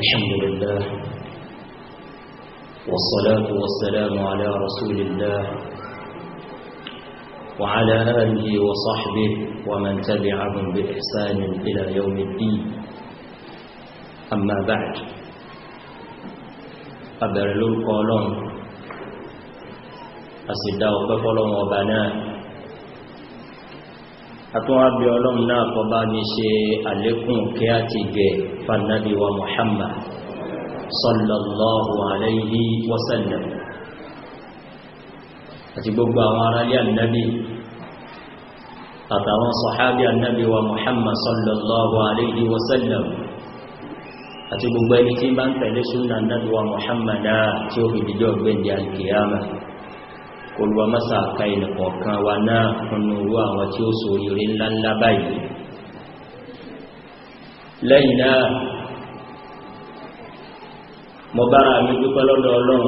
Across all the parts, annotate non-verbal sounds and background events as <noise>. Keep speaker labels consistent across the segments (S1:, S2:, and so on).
S1: الحمد لله
S2: والصلاة والسلام على رسول الله وعلى آله وصحبه ومن تبعهم بإحسان إلى يوم الدين أما بعد أبرلو القولون أسداء بفلون وبنات àtúnwábí ọlọ́run náà kọ bá ní ṣe àlékún kí á ti gẹ̀ fanabi wa muhammad sallallahu alayhi wa sallam àti gbogbo àwọn aráyé annabi àtàwọn sọ̀hábí annabi muhammad sallallahu alayhi wa sallam àti gbogbo ẹni tí bá ń tẹ̀lé súnà annabi muhammad náà tí ó fi dìjọ́ gbẹ̀ndì alkiyama kòlùwà mọ́sà ka ìlẹ̀kọ̀ọ̀kan wa náà kùnú orú àwọn tí ó sòrí orí ńláńlá báyìí lẹ́yìn náà mo bára mi dúpẹ́ lọ́dọ̀ ọlọ́run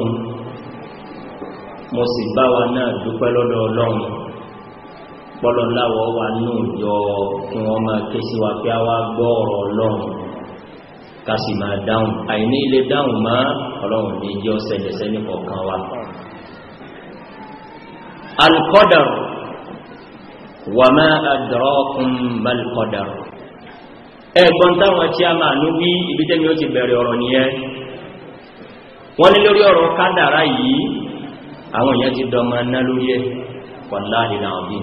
S2: mo sì bá wa náà dúpẹ́ lọ́dọ̀ ọlọ́run pọ́lọ́láwọ̀ wa nù yọ kí wọ́n máa ké sí wa pé a wá gbọ́ ọ̀rọ̀ ọlọ́run ká sì máa dáhùn àìní ilé dáhùn má ọlọ́run ní jẹ́ ọ̀sẹ̀ lẹ́sẹ̀ ní kọ̀ọ̀kan wa alqadar wa ma adrakum mal qadar ẹ̀gbọ́n táwọn tí a máa ní wí ibi tẹ́mi ó ti bẹ̀rẹ̀ ọ̀rọ̀ nìyẹn wọ́n ní lórí ọ̀rọ̀ kádàrá yìí àwọn èèyàn ti dọmọ ná lórí ẹ̀ pọ̀lá ìlà ọ̀bí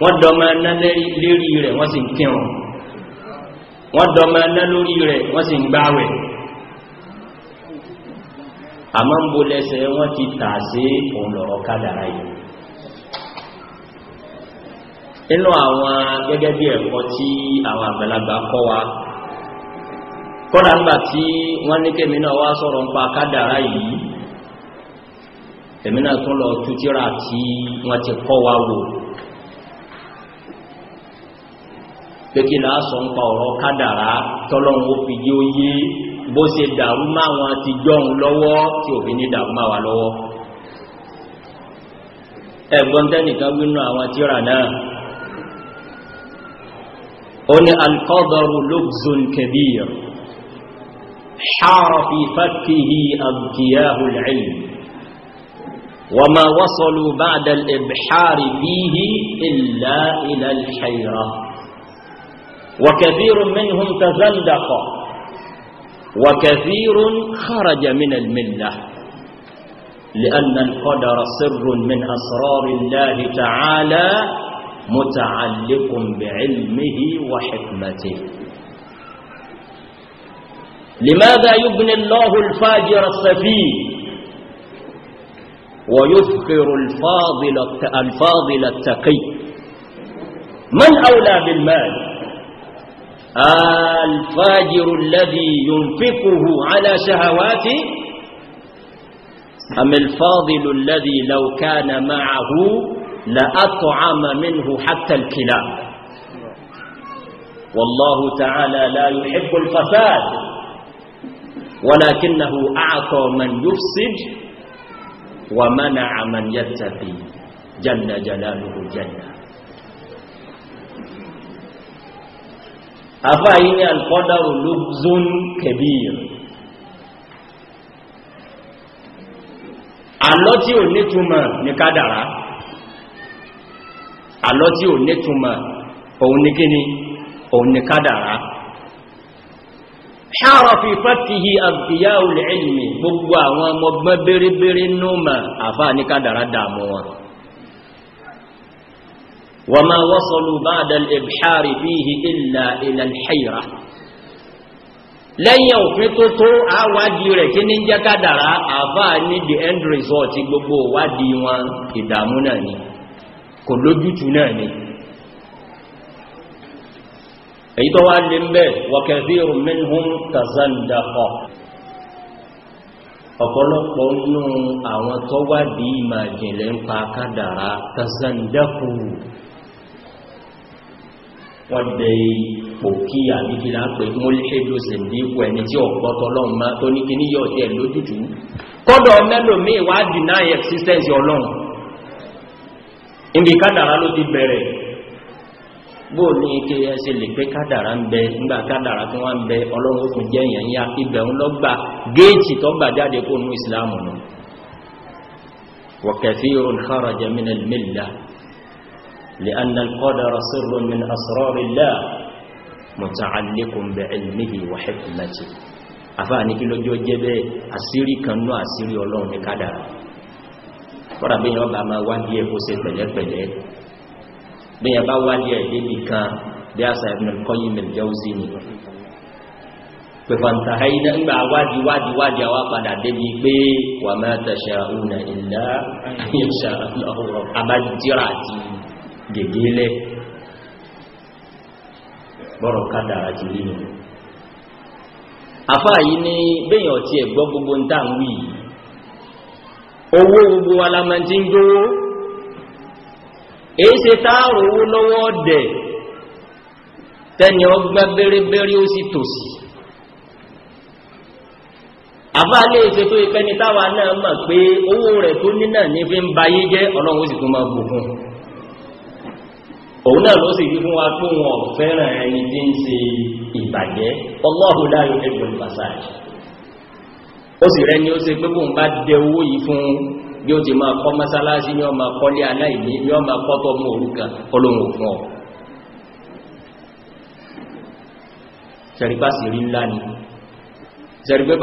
S2: wọ́n dọmọ ná lérí rẹ̀ wọ́n sì ń kírun wọ́n dọmọ ná lórí rẹ̀ wọ́n sì ń gbáwẹ̀ àmọ́ ń bo lẹ́sẹ̀ wọ́n ti tà sí òun lọ̀rọ̀ kádàrá yìí nínú àwọn gẹ́gẹ́ bí ẹ̀kọ́ tí àwọn àgbàlagbà kọ́ wa kọ́dà ńgbà tí wọ́n ní kémi náà wá sọ̀rọ̀ nípa kádàrá yìí èmi náà tún lọ tútírà tí wọ́n ti kọ́ wa wò pé kí láà sọ nípa ọ̀rọ̀ kádàrá tọ́lọ́run ó fi yé ó yé bó ṣe dàrú máwọn ti jọun lọ́wọ́ tí òfin ní dàrú máwa lọ́wọ́ ẹ̀gbọ́n tẹ́nìkan wínú àwọn tí tíra náà ó ní alkọ́dọ̀rù lókùsùn kẹbíyà حار في فكه أبكياه العلم وما وصلوا بعد الإبحار فيه إلا وكثير منهم تزندق وكثير خرج من الملة لأن القدر سر من أسرار الله تعالى متعلق بعلمه وحكمته لماذا يبني الله الفاجر السفيه ويفقر الفاضل الفاضل التقي من أولى بالمال الفاجر الذي ينفقه على شهواته أم الفاضل الذي لو كان معه لأطعم منه حتى الكلاب والله تعالى لا يحب الفساد ولكنه أعطى من يفسد ومنع من يتقي جل جلاله الجنة àfáà yìí ní alkọ́dàrò ló zón kẹbíir àlọ́ tí ò nítumọ̀ ní kádàrá àlọ́ tí ò nítumọ̀ òun ní kíni òun ní kádàrá ṣára fi fàtíhì àbíyá olè ẹ̀lìmì gbogbo àwọn ọmọ gbọ́n bèrèbèrè nọ́mà àfáà ní kádàrá dàmú wọn وما وصلوا بعد الإبحار فيه إلا إلى الحيرة lẹ́yìn òfin tó tó àwádìí rẹ̀ kí ní jẹ́ kádàrá àbá ní the end result gbogbo wádìí wọn ìdàmú náà ni kò lójútù náà ni èyí tó wá lè ń bẹ́ wakathirun minhum ọ̀pọ̀lọpọ̀ nínú àwọn tó wádìí ń pa kádàrá tazandaqu wọ́n bẹ ipò kí àbíkílá pé mọ́lẹ́ṣẹ́dò sẹ̀díkù ẹni tí ọ̀pọ̀tọ̀ ọlọ́run máa tó ní kí ní yọ̀ tẹ̀ lójútù kọ́dọ̀ mẹ́lòmí wá deny existence ọlọ́run ibi kádàrá ló ti bẹ̀rẹ̀ bó ní ike ẹsẹ̀ lè pé kádàrá ń bẹ nígbà kádàrá tó wá ń bẹ ọlọ́run òkun jẹ́ èèyàn ya ibẹ̀ ń lọ́gbà géètì tó gbà jáde kó nú ìsìlámù nù wa kathirun kharaja min al لأن القدر سر من أسرار الله متعلق بعلمه وحكمته àfáàní kí lójú jẹ́ bẹ́ àsírí kan náà àsírí ọlọ́run ní kádàrá fọ́nà bí yàn bá máa wádìí ẹ̀ kó ṣe pẹ̀lẹ́pẹ̀lẹ́ bí yàn bá wádìí ẹ̀ débì kan bí àṣà Ibn al-Qayyim al-Jawzi ni pẹ̀fàǹtà àìdá ń gbà wádìí wádìí wádìí àwá padà débi pé wa ma tasha'una illa yasha Allahu àbájítíra àti gègé lẹ́ bọ́rọ̀ kádàrà ti rí àfá yìí ni bẹ́yàn ti ẹ̀gbọ́ gbogbo ń tàn owó gbogbo alamẹ́ntí ń gbówó èyí ṣe owó lọ́wọ́ dẹ̀ tẹ́ni ọgbẹ́ bẹ́rẹ́bẹ́rẹ́ ó sì tòsí àbá lè ṣe tó táwa náà pé owó rẹ̀ tó nínà ní fi ń bayé jẹ́ ọlọ́run ó sì òun náà ló sì wí fún wa pé wọn fẹ́ràn ẹni tí ń ṣe ìbàjẹ́ Allahu la yuhibbul fasad ó sì rẹ ni ó ṣe pé bóun bá dẹ owó yìí fún bí ó ti máa kọ́ mọ́sálásí ní ọmọ kọ́lé aláìní ní ọmọ kọ́tọ́ mú òrukàn olóhùn òfin ọ̀ ṣẹ̀rípá sì rí ńlá ni ṣẹ̀rípé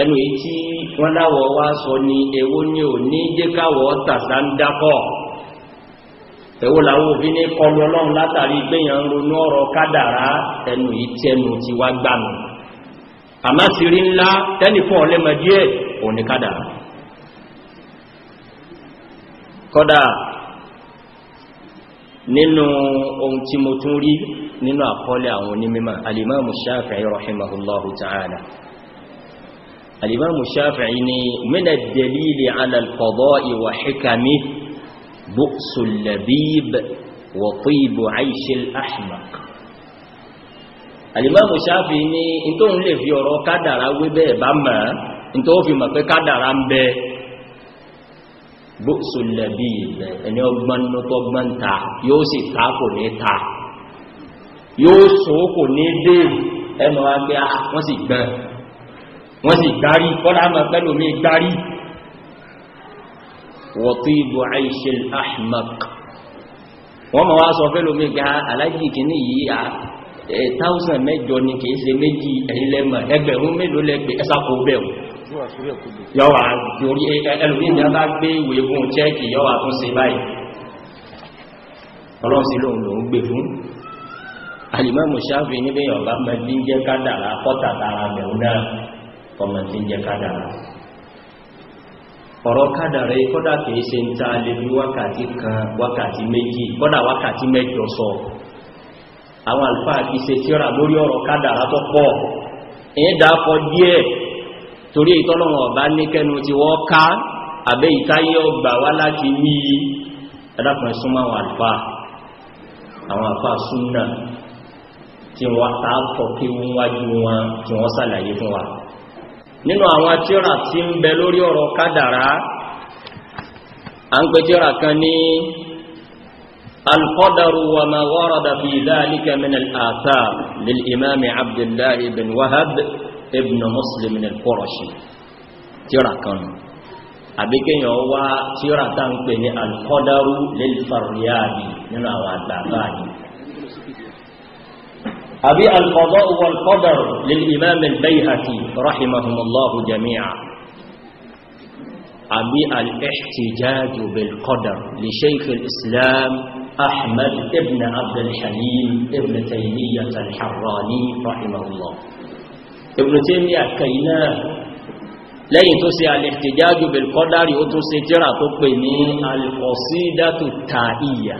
S2: ẹnu èyí tí wọ́n láwọ̀ wá sọ ní ewó ní ò ní jẹ́ káwọ̀ tàṣà ń dákọ̀ ẹ̀wọ́ làwọn òbí ní kọlu ọlọ́run látàrí gbéyàn ń ronú ọ̀rọ̀ kádàrá ẹnu èyí tí ẹnu ti wá gbàmù àmá sí rí ńlá tẹ́nìfún ọlẹ́mọ díẹ̀ òun kádàrá kọ́dà nínú ohun tí mo tún rí nínú àkọọ́lẹ̀ àwọn onímọ̀ Al-Imam Shafi'i rahimahullahu ta'ala الإمام الشافعي من الدليل على القضاء وحكمه بؤس اللبيب وطيب عيش الأحمق الإمام الشافعي انتو نلف يورو كدرا وبه بما انتو في مكة كدرا مبه بؤس اللبيب ان يغبن نطبن تا يوسي تاكو نتا يوسو كو نيدي ẹmọ̀ wá sì gbẹ̀rẹ̀ wọ́n sì gbárí kọ́lá mọ̀ pẹ́lú mi gbárí wọ̀tí ibò àìṣẹ́ ahmak wọ́n mọ̀ wá sọ pẹ́lú mi ga ah, alájì kìíní yìí à ah, táùsàn mẹ́jọ ni kìí ṣe méjì ẹ̀yìn lẹ́mọ̀ ẹgbẹ̀rún mélòó lẹ́gbẹ̀ ẹsàkó bẹ̀rù
S1: yọ́wà torí ẹlòmíì ní a bá gbé ìwé fún chẹ́ẹ̀kì yọ́wà
S2: tún alìmọ́ mùsáfì níbẹ̀yàn bá mẹ́lí jẹ́ kádàrá kọ́tà tààrà náà ọmọ tí ń jẹ kádàrá ọ̀rọ̀ kádàrá kọ́dà kìí ṣe ń ta lè bí wákàtí kan wákàtí méjì kọ́dà wákàtí mẹ́jọ sọ àwọn àlùfáà kìí ṣe tíra lórí ọ̀rọ̀ kádàrá tó pọ̀ èyí dákọ díẹ̀ torí ìtọ́lọ́wọ̀n ọ̀bá ní kẹnu ti wọ́ ká àbẹ́ ìtáyé ọgbà wá láti ní ẹ̀dàkùnrin súnmọ́ àwọn àlùfáà àwọn àlùfáà súnnà tí wọ́n tààkọ̀ nínú àwọn tíra tí ń bẹ lórí ọ̀rọ̀ kádàrá a ń pè tíra kan ní alqadaru wa ma warada fi dhalika min al-athar lil imam abdullah ibn wahab ibn muslim al-qurashi tíra kan àbí wá tíra tá ń pè ní alqadaru lil faryadi nínú àwọn àgbàgbà أبي القضاء والقدر للإمام البيهقي رحمهم الله جميعا أبي الاحتجاج بالقدر لشيخ الإسلام أحمد ابن عبد الحليم ابن تيمية الحراني رحمه الله ابن تيمية كينا lẹ́yìn tó الاحتجاج بالقدر bilkọ́dárì ó تقني القصيدة التائية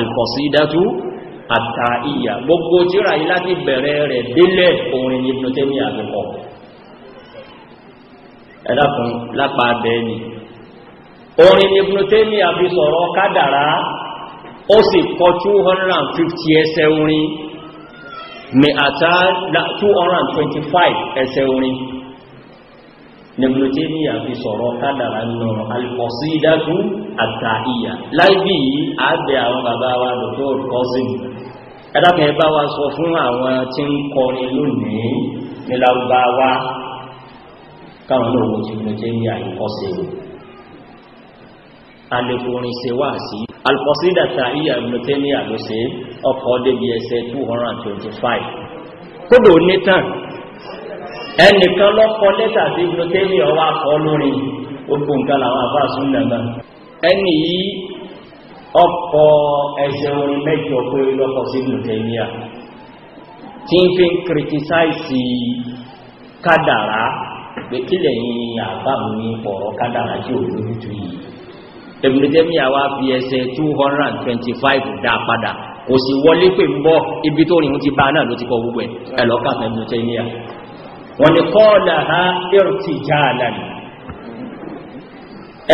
S2: القصيدة التائية àtàíyà gbogbo tíra yìí láti bẹ̀rẹ̀ rẹ̀ délẹ̀ orin Ibn Taymiyyah àgbẹ̀kọ̀ ẹ̀dàkùn lápá abẹ́ẹ̀ni orin Ibn Taymiyyah àbí sọ̀rọ̀ kádàrá ó sì kọ 250 ẹsẹ̀ orin mẹ́ àtà 225 ẹsẹ̀ orin nẹ̀bùlùtẹ́ni àfi sọ̀rọ̀ kádàrà nù alìkọ̀sídàtú àtàìyà láìbí yìí àbẹ̀ àwọn bàbá wa dr cousin ẹ̀dàkùn ẹ̀bá wa sọ fún àwọn tí ń kọrin lónìí ní lárúbáwá káwọn náà wọ́n ti bùlùtẹ́ni àìkọ́sìn alẹ́kùnrin ṣe wá sí alìkọ̀sídàtà àìyà bùlùtẹ́ni àlọ́sẹ̀ ọkọ̀ débi ẹsẹ̀ 225 kódò nítàn ẹnìkan lọ́kọ lẹ́tà sí ibùdó tẹ́lẹ̀ ọwọ́ akọ lórí gbogbo nǹkan làwọn àfáàsùn nàgbà ẹni yìí ọkọ̀ ẹsẹ̀ orin mẹ́jọ pé lọ́kọ sí ibùdó tẹ́lẹ̀ à tí ń fi ń kìrìtìsáìsì kádàrá pé kí lẹ́yìn àbámu ní ọ̀rọ̀ kádàrá tí ò lójú tu yìí ibùdó tẹ́lẹ̀ àwa fi ẹsẹ̀ 225 hundred and twenty five dá padà kò sì wọlé pé ń bọ́ ibi tó rìn ti ba náà ló ti kọ gbogbo ẹ̀ lọ́kà wọ́n ni kọ́ọ̀lá ha irti jaalani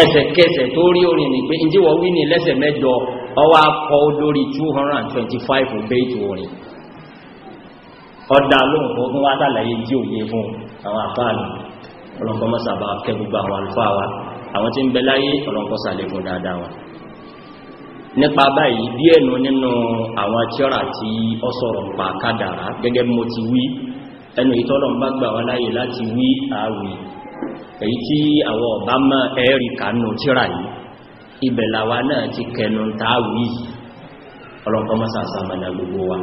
S2: ẹsẹ̀kẹsẹ̀ tó rí orin ni pé ìdí wọ́n wí ní lẹ́sẹ̀ mẹ́jọ ọwọ́ akọ lórí 225 bẹ́ẹ̀tì orin ọ̀dà lóhùn kó fún wa sàlàyé jí òye fún àwọn àfáàlù ọlọ́nkọ́ mọ́sàbà kẹ gbogbo àwọn àlùfáà wa àwọn tí ń bẹ pa kádàrá gẹ́gẹ́ mo ẹnu ìtọ́lọ̀ ń bá gbà wá láyé láti wí àwì èyí tí àwọn ọ̀bá mọ́ ẹ̀rì kanú tíra yìí ibẹ̀láwa náà ti kẹnu táwì ọlọ́pọ̀ mọ́sàsàmọ̀nà gbogbo wa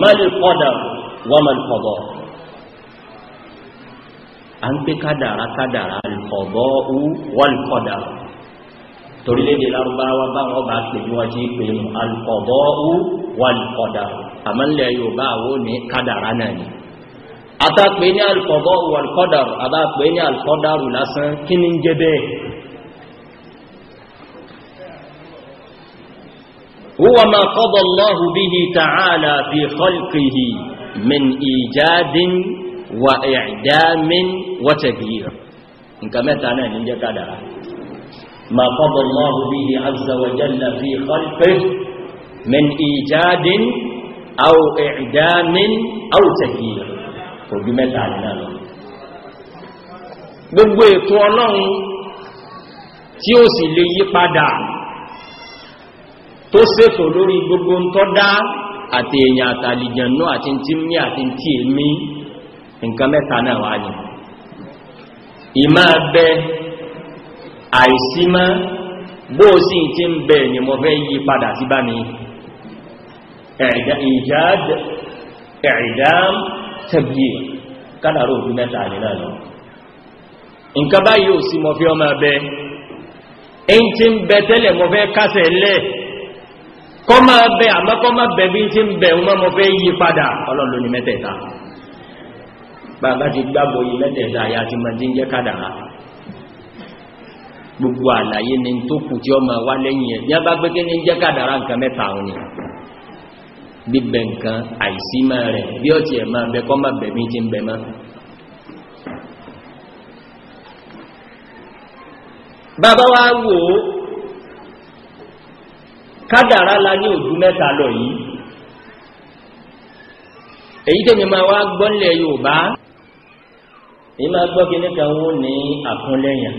S2: mẹ́lẹ̀kọ́dà wọ́mẹ̀lẹ̀kọ́dọ̀ a ń pé kádàrá kádàrá alìkọ̀dọ̀ wọ́lìkọ́dà torílẹ̀-èdè lárúbáwá báwọn bá pè ní wọ́n ti pè ní alìkọ̀dọ̀ wọ́lìkọ́dà àmọ́lẹ̀ yorùbá àwọn ní wo ni àtàpé ní alkọ̀bọ̀ wàlkọ́dàrù àbápé ní alkọ́dàrù lásán lasan kini ní jẹ́ bẹ́ẹ̀ huwa ma qada Allahu bihi ta'ala fi khalqihi min ijadin wa i'damin wa taghyir nǹkan mẹ́ta náà ní jẹ́ kádàrá ma qada Allahu bihi azza wa jalla fi khalqihi min ijadin àwọ̀ ẹ̀dámin àwòtẹ̀kì kò mẹ́ta nìna lọ gbogbo ètò ọlọ́run tí ó sì lè yí padà tó ṣètò lórí gbogbo ń tọ́ dá àti èyàn àtàlìjànú àti tí mí àti tí èmi nǹkan mẹ́ta náà ní ìmá bẹ àìsímá bóò ti ń ni mo fẹ́ yí padà sí mi ìjáàd ìdám tabyir kádàrò òbí mẹ́ta nínà lọ nǹkan báyìí ò sí mọ́ fí ọmọ abẹ́ èyí tí ń bẹ tẹ́lẹ̀ mọ́ fẹ́ kásẹ̀ lẹ́ kọ́ máa bẹ àmọ́ kọ́ máa bẹ bí tí ń bẹ ọmọ mọ́ fẹ́ yí padà ọlọ́lọ́ mẹ́tẹ̀ẹ̀ta bíbẹ̀ nǹkan àìsímá rẹ̀ bí ó ti ẹ̀má bẹ́kọ́ má bẹ̀mí tí ń bẹ má bàbá wa wò ó kádàrá la ní ojú mẹ́ta lọ yìí èyí tẹ́mi máa wá gbọ́nlẹ̀ Yorùbá èyí máa gbọ́ kí níkan ní àkúnlẹ̀yàn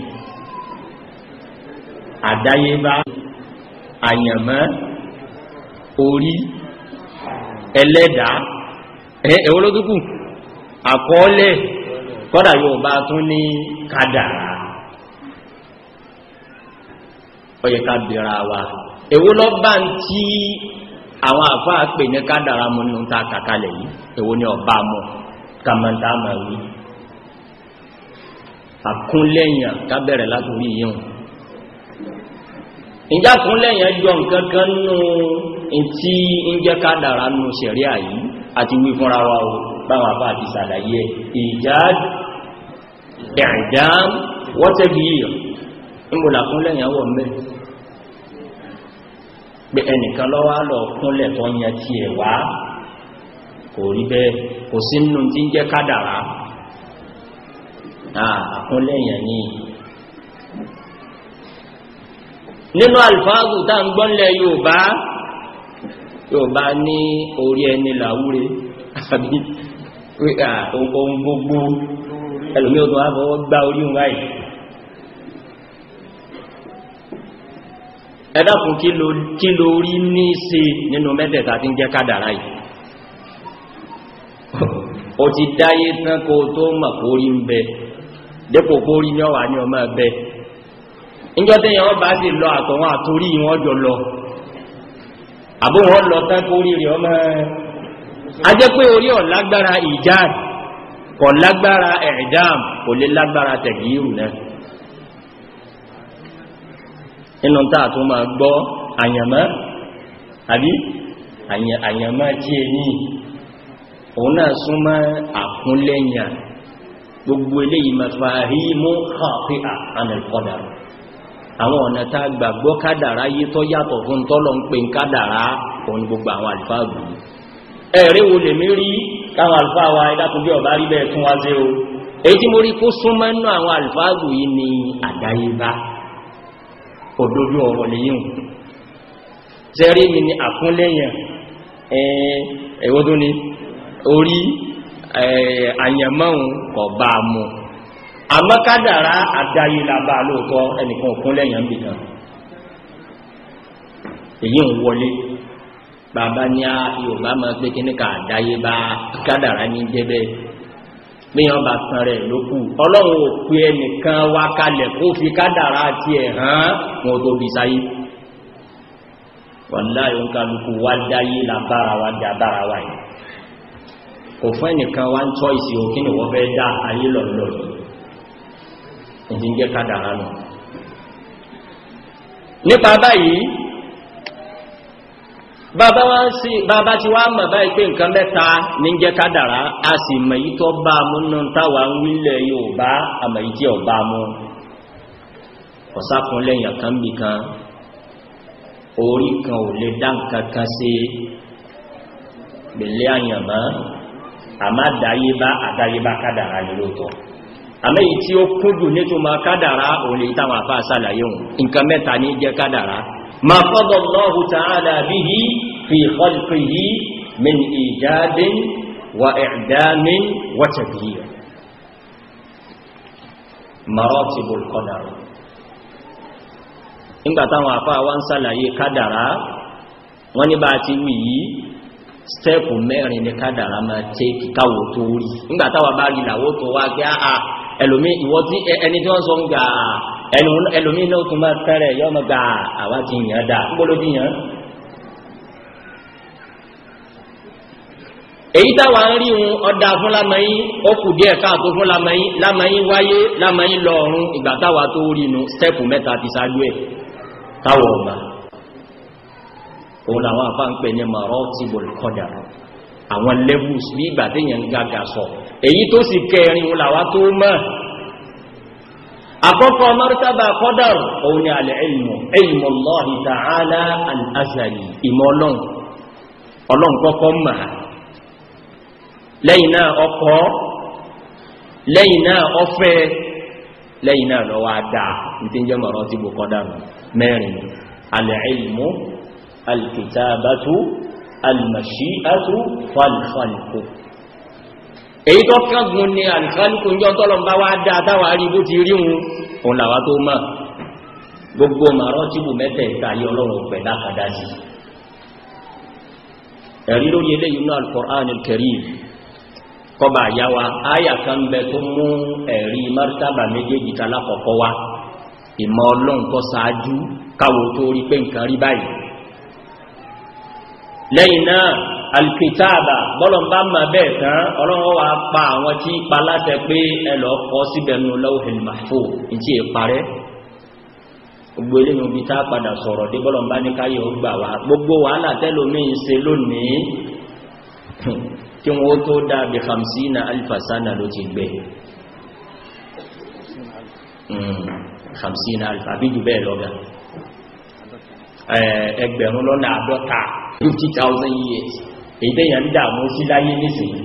S2: àdáyébá àyànmọ́ orí ẹlẹ́dà ẹ̀wọ́ ló dúkù àkọọ́lẹ̀ kọ́dà yóò bá tún ní kádàrá ó yẹ ká bèèrè wa ẹ̀wọ́ lọ bá ń tí àwọn àfáà pè ní kádàrá mú nínú ta kàkalẹ̀ yìí ẹ̀wọ́ ni ọba mọ̀ kàmàntà màá wí kábẹ̀rẹ̀ látòrí yíò ìjákùnlẹ̀ yẹn jọ nǹkan kan nù tí ń jẹ́ kádàrà nù ṣẹ̀ríà yìí àti wí fúnra wa o báwọn àbá àti sàlàyé ìjád ẹ̀dám wọ́tẹ̀bí ìmúlàkúnlẹ̀ yẹn wọ̀ mẹ́ pé ẹnìkan lọ́wọ́ lọ kúnlẹ̀ tó yẹn ti ni nínú alifáàgù tá ń gbọ́nlẹ̀ yorùbá yorùbá ní orí ẹni làwúre àbí ohun gbogbo ẹlòmí ò tó wá fọwọ́ gbá orí òun báyìí ẹ̀dàkùn kí ló rí ní ṣe nínú mẹ́tẹ̀ẹ̀ta tí ń jẹ́ kádàrá yìí o ti dáyé tán kó tó mọ̀ kórí ń bẹ dépò kórí ní ọ̀wà ní ọmọ ẹ̀bẹ̀ níjọ́ tí yẹn wọ́n bá sì lọ àtọ̀wọ́n àtorí wọn jọ lọ àbó wọn lọ tán kó rí rẹ̀ ọmọ a jẹ́ pé orí ọ̀lágbára ìjáàd kò lágbára ẹ̀dáàm kò lè lágbára tẹ̀gírù náà inú táà tó máa gbọ́ àyàmọ́ àbí àyàmọ́ tí èyí òun náà súnmọ́ àkúnlẹ́yìn gbogbo eléyìí mafahimu khafi'a anil qadar àwọn ọ̀nà tá gbàgbọ́ kádàrá yé tọ́ yàtọ̀ fún tọ́lọ̀ ń pè ń kádàrá òun gbogbo àwọn àlùfáà gbù ẹ̀rẹ́ wo lè mí rí káwọn àlùfáà wa ẹ̀dàkùn bí ọ̀bá rí bẹ́ẹ̀ tún wá sí o èyí tí mo rí kó súnmọ́ nínú àwọn àlùfáà gbù yìí ni àdáyébá òdodo ọ̀rọ̀ lèyìn sẹ́rí mi ni àkúnlẹ̀yàn ẹ̀wọ́n tó ní orí àyànmọ́ kọ̀ bá a mú àmọ́ kádàrá àdáyé labá lóòtọ́ ẹnìkan òkun lẹ́yìn bí kan èyí ń wọlé bàbá ní a yorùbá máa pé kíní ká àdáyé bá kádàrá ní jẹ́bẹ́ gbéyàn bá tan rẹ̀ lókù ọlọ́run ò pe ẹnìkan wá kalẹ̀ kó fi kádàrá tiẹ̀ hàn wọn tó bí sáyé wàlá yóò kálukú wá dáyé labára wá dá bára wá yìí kò fún ẹnìkan wá ń tọ́ ìsìn òkín ni wọ́n fẹ́ dá ayé lọ́lọ́lọ́ ìdí ń jẹ́ kádàrá nù nípa báyìí bàbá wá sí bàbá tí wá mọ̀ báyìí pé nǹkan mẹ́ta ní jẹ́ kádàrá a sì mọ̀ yí tọ́ bá mú náà táwà ń wílẹ̀ yóò bá àmọ̀ yí jẹ́ ọ̀bá mú ọ̀sákun lẹ́yìn àkànbì kan orí kan ò lè dá nǹkan kan sí gbèlé àyànmọ́ àmàdáyébá àdáyébá kádàrá ni lóòótọ́ àmẹ́yìn tí ó kúndù nítumọ̀ kádàrá òun lè táwọn àfá sàlàyé òun nǹkan mẹ́ta ní jẹ́ kádàrá ma fadallahu ta'ala bihi fi khalqihi min ijadin wa i'damin wa tabdil
S3: maratibul
S2: qadar nígbà táwọn àfá wá ń sàlàyé kádàrá wọ́n ní bá ti wí yìí stẹ́ẹ̀pù mẹ́rin ní kádàrá máa tẹ́ kíkáwò tó rí nígbà bá rí làwó tó wá gbé àà ẹlòmí ìwọ tí ẹni tí wọ́n sọ ń gà ẹlòmí náà tún máa tẹ́rẹ̀ yọ́ mọ́ gà àwá ti yàn dà gbólódì yàn èyí táwa ń rí un ọ̀dà fún lámàáyí ó kù díẹ̀ káàtó fún lámàáyí lámàáyí wáyé lámàáyí lọ ọ̀run ìgbà táwa tó rí inú sẹ́ẹ̀pù mẹ́ta ti ṣáájú ẹ̀ táwọ̀ ọ̀gbà òun làwọn afá ní mọ̀rọ́ tìbọ̀lù kọjà àwọn levels bí ìgbà téèyàn ń gàgà sọ̀rọ̀ èyí tó sì kẹrin wọn làwá tó mọ̀ àkọ́kọ́ martaba qadar òun ni al-ilmu ilmu Allahi ta'ala al-azali ìmọ̀ ọlọ́run ọlọ́run kọ́kọ́ mọ̀ lẹ́yìn náà ọkọ̀ lẹ́yìn náà ọfẹ́ lẹ́yìn náà lọ́wọ́ àdá èyí tó kángun ni àlìkálùkù ń jọ tọ́lọ̀mbá wá dáa táwà rí bó ti rí hun òun làwá tó mọ̀ gbogbo màárọ̀ tí bù mẹ́tẹ̀ ìta yí ọlọ́run pẹ̀ lákàdá sí ẹ̀rí lórí eléyìí náà al-Qur'an al-Karim kọba àyáwa áyà kan bẹ tó mú ẹ̀rí márítàbà méjèèjì ta lákọ̀ọ́kọ́ wá ìmọ̀ ọlọ́run tó ṣáájú káwo tó rí pé nǹkan rí báyìí lẹ́yìn náà alkitaba bọ́lọ̀mbá ma bẹ́ẹ̀ tán ọlọ́run wa pa àwọn tí pa látẹ pé ẹlọ kọ síbẹ̀nu lawhil mahfuz ìtí ìparẹ́ gbogbo eléyìn omi tá padà sọ̀rọ̀ dé bọ́lọ̀mbá ní káyọ̀ gbà wá gbogbo wàhálà tẹ́lómìn ṣe lónìí kí wọ́n tó dábì hamsina alifasana ló ti gbẹ̀ hamsina 50,000 years èyí tẹ́yàn ń dààmú sí láyé nísìnyí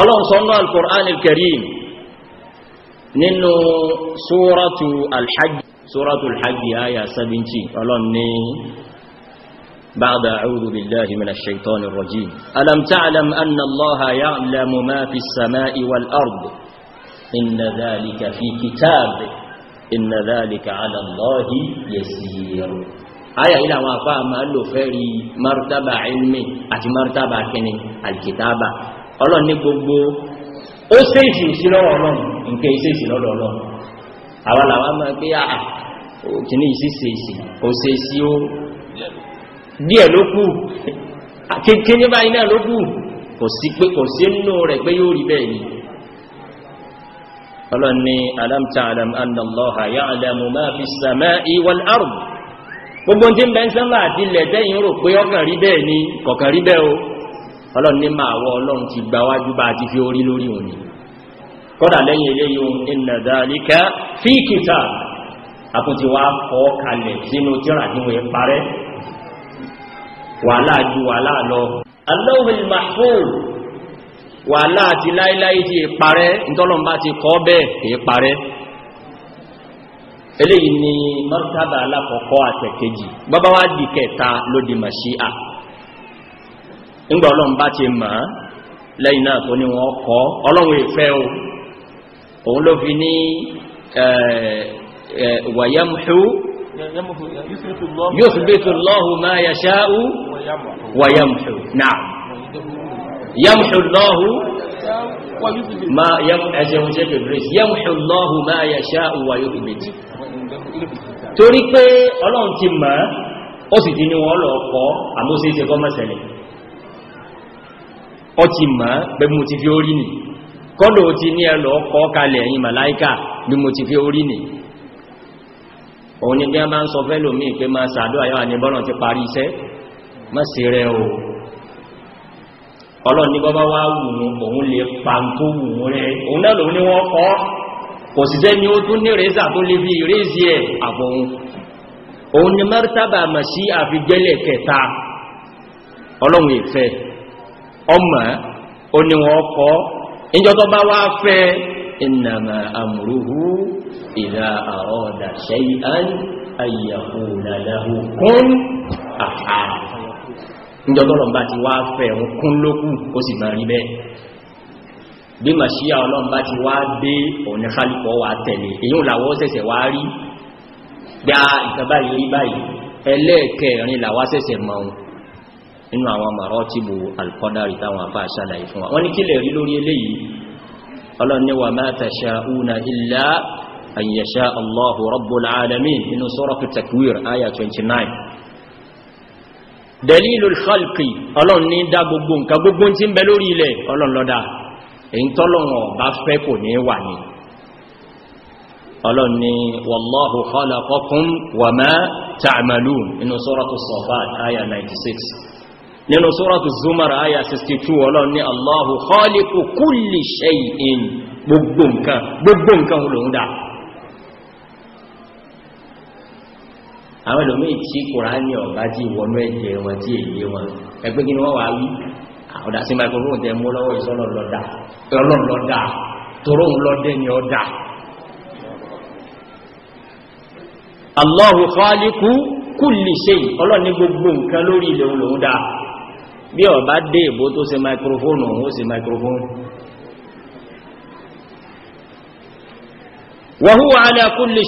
S2: ọlọ́run sọ náà nínú suratu al-Hajj suratu aya sabinci ọlọ́run ní بعد أعوذ بالله من الشيطان الرجيم ألم تعلم أن الله يعلم ما في السماء والأرض إن ذلك في كتاب إن ذلك على الله يسير àyà ilẹ̀ àwọn àfá máa lò fẹ́ rí martaba ilmi àti martaba kíni alkitaba ọlọ́run ní gbogbo ó sèèsì sí lọ́wọ́ ọlọ́run nke sèèsì lọ́dọ̀ ọlọ́run àwọn làwá máa pé àà ah, ah, kìíní ìsí sèèsì ó sèèsì ó díẹ̀ ló kù kíní báyìí náà ló kù kò sí pé kò sí nínú rẹ̀ pé yóò rí bẹ́ẹ̀ ni ọlọ́run ní alam ta'lam anna Allaha ya'lamu ma fi samai wal-ard gbogbo tí ń bẹ ń àti ilẹ̀ tẹ́yìn rò pé ọkàn rí bẹ́ẹ̀ ni kọ̀kan rí bẹ́ẹ̀ o ọlọ́run ní máa ọlọ́run ti gba bá ti fi orí lórí òní kọ́dà lẹ́yìn eléyìí yóò inna dhalika fi kitab wá kọ́ kalẹ̀ sínú tíra ní wọ́n wàhálà ju wàhálà lọ wàhálà àti láíláí ti parẹ́ ti eléyìí ni martaba alákọ̀ọ́kọ́ àtẹ̀kejì bọ́bá wá di kẹta ló di màṣíà ńgbà ọlọ́run bá ti mọ̀ lẹ́yìn náà tó ní wọ́n kọ́ ọlọ́run ìfẹ́ o òun ló fi ní wàyẹ́mùsù
S3: yusbitu Allahu
S2: ma yasha'u wàyẹ́mùsù náà
S3: yẹ́mùsù Allahu
S2: ma yẹ́mùsù Allahu ma torí pé ọlọ́run ti mọ̀ ó sì ti ní wọ́n lọ kọ́ àmóṣeéṣe gọ́mọ̀sẹ̀lẹ̀ ọ ti ma pé mo ti fi orí nì kọ́lọ̀ ti ní ẹlọ kalẹ̀ ẹ̀yìn màláíkà bí ti fi orí ni bí a máa ń sọ pé máa sàádọ́ ti parí o bọ́bá wá òun lè rẹ òun náà lòun kò sì sẹ́ni ó tún ní rẹ́sà tó lè fi ìrẹ́sì ẹ̀ àbọ̀hun òun ni mẹ́rítàbà mọ̀ sí àfijẹ́lẹ̀ kẹta ọlọ́run ìfẹ́ ọmọ oníwọ̀n ọkọ̀ ìjọ tó bá wá fẹ́ ìnàmà àmúrúhú ìlà àọ́dà shay'an ayyaqula lahu kun àfà bí màṣíyà ọlọ́run bá ti wá dé òní kálùkọ́ wà tẹ̀lé èyí ò làwọ́ sẹ̀sẹ̀ wá rí gbá ìkan báyìí rí báyìí ẹlẹ́ẹ̀kẹrin làwọ́ sẹ̀sẹ̀ mọ́un nínú àwọn màrọ́tìbù alkọ́dárì táwọn afá ṣàlàyé fún wa wọ́n ní kí lè rí lórí eléyìí ọlọ́run ní 29 dalilul khalqi ọlọ́run ní dá gbogbo nǹkan gbogbo tí ń bẹ lórí ilẹ̀ ọlọ́run ló èyí tọ́lọ̀wọ̀n ọba fẹ́ kò ní wà ní ọlọ́run ni wallahu khalaqakum wa ma ta'malun nínú suratu Safat àyà 96 nínú suratu Zumar àyà 62 ọlọ́run ni Allahu khaliqu kulli shay'in gbogbo nǹkan gbogbo nǹkan olóhun dá àwọn ìlòmí tí Kùránì ọ̀bá jí ọ̀dá sí microphone tẹ mú lọ́wọ́ ìsọ́lọ̀ lọ́dá tóró ń lọ́dẹ́ ni ọdá Allahu khaliqu kulli shay ọlọ́ni gbogbo nǹkan lórí ilẹ̀ olóhun dáa bí ó bá dé ìbò tó ṣe microphone òun ó ṣe microphone wa huwa ala kulli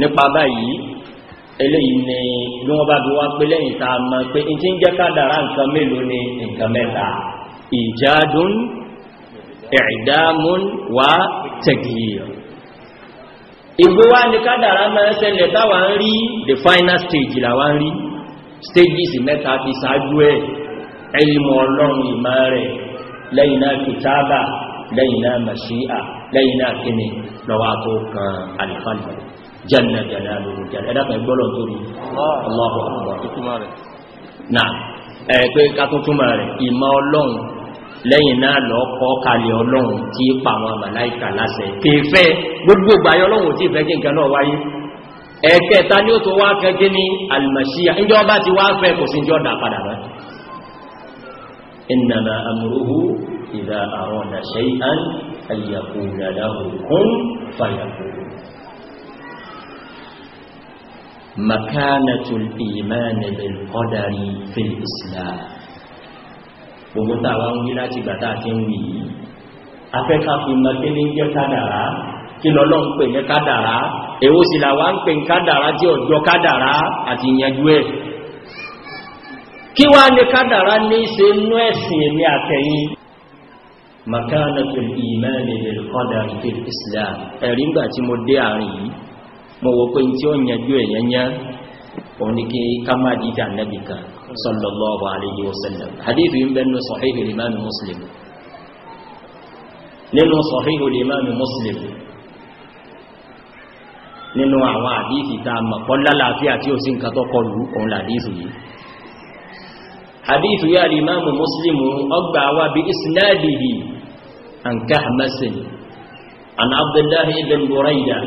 S2: nípa báyìí eléyìí ni bí wọ́n bá bí wá pé lẹ́yìn tá a mọ̀ pé n ti ń jẹ́ kádàrá nǹkan mélòó ni nǹkan mẹ́ta ìjádùn ìdámún wá tẹ̀gìyàn ìgbé wá ní kádàrá máa ṣẹlẹ̀ táwa ń rí the final stage làwa ń rí stages mẹ́ta fi ṣáájú ẹ̀ ẹ̀lìmọ̀ ọlọ́run ìmọ̀ rẹ̀ lẹ́yìn náà kìtàbà lẹ́yìn náà màṣíà lẹ́yìn náà kíni lọ́wọ́ tó kan àlìfàlì jẹ́nà jẹ́nà lórí jẹ́nà ẹ̀dàpẹ̀ gbọ́lọ̀ tó rí Allahu Akbar na ẹ̀pẹ́ katúntúmọ̀ rẹ̀ ìmọ̀ ọlọ́run lẹ́yìn náà lọ kọ́ kalẹ̀ ọlọ́run tí pa àwọn màláìkà lásẹ̀ kèfẹ́ gbogbo gbàyọ ọlọ́run tí ìfẹ́ kíǹkan náà wáyé ẹ̀kẹta ni ó tó wá fẹ́ gí ní alìmọ̀síyà ìjọ bá ti wá fẹ́ kò sí jọ́ dà padà rẹ̀ innama amruhu idha arada shay'an an yaqula lahu kun fayakun makanatul imani bil qadari fil islam gbogbo táwa ń wí láti gbàtà tí ń wí yìí afẹ́ká fi mọ kí ní jẹ́ kádàrá kí lọ́lọ́ ń pè ní kádàrá èwo sì là wá ń pè ní kádàrá tí ọjọ́ kádàrá àti ìyẹnjú ẹ̀ kí wá ní kádàrá ní ṣe nú ẹ̀sìn èmi àtẹ̀yìn makanatul imani bil qadari fil islam ẹ̀rí ńgbà tí mo dé àárín yìí mo wò pé tí ó yanjú ẹ̀yẹnyá òní kí ká má dìjà nẹ́bì kan sallallahu alayhi wa sallam hadithu yìí ń bẹnu sahihu limami muslim nínú sahihu limami muslim nínú àwọn hadithu tá a mọ̀ kọ́ lálàáfíà tí ó sì ń katọ́ kọlu òun hadithu yìí hadithu yìí alimamu muslim ọgbà wa bi isnadihi an kahmasin an abdullahi ibn buraidah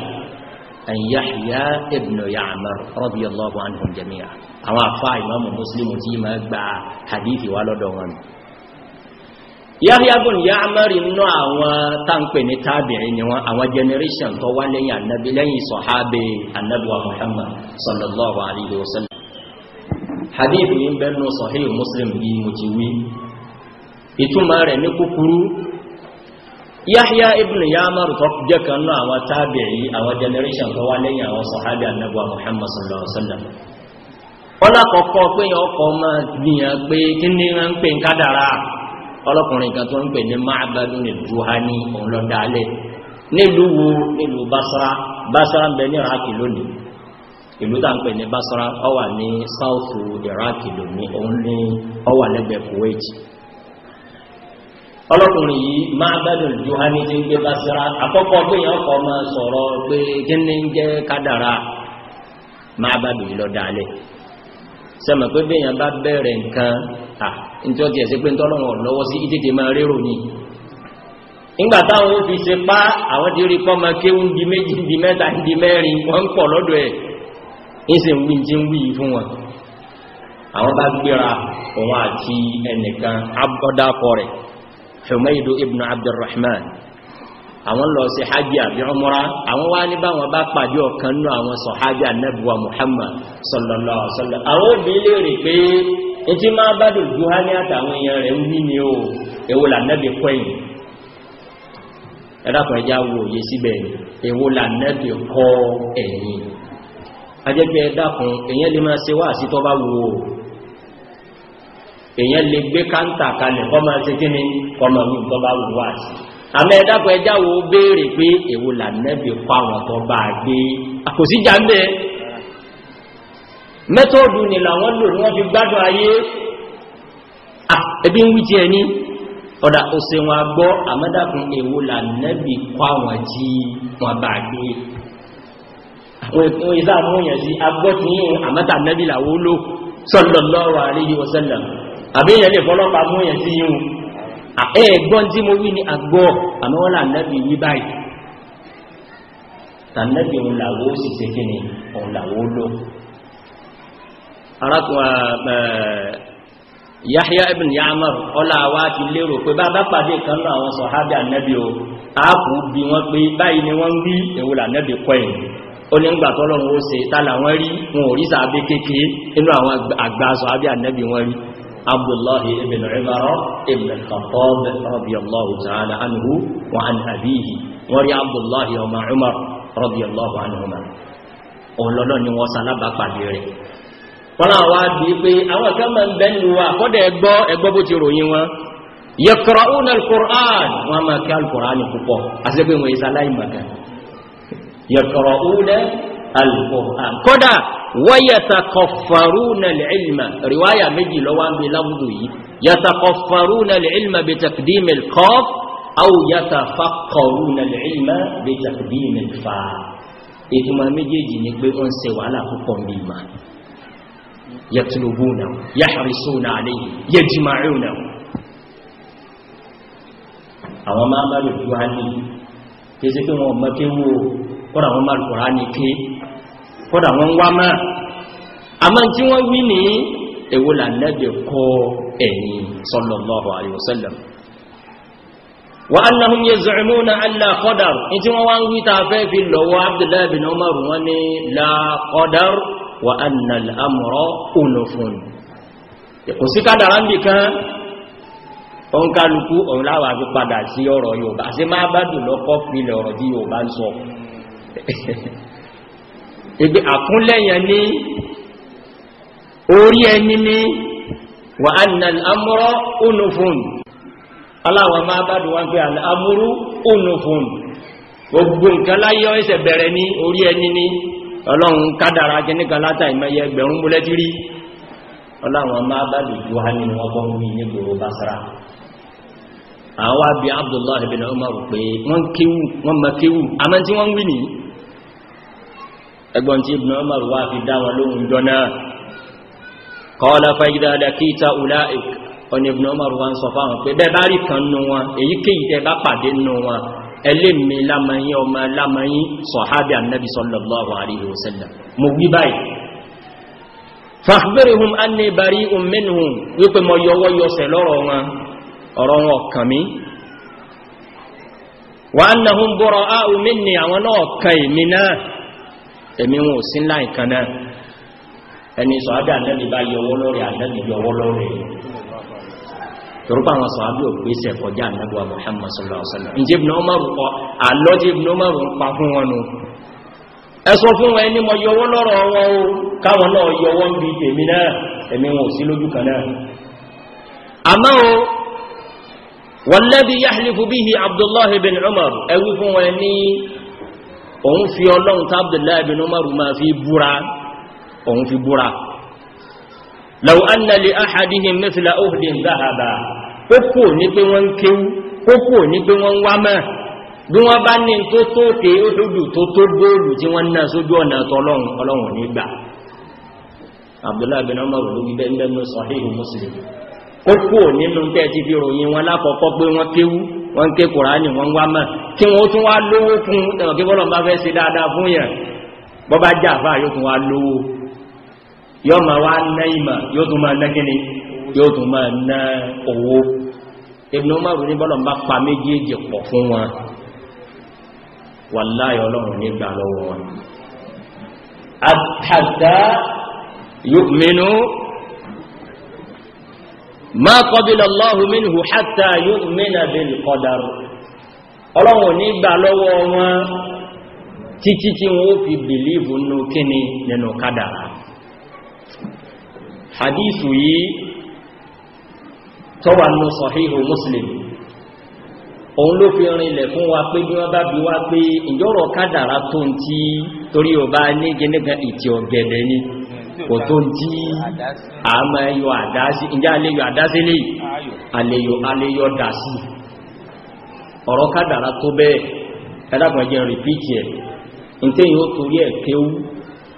S2: ẹ̀yàhìyà ibn Ya'mar radiyallahu anhum jami'a àwọn àfá ìmáàmù Muslim tí ma gba hadithi wá lọ́dọ̀ wọn Yahya ibn Ya'mar inú àwọn táǹpẹ̀ ní tábìrin ni wọn àwọn generation tó wá lẹ́yìn annabi lẹ́yìn sọ̀hábẹ̀ annabi wa Muhammad sallallahu alaihi wasallam hadith yìí bẹ́nu sahih Muslim yìí mo ìtumọ̀ rẹ̀ ní kúkúrú yahya ibn yamaru tó jẹ́ kan náà àwọn tábìí àwọn generation tó wá lẹ́yìn àwọn sọ̀hábì annabuwa muhammad sallallahu alaihi wasallam ọlá kọ̀kọ́ pé yàn ọkọ̀ ma gbìyàn pé kí ní wọ́n ń pè ń kádàrá ọlọ́kùnrin kan tó ń pè ní ma'abadu ní ọlọ́kùnrin yìí máa bẹ́dùn ju hami ń gbé bá síra àkọ́kọ́ pé máa sọ̀rọ̀ pé kí ní ń jẹ́ kádàrà yìí lọ dalẹ̀ sẹ́mọ̀ pé bá bẹ̀rẹ̀ nǹkan à nítorí ọtí ẹ̀sẹ̀ pé ntọ́lọ́wọ̀n lọ́wọ́ sí máa rérò ni táwọn ó fi ṣe àwọn ti rí kọ́ máa méjì di mẹ́ta di mẹ́rin wọ́n ń pọ̀ lọ́dọ̀ ẹ̀ Humaidu ibn Abdurrahman àwọn lọ sí hajji àbí umra àwọn wá ní báwọn bá pàdé ọ̀kan nú àwọn sọ̀hájì anẹ́bùwa Muhammad sallallahu alaihi wasallam àwọn òbí lè rè pé etí máa bá dùdú há ní àtàwọn èèyàn rẹ̀ ń wí ni o èwo lànẹ́bì kọ́ ẹ̀yìn ajẹ́gbẹ́ èèyàn lè gbé káńtà kalẹ̀ kọ́mọ ṣe kí ni kọ́mọ wí nǹkan bá wù wá sí àmọ́ ẹ dákun ẹjá wo béèrè pé èwo lànàbì kọ́ tó bá gbé àkòsí jàǹbẹ́ mẹ́tọ́ọ̀dù ni làwọn lò ní wọ́n fi gbádùn ayé ẹbí ń wí jẹ́ ní ọ̀dà òsè wọn gbọ́ àmọ́dàkùn èwo lànàbì kọ́ àwọn tí wọ́n bá gbé àwọn ìsáàmúyàn sí agbọ́tún yìí àmọ́tà nẹ́bì làwó lò sallallahu alaihi wasallam àbí èèyàn lè fọ́lọ́pàá mú èèyàn sí yíò ẹ̀ẹ́gbọ́n tí mo wí ní àgbọ́ àmọ́wọ́lá nẹ́bì yí báyìí tànẹ́bì òun làwó sì ṣe kí ni òun làwó lò Yahya ibn Ya'mar ọláwá ti lérò pé bá bá pàdé kan náà àwọn sọ̀hábí ànẹ́bì o ààkù bí wọ́n pé báyìí ni wọ́n wí èwòlà ànẹ́bì kọ́ ẹ̀yìn ó ní ń gbà tọ́lọ́run ó ṣe tààlà wọ́n rí wọn ò rí sàábé kékeré inú àwọn àgbà sọ̀hábí ànẹ́bì wọ́n rí abdullahi ibn umara ibn khattab radiyallahu ta'ala anhu wa an abihi wọ́n rí abdullahi ọmọ umar radiyallahu anhuma ọlọ́lọ́ ni wọ́n sálábà pàdé rẹ̀ wọ́n náà wá bí pé àwọn kan máa ń bẹ́nu wa kọ́dẹ̀ ẹgbọ́ ẹgbọ́ bó ti ròyìn wọn yaqra'una al-Qur'an wọ́n máa kí al-Qur'an púpọ̀ àti pé wọ́n ìsáláìmọ̀kan yaqra'una al-Qur'an kọ́dà ويتقفرون العلم رواية مجي لوان بلغضي يتقفرون العلم بتقديم القاف أو يتفقرون العلم بتقديم الفاء إتما مجي جنك بأنسي وعلى حكم بما يطلبونه يحرصون عليه يجمعونه àwọn máa máa lò tó wá ní kí sí kí wọn mọ́ kí wó kọ́ra wọn máa lò rá ní kí kọ́dà wọ́n wá máa àmá tí wọ́n wí ní èwo lànàbì kọ ẹ̀yìn sallallahu alayhi wa sallam wa annahum yaz'umuna alla qadar in tí wọ́n wá ń wí ta fẹ́ fi lọ́wọ́ Abdullahi bin Umar <laughs> ìgbé àkúnlẹ̀yàn ní orí ẹni ní wà ánìyàn amúrọ́ unufun aláwọ̀ máa bá dùn wá pé àmúrú unufun gbogbo nǹkan láyọ́ ẹsẹ̀ bẹ̀rẹ̀ ní orí ẹni ní ọlọ́run kádàrà jẹ́nìkan látàrí mẹ́yẹ ẹgbẹ̀rún múlẹ́tírí ọláwọn máa bá lè ju nínú ọgbọ́n mi ní gbòòrò Basra àwọn àbí Abdullahi bin Umar pé wọ́n kéwù wọ́n mọ kéwù àmọ́ tí wọ́n ń wí nìyí ẹgbọ́n tí ibn Umar wá fi dá wọn lóhun jọ náà qala fa idha lakita ulaik ọni ibn Umar wá ń sọ fáwọn pé bẹ́ẹ̀ bá rí kan nù wọn èyíkéyìí tẹ́ bá pàdé nù wọn ẹlẹ́mì lámàáyí ọmọ lámàáyí sọ̀hábí annabi wa annahum bura'u minni àwọn náà kàn mí èmi wọn ò sí ńlá nǹkan náà ẹni sọ̀hábí ànábì bá yọwọ́ lórí ànábì yọwọ́ lórí torúkọ àwọn sọ̀hábí ò gbéṣẹ̀ wa Muhammad sallallahu alaihi wasallam pa o bi tèmi náà èmi wọn ò bihi Abdullahi bin Umar ẹwí fún òun fi ọlọ́run tí Abdullahi bin Umar máa fi búra òun fi búra law anna li ahadihim mithla uhdin dhahaba kókò ní pé wọ́n ń kéwú kókò ní pé wọ́n ń wá mọ́ bí wọ́n bá ní tó tó ké òdòdó tó tó góòlù tí wọ́n sójú wọ́n ké kùránì wọ́n wá mọ̀ kí wọ́n tún wá lówó fún ẹ̀rọ bọ́lọ̀ bá fẹ́ ṣe dáadáa fún yẹn bọ́ bá jà fà yóò tún wá lówó yóò máa wá ná yóò tún máa ná yóò tún máa ná owó Ibn Umar ní bọ́lọ̀ bá pa méjèèjì pọ̀ ma qabila Allahu minhu hatta yu'mina bil qadar ọlọ́run ní gbà lọ́wọ́ wọn títí tí wọ́n fi bìlíìfù nínú ni nínú kádàrá hadithu yìí tọ́wà nínú sahihu muslim òun ló fi rinlẹ̀ fún wa pé bí wọ́n bá bi wá pé ìjọ́rọ̀ kádàrá tó ń tí torí ọba ìtì ọ̀gẹ̀dẹ̀ kò tó ń tí a máa àdásí ìjá aléyọ àdásí lè aléyọ aléyọ dásí ọ̀rọ̀ kádàrá tó bẹ́ẹ̀ ẹ̀dàkùn ẹjẹ́ rìpíìtì ẹ̀ ǹtẹ́ yóò torí ẹ̀ kéwú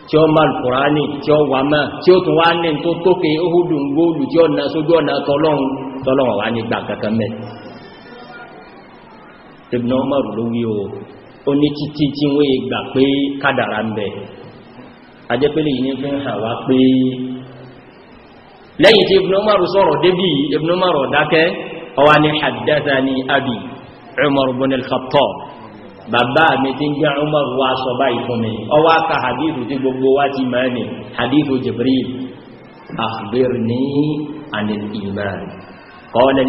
S2: tí ó máa lùkùránì tí ó wà máa tí ó tún wá ní tó tókè óhùdù góòlù tí ó sójú ọ̀nà tọlọ́run tọlọ́run wà ní mẹ́ o ó ní títí tí wọ́n gbà pé ajẹ́pẹ́lẹ̀ yìí ní fi ń hàn wá pé lẹ́yìn tí ibn umar sọ̀rọ̀ débì ibn umar dákẹ́ ọwá ní haddatha ni abi umar bin al-khattab bàbá mi ti ń jẹ́ umar wá sọ báyìí fún mi ọwá ka ní hadithu jibril akhbirni anil iman qala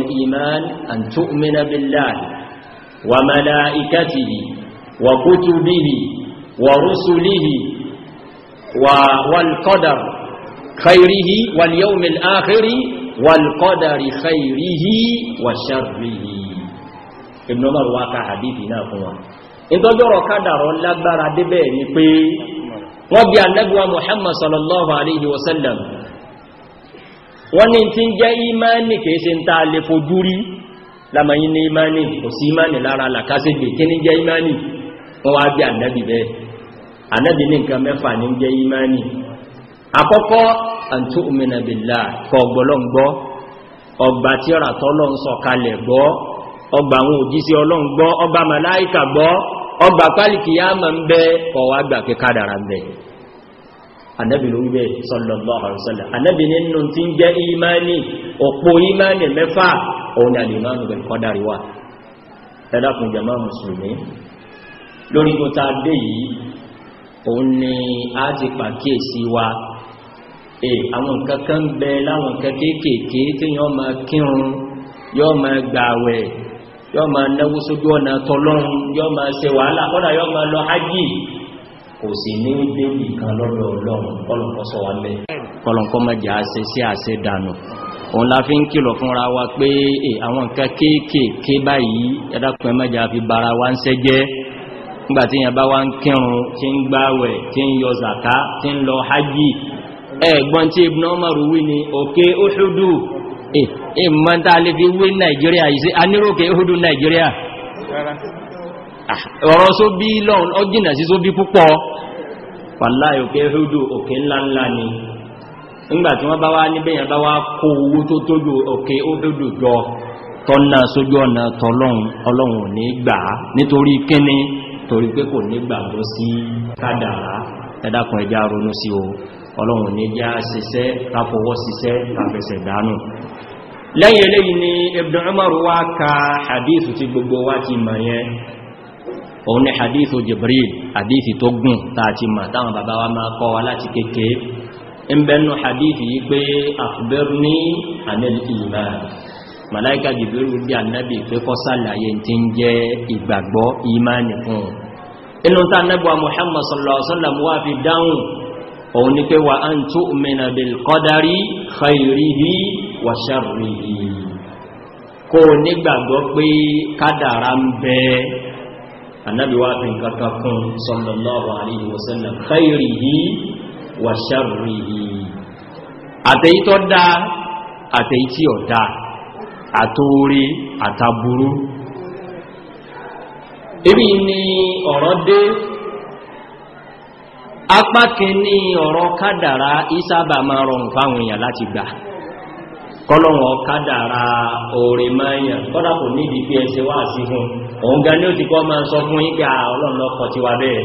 S2: والقدر خيره واليوم الآخر والقدر خيره وشره ابن عمر واقع حديثنا هو ìtọ́jọ́rọ̀ kádàrọ̀ lágbára débẹ̀ ní pé wọ́n bí annabuwa muhammad sallallahu alaihi wasallam wọ́n ni tí ń jẹ́ imani kìí ṣe ń ta lè fojú rí lamayin ní imani kò sí imani lára làkásẹ̀gbẹ̀ kí ní jẹ́ imani wọ́n wá bí annabi bẹ́ẹ̀ ànábì ní nǹkan mẹ́fà ní jẹ́ ìmáni àkọ́kọ́ àǹtú òmìnà bìlá kọ ọgbọ̀lọ́gbọ́ ọgbà tí ọ̀rà tọ́lọ́ ń sọ kalẹ̀ gbọ́ ọgbà àwọn òjísí ọlọ́ngbọ́ ọgbà màláìkà gbọ́ ọgbà pálìkì yá sallallahu alaihi wasallam ànábì nínú tí ń jẹ́ ìmáni òpó ìmáni mẹ́fà òun àlèmánu bẹ̀rẹ̀ kọ́dàríwá ẹ̀dàkùn jàmá mùsùlùmí lórí gbọ́ta dé yìí òun ni a ti pàkíyèsí wa e àwọn kankan ń bẹ láwọn tí yọ́ ma kírun yọ́ ma gbàwẹ̀ yọ́ ma náwó sójú ọ̀nà tọlọ́run yọ́ ma ṣe wàhálà kọ́nà yọ́ ma lọ hajj kò sì ní débì kan lọ́dọ̀ la fi ń kìlọ̀ fúnra wa pé àwọn nǹkan kéékèèké báyìí ẹ̀dàkùn ẹmẹ́jà fi bara wa ń ṣẹ́jẹ́ nígbàtí yẹn bá wá ń kírun tí ń gbáwẹ̀ tí ń yọ zàká tí ń lọ hajji ẹ̀gbọ́n tí Ibn Umar wí ni òkè Uhudu ìmọ̀ lè fi wé Nàìjíríà yìí sí anírókè Uhudu Nàìjíríà ah, ọ̀rọ̀ só bí lọ́n ọjìnà sí só bí púpọ̀ oke torí pé kò nígbàgbọ́ sí kádàrá ẹ̀dàkùn ẹja ronú sí o ọlọ́run ní já ṣiṣẹ́ káfọwọ́ ṣiṣẹ́ káfẹsẹ̀ dánù lẹ́yìn eléyìí ni Ibn Umar wá ka hadithu ti gbogbo wá ti mọ̀ yẹn òun ni hadithu Jibril hadithi tó gùn ta ti mọ̀ táwọn bàbá wa máa kọ́ wa láti kéèké ń bẹnu hadithi yí pé akhbirni anil iman màláíkà Jibril bí annabi pé kọ́ sàlàyé ti imani fún inú tá nẹ́bùwa Muhammad sallallahu alaihi wasallam wá fi dáhùn òun ni pé wa an tu'mina bil qadari khairihi wa sharrihi kó nígbàgbọ́ pé kádàrá ń bẹ anábíwá fi kankan kún sallallahu alaihi wasallam khairihi wa sharrihi àtẹ̀yí tó dáa àtẹ̀yí tí ò dáa àtórí àtàbúrú ebi ni ọ̀rọ̀ dé apá kìíní ọ̀rọ̀ kádàrá ìsábà máa rọrùn fáwọn èèyàn láti gbà kọ́lọ̀wọ̀n kádàrá orí mẹ́yàn kọ́dà kò ní ìdíkí wá sí fún òun ní ó ti kọ́ máa sọ fún ìgbà ọlọ́ọ̀lọ́kọ̀ ti wà bẹ́ẹ̀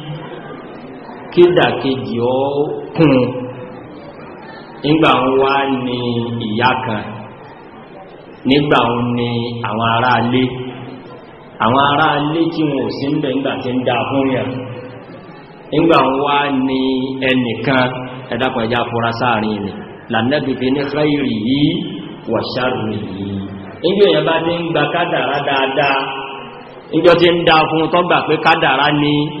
S2: pé kídàkejì ọ kún nígbà ń wá ní ìyá kan nígbà ń ní àwọn ará alé àwọn ará alé tí wọn ò sí ń bẹ̀ nígbà tí ń dá fún yẹn nígbà ń wá ní ẹnìkan ẹ̀dàkùn ẹja fúra sáàrin ilẹ̀ lànẹ́bìbì ní ṣáyìrì yìí wà ṣàrùn yìí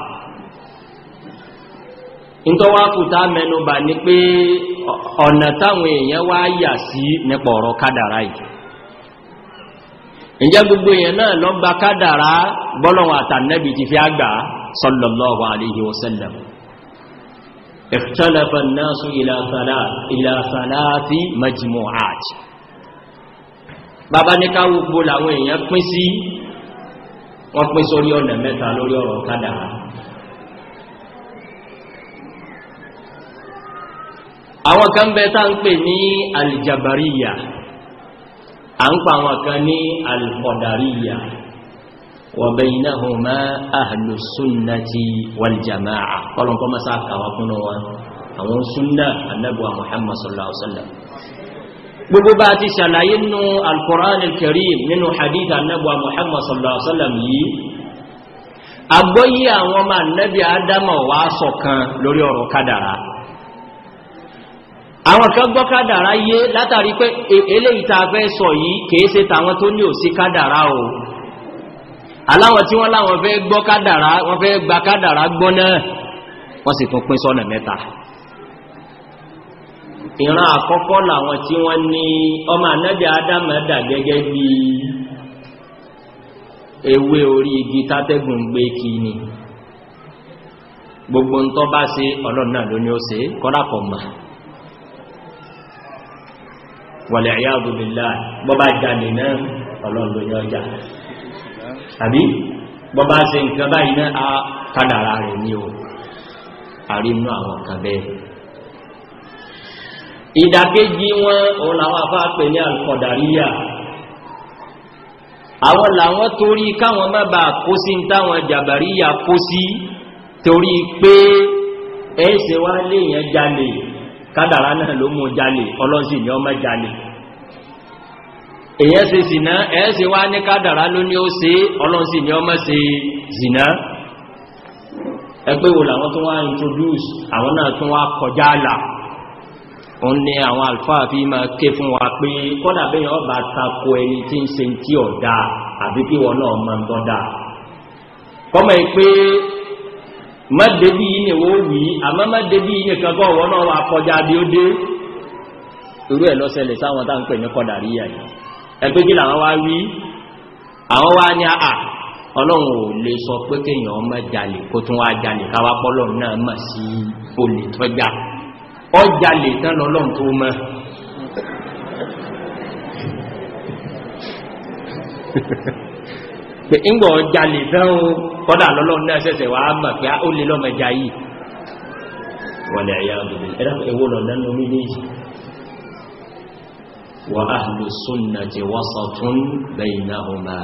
S2: ntọ́wá kùtà mẹ́nubà ni pé ọ̀nà táwọn èèyàn wá yà sí nípa ọ̀rọ̀ kádàrá yìí ǹjẹ́ gbogbo èèyàn náà lọ gba kádàrá bọ́lọ̀wọ̀ àtànẹ́bì ti fi àgbà sallallahu alayhi wa sallam ikhtalafa an-nasu ila thalath ila thalathi majmu'at bàbá ní ká gbogbo làwọn èèyàn àwọn kan bẹ tá ń pè ní aljabariya a ń pa àwọn kan ní alkọdariya wa baynahuma ahlu sunnati wal jama'a kọlọ̀kọ́ masá kàwàkúnnà wọn àwọn súnnà annabuwa muhammad sallallahu alaihi gbogbo bá ti ṣàlàyé nínú al-Qur'an nínú hadith annabuwa muhammad sallallahu alaihi yìí agbóyí àwọn ọmọ annabi adama wa sọ̀kan lórí ọ̀rọ̀ kádàrá àwọn kan gbọ́ kádàrá yé látàrí pé e, eléyìí tá a fẹ́ sọ yìí kìí ṣe tàwọn tó ní òsí kádàrá o aláwọ̀ tí wọ́n láwọn fẹ́ gbọ́ kádàrá wọ́n fẹ́ gba kádàrá gbọ́ náà wọ́n sì tún pín sọ́nà mẹ́ta ìran àkọ́kọ́ làwọn tí wọ́n ní ọmọ ànábì ádámẹ́dà gẹ́gẹ́ bí ewé orí igi tátẹ́gùn gbé kí ni gbogbo ń tọ́ bá ṣe ọlọ́run náà ó ṣe kọ́lápọ̀ mọ́ wàlẹ̀ àyàbò bèlà bọ́bá jalè náà ọlọ́run ló ní ọjà tàbí bọ́bá ṣe nǹkan báyìí náà a kádàrà rẹ̀ ní o àrínú àwọn kan bẹ́ẹ̀ ìdàkejì wọn òun làwọn afá pè ní alkọ̀dàríyà àwọn làwọn torí káwọn má bàa kó sí táwọn jàbàríyà kó sí torí pé ẹ̀ẹ́sẹ̀ wá léèyàn jalè kádàrá náà ló mú jalè ọlọ́sì ni ọmọ jalè èyẹ́ ṣe sìná ẹ̀ẹ́sì wá ní kádàrá ló ní ó ṣe ọlọ́sì ni ọmọ ṣe zìná ẹgbẹ́ wo làwọn tó wá introduce àwọn náà tó wá kọjá àlà òun ni àwọn àlfáà fi máa ké fún wa pé kọ́dà bẹ́yàn ọba tako ẹni tí ń ṣe tí ọ̀dá àbí kí náà mọ́ ń tọ́dá kọ́mọ̀ pé má débí yìí ni wọ́n wì í àmọ́ má débí yìí nìkan kọ́ ọ̀wọ́ náà wà kọjá bí ó dé irú ẹ̀ lọ́sẹ̀lẹ̀ sáwọn tá ń pè ní kọ̀dàríyà yìí ẹgbẹ́ kí làwọn wá wí àwọn wá ní àà ọlọ́run ò lè sọ pé kéèyàn ọmọ jalè kó tún wá jalè káwá pọ́lọ́run náà mọ̀ sí olè tọ́jà ọjà lè tán lọ́lọ́run tó mọ́ Ha <laughs> pé ńgbọ̀ jalè fẹ́ o kọ́dà lọ́lọ́run náà ṣẹ̀ṣẹ̀ wà á mọ̀ pé ó lè lọ́mọ ẹja yìí wọ́n lè ẹ̀yà àbùdó ẹ̀dá ewó lọ́dá ní méjèèjì wa ahlu sunnati wasatun baynahuma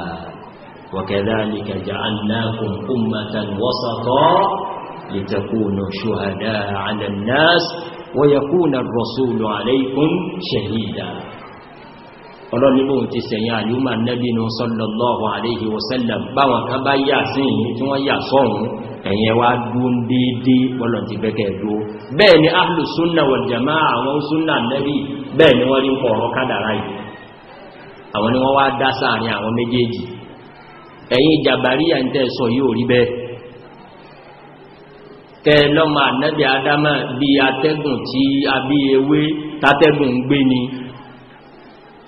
S2: wa kadhalika ja'alnakum ummatan wasata لتكونوا شهداء على الناس ويكون الرسول عليكم شهيدا ọlọ́nibò ti sẹ̀yìn àlúmà nẹ́bìnú sallallahu alayhi wa sallam báwọn kan bá yà sí ìyìn tí wọ́n yà sọ́run ẹ̀yẹn wá dún dédé bọ́lọ̀ ti bẹ́kẹ̀ dó bẹ́ẹ̀ ni ahlu sunna wal jamaa àwọn súnnà nẹ́bì bẹ́ẹ̀ ni wọ́n rí ọ̀rọ̀ kádàrá yìí àwọn ni wọ́n wá dá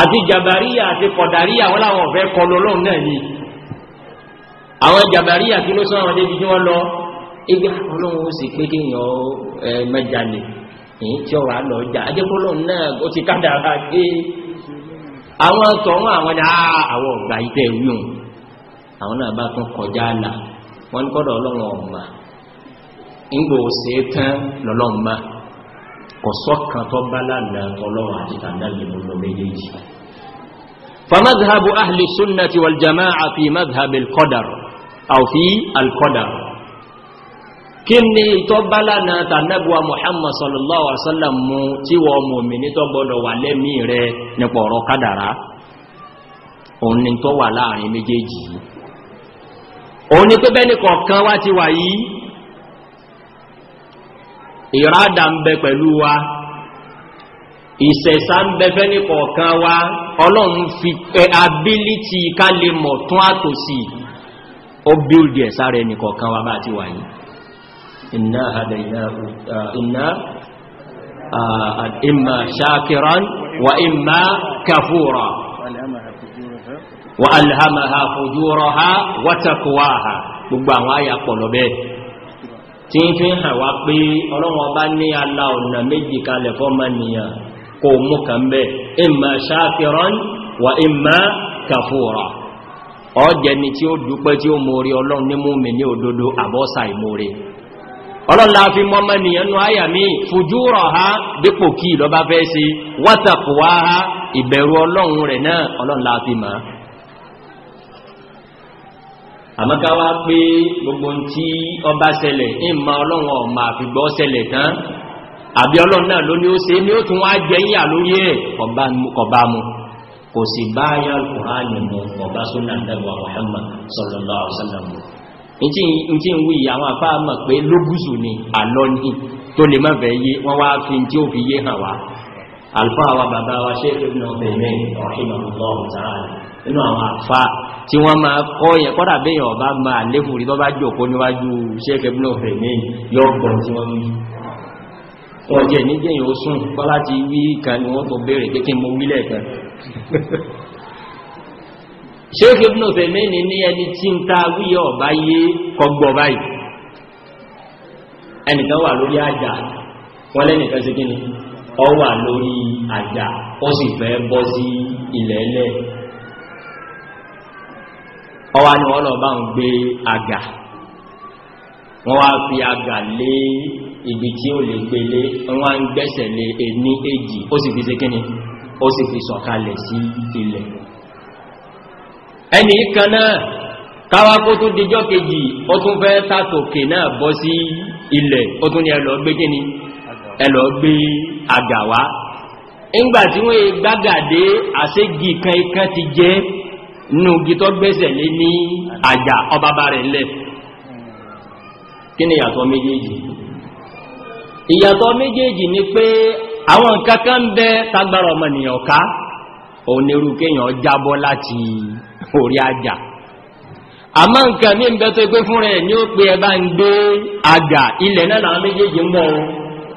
S2: àti jàbàríyà àti kọ̀dàríyà wọ́n láwọn ọ̀fẹ́ kọ lọ́lọ́run náà ni àwọn jàbàríyà kí ló sọ àwọn débi tí wọ́n lọ igbe ọlọ́run ó sì pé kéèyàn ẹ mẹ́jà lè èyí tí ọ̀rọ̀ àlọ́ ọjà ajẹ́kọ́lọ́run náà ó ti ká dára pé àwọn tọ̀hún àwọn ni àwọn ọ̀gbà ìtẹ́ wíwọ̀n àwọn náà bá tún kọjá àlà wọ́n kọ́dọ̀ ọlọ́run ọ̀ma ńgbò ṣe tán lọ́lọ́run máa kọ̀sọ́kan tó bá lánàá tọ́lọ́wọ́ àti tàndàlì múlò méjèèjì famadhabu ahli sunnati wal jama'a fi madhhabi al-qadar aw fi al-qadar kí ni tó bá lánàá tàndàbíwa muhammad sallallahu alaihi wasallam mú tí wọ́n ìrádà ń bẹ pẹ̀lú wa ìṣẹ̀sá ń bẹ fẹ́ nípa ọ̀kan wa ọlọ́run fi ability ká lè mọ̀ tún àtòsí ó bíldì ẹ̀sá rẹ̀ nìkan kan wa bá ti wà yìí iná imma shakiran wa imma kafura wa alhamaha fujuraha wa taqwaha gbogbo àwọn àyàpọ̀ lọ bẹ́ẹ̀ tí ń fi hàn wá pé ọlọ́run ọba ní ala ọ̀nà méjì kalẹ̀ fọ́mọnìyàn kò mú kàn bẹ́ imma shakiran wa imma kafura ọjẹni tí ó dúpẹ́ tí ó mórí ọlọ́run ní múmi ní òdodo àbọ́sà ìmórí ọlọ́la fi àmọ́ká wá pé gbogbo tí ọba ṣẹlẹ̀ ìmá ọlọ́run ọmọ àfìgbọ́ ṣẹlẹ̀ tán àbí ọlọ́run náà ló ní ó ṣe ní ó tún wá jẹ yíyà lórí ẹ̀ kọba mu kò sì bá yá kùránì Muhammad sallallahu alaihi wasallam ntí ń wí àwọn afá mọ̀ pé lógúsù ni àlọ́ ní tó lè má fẹ́ yé wọ́n wá fi tí ó fi yé hàn wa bàbá wa Sheikh Ibn Uthaymeen rahimahullahu ta'ala nínú àwọn àfá tí wọ́n máa kọ́ yẹ kọ́dà béèyàn ọba máa lékùn rí tó bá jòkó níwájú ṣẹ́ẹ̀kẹ́ bí náà fẹ̀mí yọ́gbọ̀n tí wọ́n wí wọ́n jẹ́ ní jẹ́yìn ó sùn kọ́ láti wí kan ni wọ́n tó béèrè kékè mú wílẹ̀ kan ṣẹ́ẹ̀kẹ́ bí náà fẹ̀mí ní ẹni ilẹ̀ ọwá ni wọ́n lọ bá ń gbé àgà wọ́n wá fi àgà lé ibi tí ó lè gbélé wọ́n wá ń gbẹ́sẹ̀ lé ẹni e èjì ó sì fi ṣe kíni ó sì fi sọ̀kalẹ̀ sí ilẹ̀ ẹni kan náà káwá kó tún dijọ́ kejì ó tún fẹ́ tàtòkè náà bọ́ sí ilẹ̀ ó tún ní ẹlọ gbé kíni ẹlọ gbé nínú igi tó gbẹ́sẹ̀ lé ní àjà ọba bá rẹ̀ lẹ̀ kí ni ìyàtọ̀ méjèèjì ìyàtọ̀ méjèèjì ni pé àwọn nǹkan kan ń bẹ tágbára ọmọnìyàn ká onírú kéèyàn jábọ́ láti orí àjà àmọ́ nǹkan ní ń pé fún rẹ̀ ní ó pé ẹbá ń gbé àjà ilẹ̀ náà làwọn méjèèjì ń bọ̀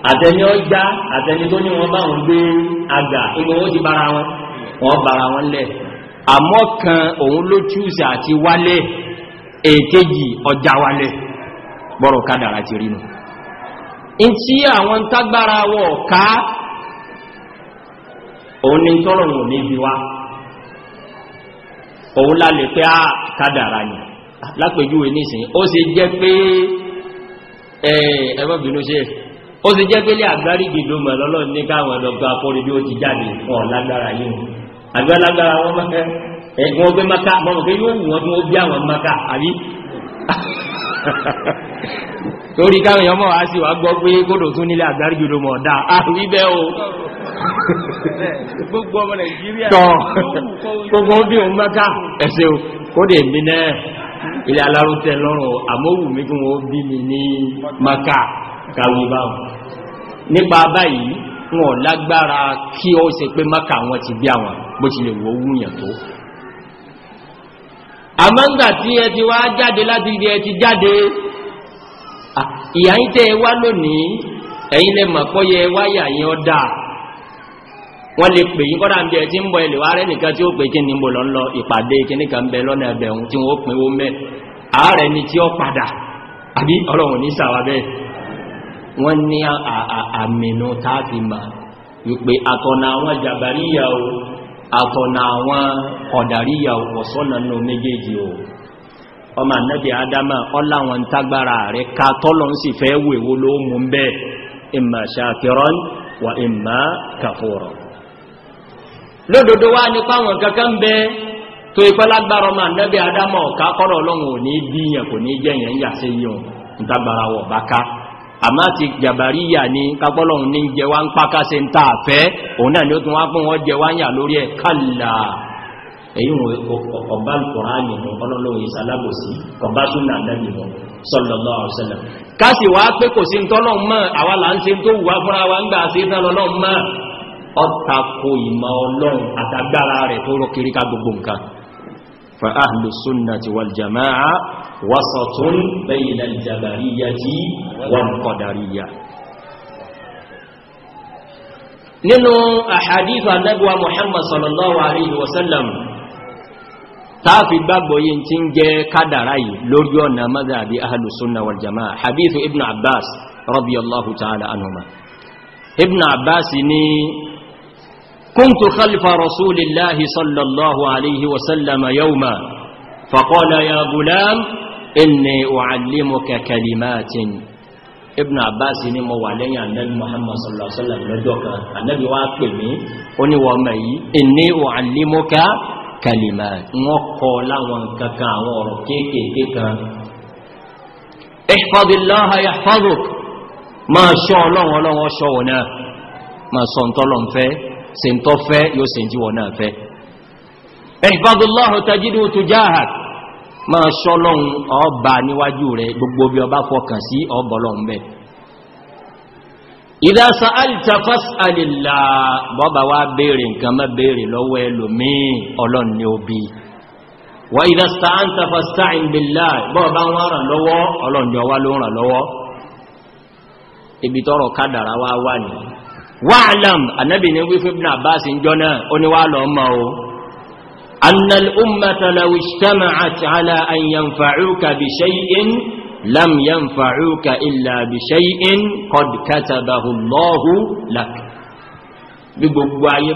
S2: àtẹni ọjà àtẹni tó ní wọ́n bá wọn gbé àjà ìgbòho ti bára wọn wọ́n bára wọn lẹ̀ àmọ́ kan òun ló chúùsì àti wálẹ̀ èkejì ọjà wálẹ̀ bọ́rọ̀ kádàrà ti rínú in tí àwọn tágbára wọ ká òun ni tọ́rọ̀ wò níbi wá òun lálẹ̀ pé á ah, kádàrà yìí lápèjúwe nísìn ó sì jẹ́ pé ẹ̀ẹ́mọ́bìnú ṣe ó sì jẹ́ pé lé àgbárígì mọ̀ lọ́lọ́ ní káwọn ọ̀dọ̀gbà fọ́rí bí ó ti jáde fún ọ̀lágbára yìí àbí alágbára wọn mẹ́kẹ́ ẹ̀ wọ́n gbé mẹ́ka mọ́mọ́ pé yóò wù wọ́n tí wọ́n bí àwọn mẹ́ka àbí <laughs> torí káwọn èèyàn mọ̀ wá sí wá gbọ́ pé kódò tún nílé àgbárí jùlọ mọ̀ dáa àwí bẹ́ o
S3: gbogbo ọmọ nàìjíríà tọ́
S2: gbogbo bí òun mẹ́ka ẹ̀ṣẹ́ o kódè mi náà ilẹ̀ alárútẹ lọ́rùn àmówù mi kí wọ́n bí mi ní mẹ́ka kàwí báwọn nípa báyìí wọn lágbára kí ó ṣe pé maka wọn ti bí àwọn bó ti lè wọ wúyàn tó àmọ́ngbà tí ẹ ti wá jáde láti ibi ẹ ti jáde ìyàyí tẹ́ wá lónìí ẹ̀yin lẹ mọ̀ kọ́ yẹ wáyà yẹn ọ́dà wọ́n lè pè yín kọ́dà ń bí ẹ ń bọ̀ ẹlẹ́wà rẹ̀ nìkan tí ó pè kí ni mo lọ ń lọ ìpàdé kí nìkan bẹ lọ́nà ẹbẹ̀rún tí wọ́n pín ó mẹ́ ààrẹ ni tí ó padà àbí ọlọ́run ní sàwà wọ́n ní àmìnú tààfi ma wípé àtọ̀nà àwọn jàbàríyà o àtọ̀nà àwọn ọ̀dàríyà o wọ̀sọ́nà ní méjèèjì o ọmọ anẹ́bẹ̀ adama ọláwọn tágbára rẹ̀ ká tọ́lọ̀ ń sì fẹ́ wèwo ló mú bẹ́ ìmà ṣàkìrán wà ìmà kàfòrò lódodo wá nípa àwọn kankan bẹ tó ìpẹ́lágbára ọmọ anẹ́bẹ̀ adama ọ̀ká kọ́rọ̀ ọlọ́run ò ní bíyàn kò ní jẹ́yàn yà sí yíò ń tágbára wọ̀ bá ká àmá ti jàbàríyà ní kápọ́lọ̀un ní jẹ wá ń pákásẹ̀ ń tàà fẹ́ òun náà ni ó tún wá pún wọ́n jẹ wá ń yà lórí ẹ̀ kàlà èyí ọba Kùránì mọ̀ ọlọ́lọ́wọ̀ ìsàlábòsí ọba súnà lẹ́yìn mọ̀ sallallahu alaihi wasallam kásì wá pé kò sí tọ́lọ́un mọ́ àwa là ń ṣe tó wà fúnra wa ń gbà sí ọ̀tàkò ìmọ̀ ọlọ́run àtàgbára rẹ̀ tó rọ kiri ká gbogbo nǹkan فأهل السنة والجماعة وسط بين الجبرية والقدرية nínú àhàdífà nẹ́gbà Muhammad sallallahu alayhi wa sallam tààfi gbàgbọ́ yí tí ń jẹ kádàrá yìí lórí ọ̀nà mazhabi ahlu sunna wal jama'a hadithu ibn abbas radiyallahu ta'ala anhuma ibn abbas ni كنت خلف رسول الله صلى الله عليه وسلم يوما فقال يا غلام إني أعلمك كلمات ibn abbas ni mo wà lẹ́yìn annabi muhammad sallallahu alaihi wasallam lọ́jọ́ kan annabi wá pè mí ó ní wọ́n mẹ́ yìí inni u'allimuka kalimat wọ́n kọ́ láwọn kankan àwọn ọ̀rọ̀ kéékèèké kan ihfazillaha yahfazuk máa ṣọ́ ọlọ́run ọlọ́run ṣọ́wọ́ náà máa sọ ǹtọ́lọ́run fẹ́ se ń tọ́ fẹ́ yóò se ń jíwọ náà fẹ́ ẹ̀fàdùláhù tajidu tujaha ma ṣọ́lọ́hun ọba níwájú rẹ̀ gbogbo bí ọba fọkàn sí ọgbọ̀lọ́hun bẹ́ ìdá sa'alta fas'alillah bọ́bá wá béèrè nǹkan má béèrè lọ́wọ́ ẹlòmíì ọlọ́run ni ó bí wa ìdá sta'anta fasta'in billah bọ́ọ̀bá wọ́n ràn lọ́wọ́ ọlọ́run wá ló ràn lọ́wọ́ ibi tọ́rọ̀ kádàrá wá wà nìí wa'lam anábì ní wífẹ́ ibn abbas ń jọ náà ó ní wà lọ mọ́ o annal ummata law ijtama'at ala an yanfa'uka bi shay'in lam yanfa'uka illa bi shay'in qad katabahu Allahu lak bí gbogbo ayé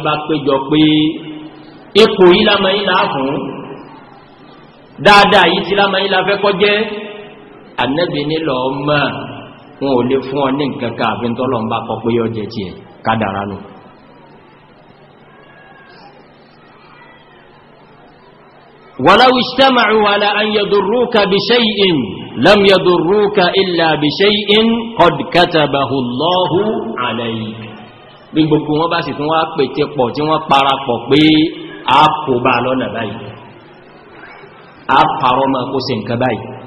S2: dáadáa yìí ti lámà yìí fẹ́ kọjẹ́ anábì ní lọ́ọ́ mọ́ wọn ò lè fún ọ ní nǹkan kan àfi ń bá kọ pé yọ jẹ tiẹ̀ kádàrá nù ولو اجتمعوا على أن يضروك بشيء لم يضروك إلا بشيء قد كتبه الله عليك bí gbogbo wọn bá sì tún wá pètè pọ̀ tí wọ́n parapọ̀ pé a kò bá lọ́nà báyìí a parọ́ ma kó ṣe nǹkan báyìí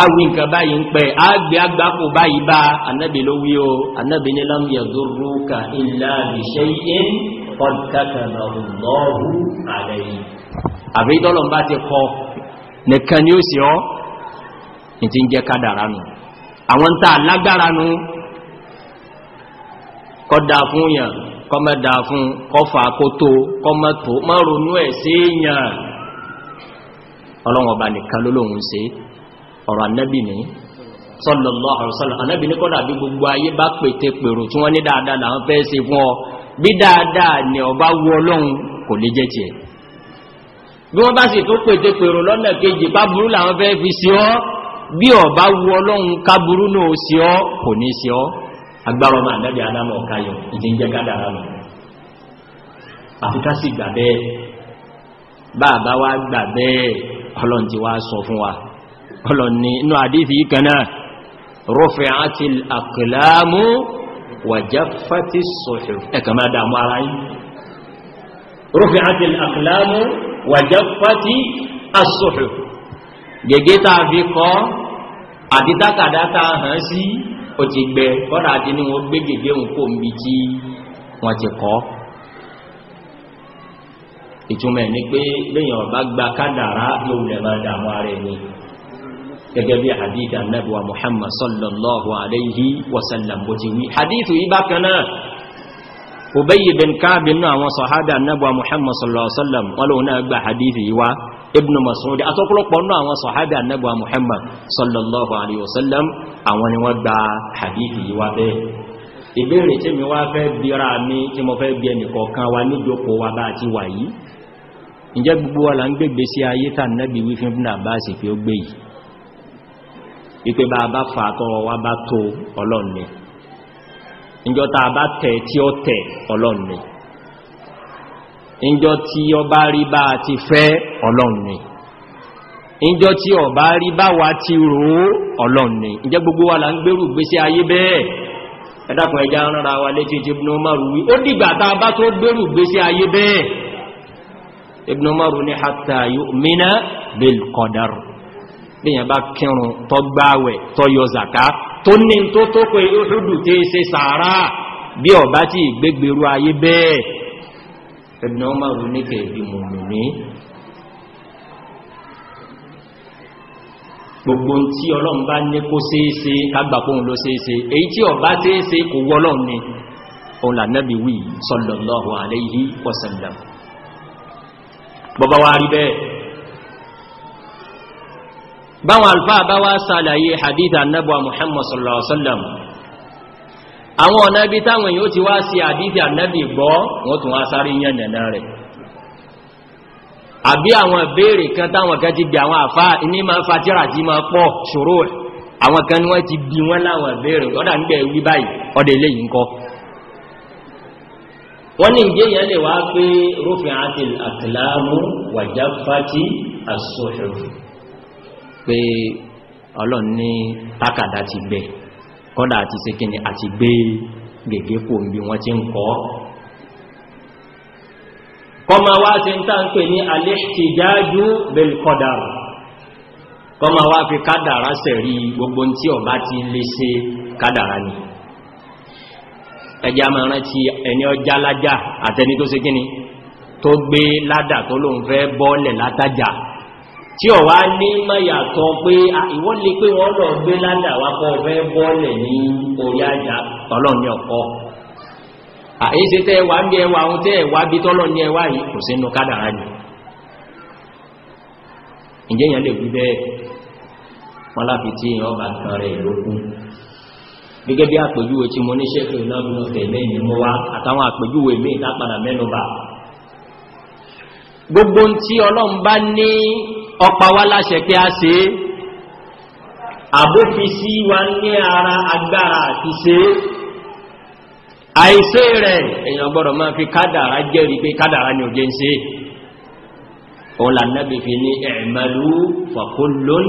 S2: àwìn kan báyìí ń pẹ́ àgbẹ̀ agbákò báyìí bá anábì ló wí o anábì ní lam yadurruka illa bi shay'in qad katabahu Allahu alayk àbí ìdọ́lọ̀ bá ti kọ nìkan fún yàn kọ́mẹ́dà fún kọfà kótó kọ́mẹ́tò mọ́rún ní ẹ̀ sí yàn ọlọ́wọ̀n ọba nìkan lólóhun sí ọ̀rọ̀ annabi ni sallallahu alaihi wasallam annabi ní kọ́dà bí gbogbo ayé bá pètè pèrò tí wọ́n ní dáadáa là ń fẹ́ ṣe fún ọ bí dáadáa ni ọba wu ọlọ́run kò lè jẹ́ tiẹ̀ bí wọ́n bá sì tó pètè pèrò lọ́nà kejì báburú làwọn fẹ́ fi sí ọ bí ọba wu ọlọ́run káburú náà sí ọ kò ọlọ́run ti wá sọ fún wa ọlọ́ni inú àdífì yìí kanáà rufi'ati al-aqlamu wa jaffati as-suhuf ẹ̀kà máa dàmú ara yìí rufi'ati al-aqlamu wa jaffati as-suhuf gẹ́gẹ́ tàà fi kọ́ àdítàkàdátà hàn sí ó ti gbẹ kọ́nà àti ní wọ́n gbé gẹ́gẹ́ òun kò mí tí wọ́n ti kọ́ ìtumọ̀ ní pé lẹ́yìn ọ̀bá gba kádàrá yóò lẹ̀ máa dàmú ara ẹni gẹ́gẹ́ bí hadith annabuwa muhammad sallallahu alaihi wasallam bó ti wí hadithu yí bákan náà Ubay bin Ka'b nínú àwọn sọ̀hádà annabuwa muhammad sallallahu alaihi wasallam wọ́n lóun náà gba hadithu yí wá ibn Mas'ud àtọ́pọ̀lọpọ̀ nínú àwọn sọ̀hádà annabuwa muhammad sallallahu alaihi wasallam àwọn ni wọ́n gba hadithu yí wá bẹ́ẹ̀ ìbéèrè tí mi wá fẹ́ wà là ń gbégbé sí ayé tà nẹ́bí wífín fún àbáṣì fi ó gbé yìí wípé bá a bá fa àtọrọ wa bá tó ọlọ́ni ìjọ tá a bá tẹ̀ tí ó tẹ̀ ọlọ́ni ìjọ tí ó bá rí bá a ti fẹ́ ọlọ́ni ìjọ tí ó bá rí bá wa ti rò ó ọlọ́ni ìjẹ́ gbogbo wa là ń gbérù gbésí ayé bẹ́ẹ̀ ẹ ẹja rárá wa létí ti Ibn Umar wí ó dìgbà tá a bá tó gbérù gbésí ayé bẹ́ẹ̀ Ibn Umar ní hatta yu'mina bil qadar bíyàn bá kírun tó gbáwẹ̀ tó yọ zàká tó ní tó tó pé ìrúdù tí ṣe sàárà bí ọ̀bá tí ìgbégbèrú ayé bẹ́ẹ̀ ẹ̀nà ọmọ rú ní kẹ̀ẹ̀bí mùmìnì gbogbo tí ọlọ́run bá ní kó ṣeéṣe kágbàkóhun ló ṣeéṣe èyí tí ọ̀bá ṣeéṣe kò wọ́lọ́run ni òun lànẹ́bí wí sallallahu alayhi wa sallam bọ́bá wá rí bẹ́ẹ̀ báwọn alfáà bá wá sàlàyé hadith annabuwa muhammad sallallahu alaihi wasallam àwọn ọ̀nà ibi táwọn èèyàn ti wá sí hadith annabi gbọ́ wọ́n tún wá sáré yẹn nẹ̀nà rẹ̀ àbí àwọn ìbéèrè kan táwọn kan ti bí àwọn àfá ní ma ń fatíra tí ma pọ̀ ṣòro rẹ̀ àwọn kan ni wọ́n ti bí wọ́n láwọn ìbéèrè ọ̀dà ń gbẹ̀ wí báyìí ọdẹ ilé yìí ń kọ́ wọ́n ní ìjẹ́ yẹn lè wá pé rúfin àti àtìláàmú wàjá fàtí àsòṣòrò pé ọlọ́n ní tákàdá ti gbẹ kọ́dà àti sekini àti gbé gègé kò ń bí wọ́n ti ń kọ́ kọma wá ti ń tà ń pè ní al-ihtijaju bil-qadar kọma wá fi kádàrá sẹ̀rí gbogbo tí ọba ti lè ṣe kádàrá ni ẹjá máa rántí ẹni ọjá lájá àtẹni tó ṣe tó gbé ládà tó lóun fẹ́ bọ́ọ̀lẹ̀ látájà tí ọ̀ wá ní mọ́yàtọ̀ pé ìwọ́n lè pé wọ́n lọ gbé ládà wá kọ́ ọ̀fẹ́ bọ́ọ̀lẹ̀ ní orí ajá ọlọ́ni ọ̀kọ́ àyíṣe tẹ́ wà ní ẹwà ohun tẹ́ wà bí tọ́lọ́ ní ẹwà yìí kò gẹ́gẹ́ àpèjúwe tí mo àtàwọn àpèjúwe gbogbo ọpa wá láṣẹ pé a ṣe é àbófin sí wa ní ara agbára àti ṣe é àìṣe rẹ̀ èèyàn gbọ́dọ̀ máa fi kádàrá jẹ́rìí pé kádàrá ni òjé ń ṣe ọ̀là náàbì fi ní ẹ̀mẹ́lú fàkólón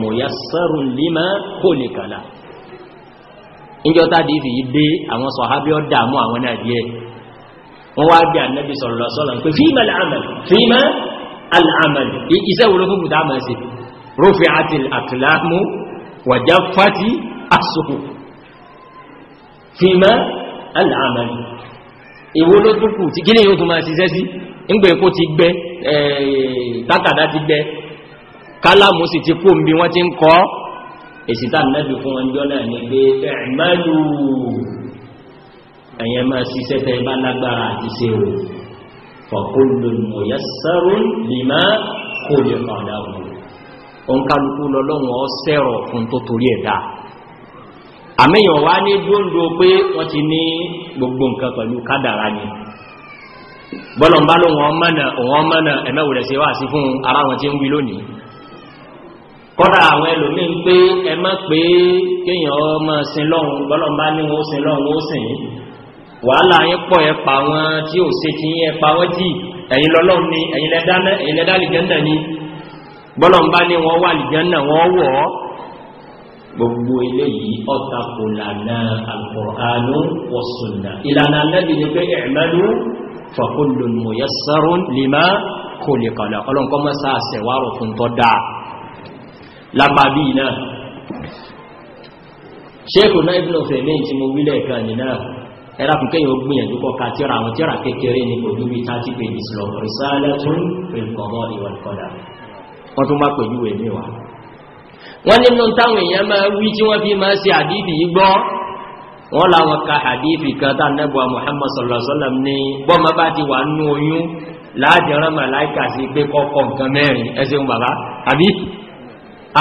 S2: mọ̀yásẹ́rùn límẹ́ kò lè kàlà ìjọta dì fi dé àwọn sọ̀hábí ọ wọ́n wá bí ànábì sọ̀rọ̀lọ́sọ́lọ́ pé fíìmẹ́ al'amal iṣẹ́ wo ló fún bùdá máa ṣe rufi àti àkìlámù wàjá fati àsùkù fíìmá al'amal ìwó ló tún kù tí kí ní yóò tún máa ṣiṣẹ́ sí ńgbẹ̀ kó ti gbẹ tátàdá ti gbẹ kálámù sì ti kó mbi wọ́n ti ń kọ́ èsì nẹ́bì fún wọn jọ́nà ní fọ̀kúlù mọ̀yẹ́sẹ̀rún lèmá kó lè padà wù o ń kálukú lọ́lọ́wọ́ sẹ́rọ̀ fún tó torí ẹ̀dá àmìyàn wá ní dúndú pé wọ́n ti ní gbogbo nǹkan pẹ̀lú kádàrá ni bọ́lọ̀mbá ló wọ́n mọ́nà òun mọ́nà ẹ̀mẹ́wòrẹ̀ sí wà sí fún ara wọn tí ń wí lónìí kọ́dà àwọn ẹlòmí ń pé ẹmọ́ wàhálà yẹn pọ̀ ẹ pa wọn tí ò ṣe kí ẹ pa wọn tí ẹ̀yin lọ́lọ́run ni ẹ̀yin lẹ́dáná ẹ̀yin lẹ́dá lìjẹ́ndà ni bọ́lọ̀n bá ní wọ́n wà lìjẹ́ndà wọ́n wọ̀ ọ́ gbogbo eléyìí ọ̀tà kò lànà al-Qur'anu wa sunnah ìlànà Ànábì ni pé i'malu fa kullun muyassarun lima khuliqa lahu ọlọ́nkọ́ mọ́ sáà sẹ̀wárò fún tọ́ dáa lápàbí náà ṣéèkù náà ibùdó fẹ̀mí tí ẹ̀rákùn kéyàn ó gbìyànjú kọ́ ka tíra àwọn tíra kékeré ní kò ju bí 30 pages lọ risalatun fil qada'i wal wọ́n tún bá pẹ̀lú ẹ̀mí wa wọ́n nínú táwọn èèyàn máa wí tí wọ́n fi máa ṣe àdífì yìí gbọ́ wọ́n láwọn ka Muhammad sallallahu alaihi wasallam ní bọ́mọ bá ti wà nú oyún láàdìran màláìkà sí pé kọ́kọ́ nǹkan mẹ́rin ẹsẹ̀un bàbá àbí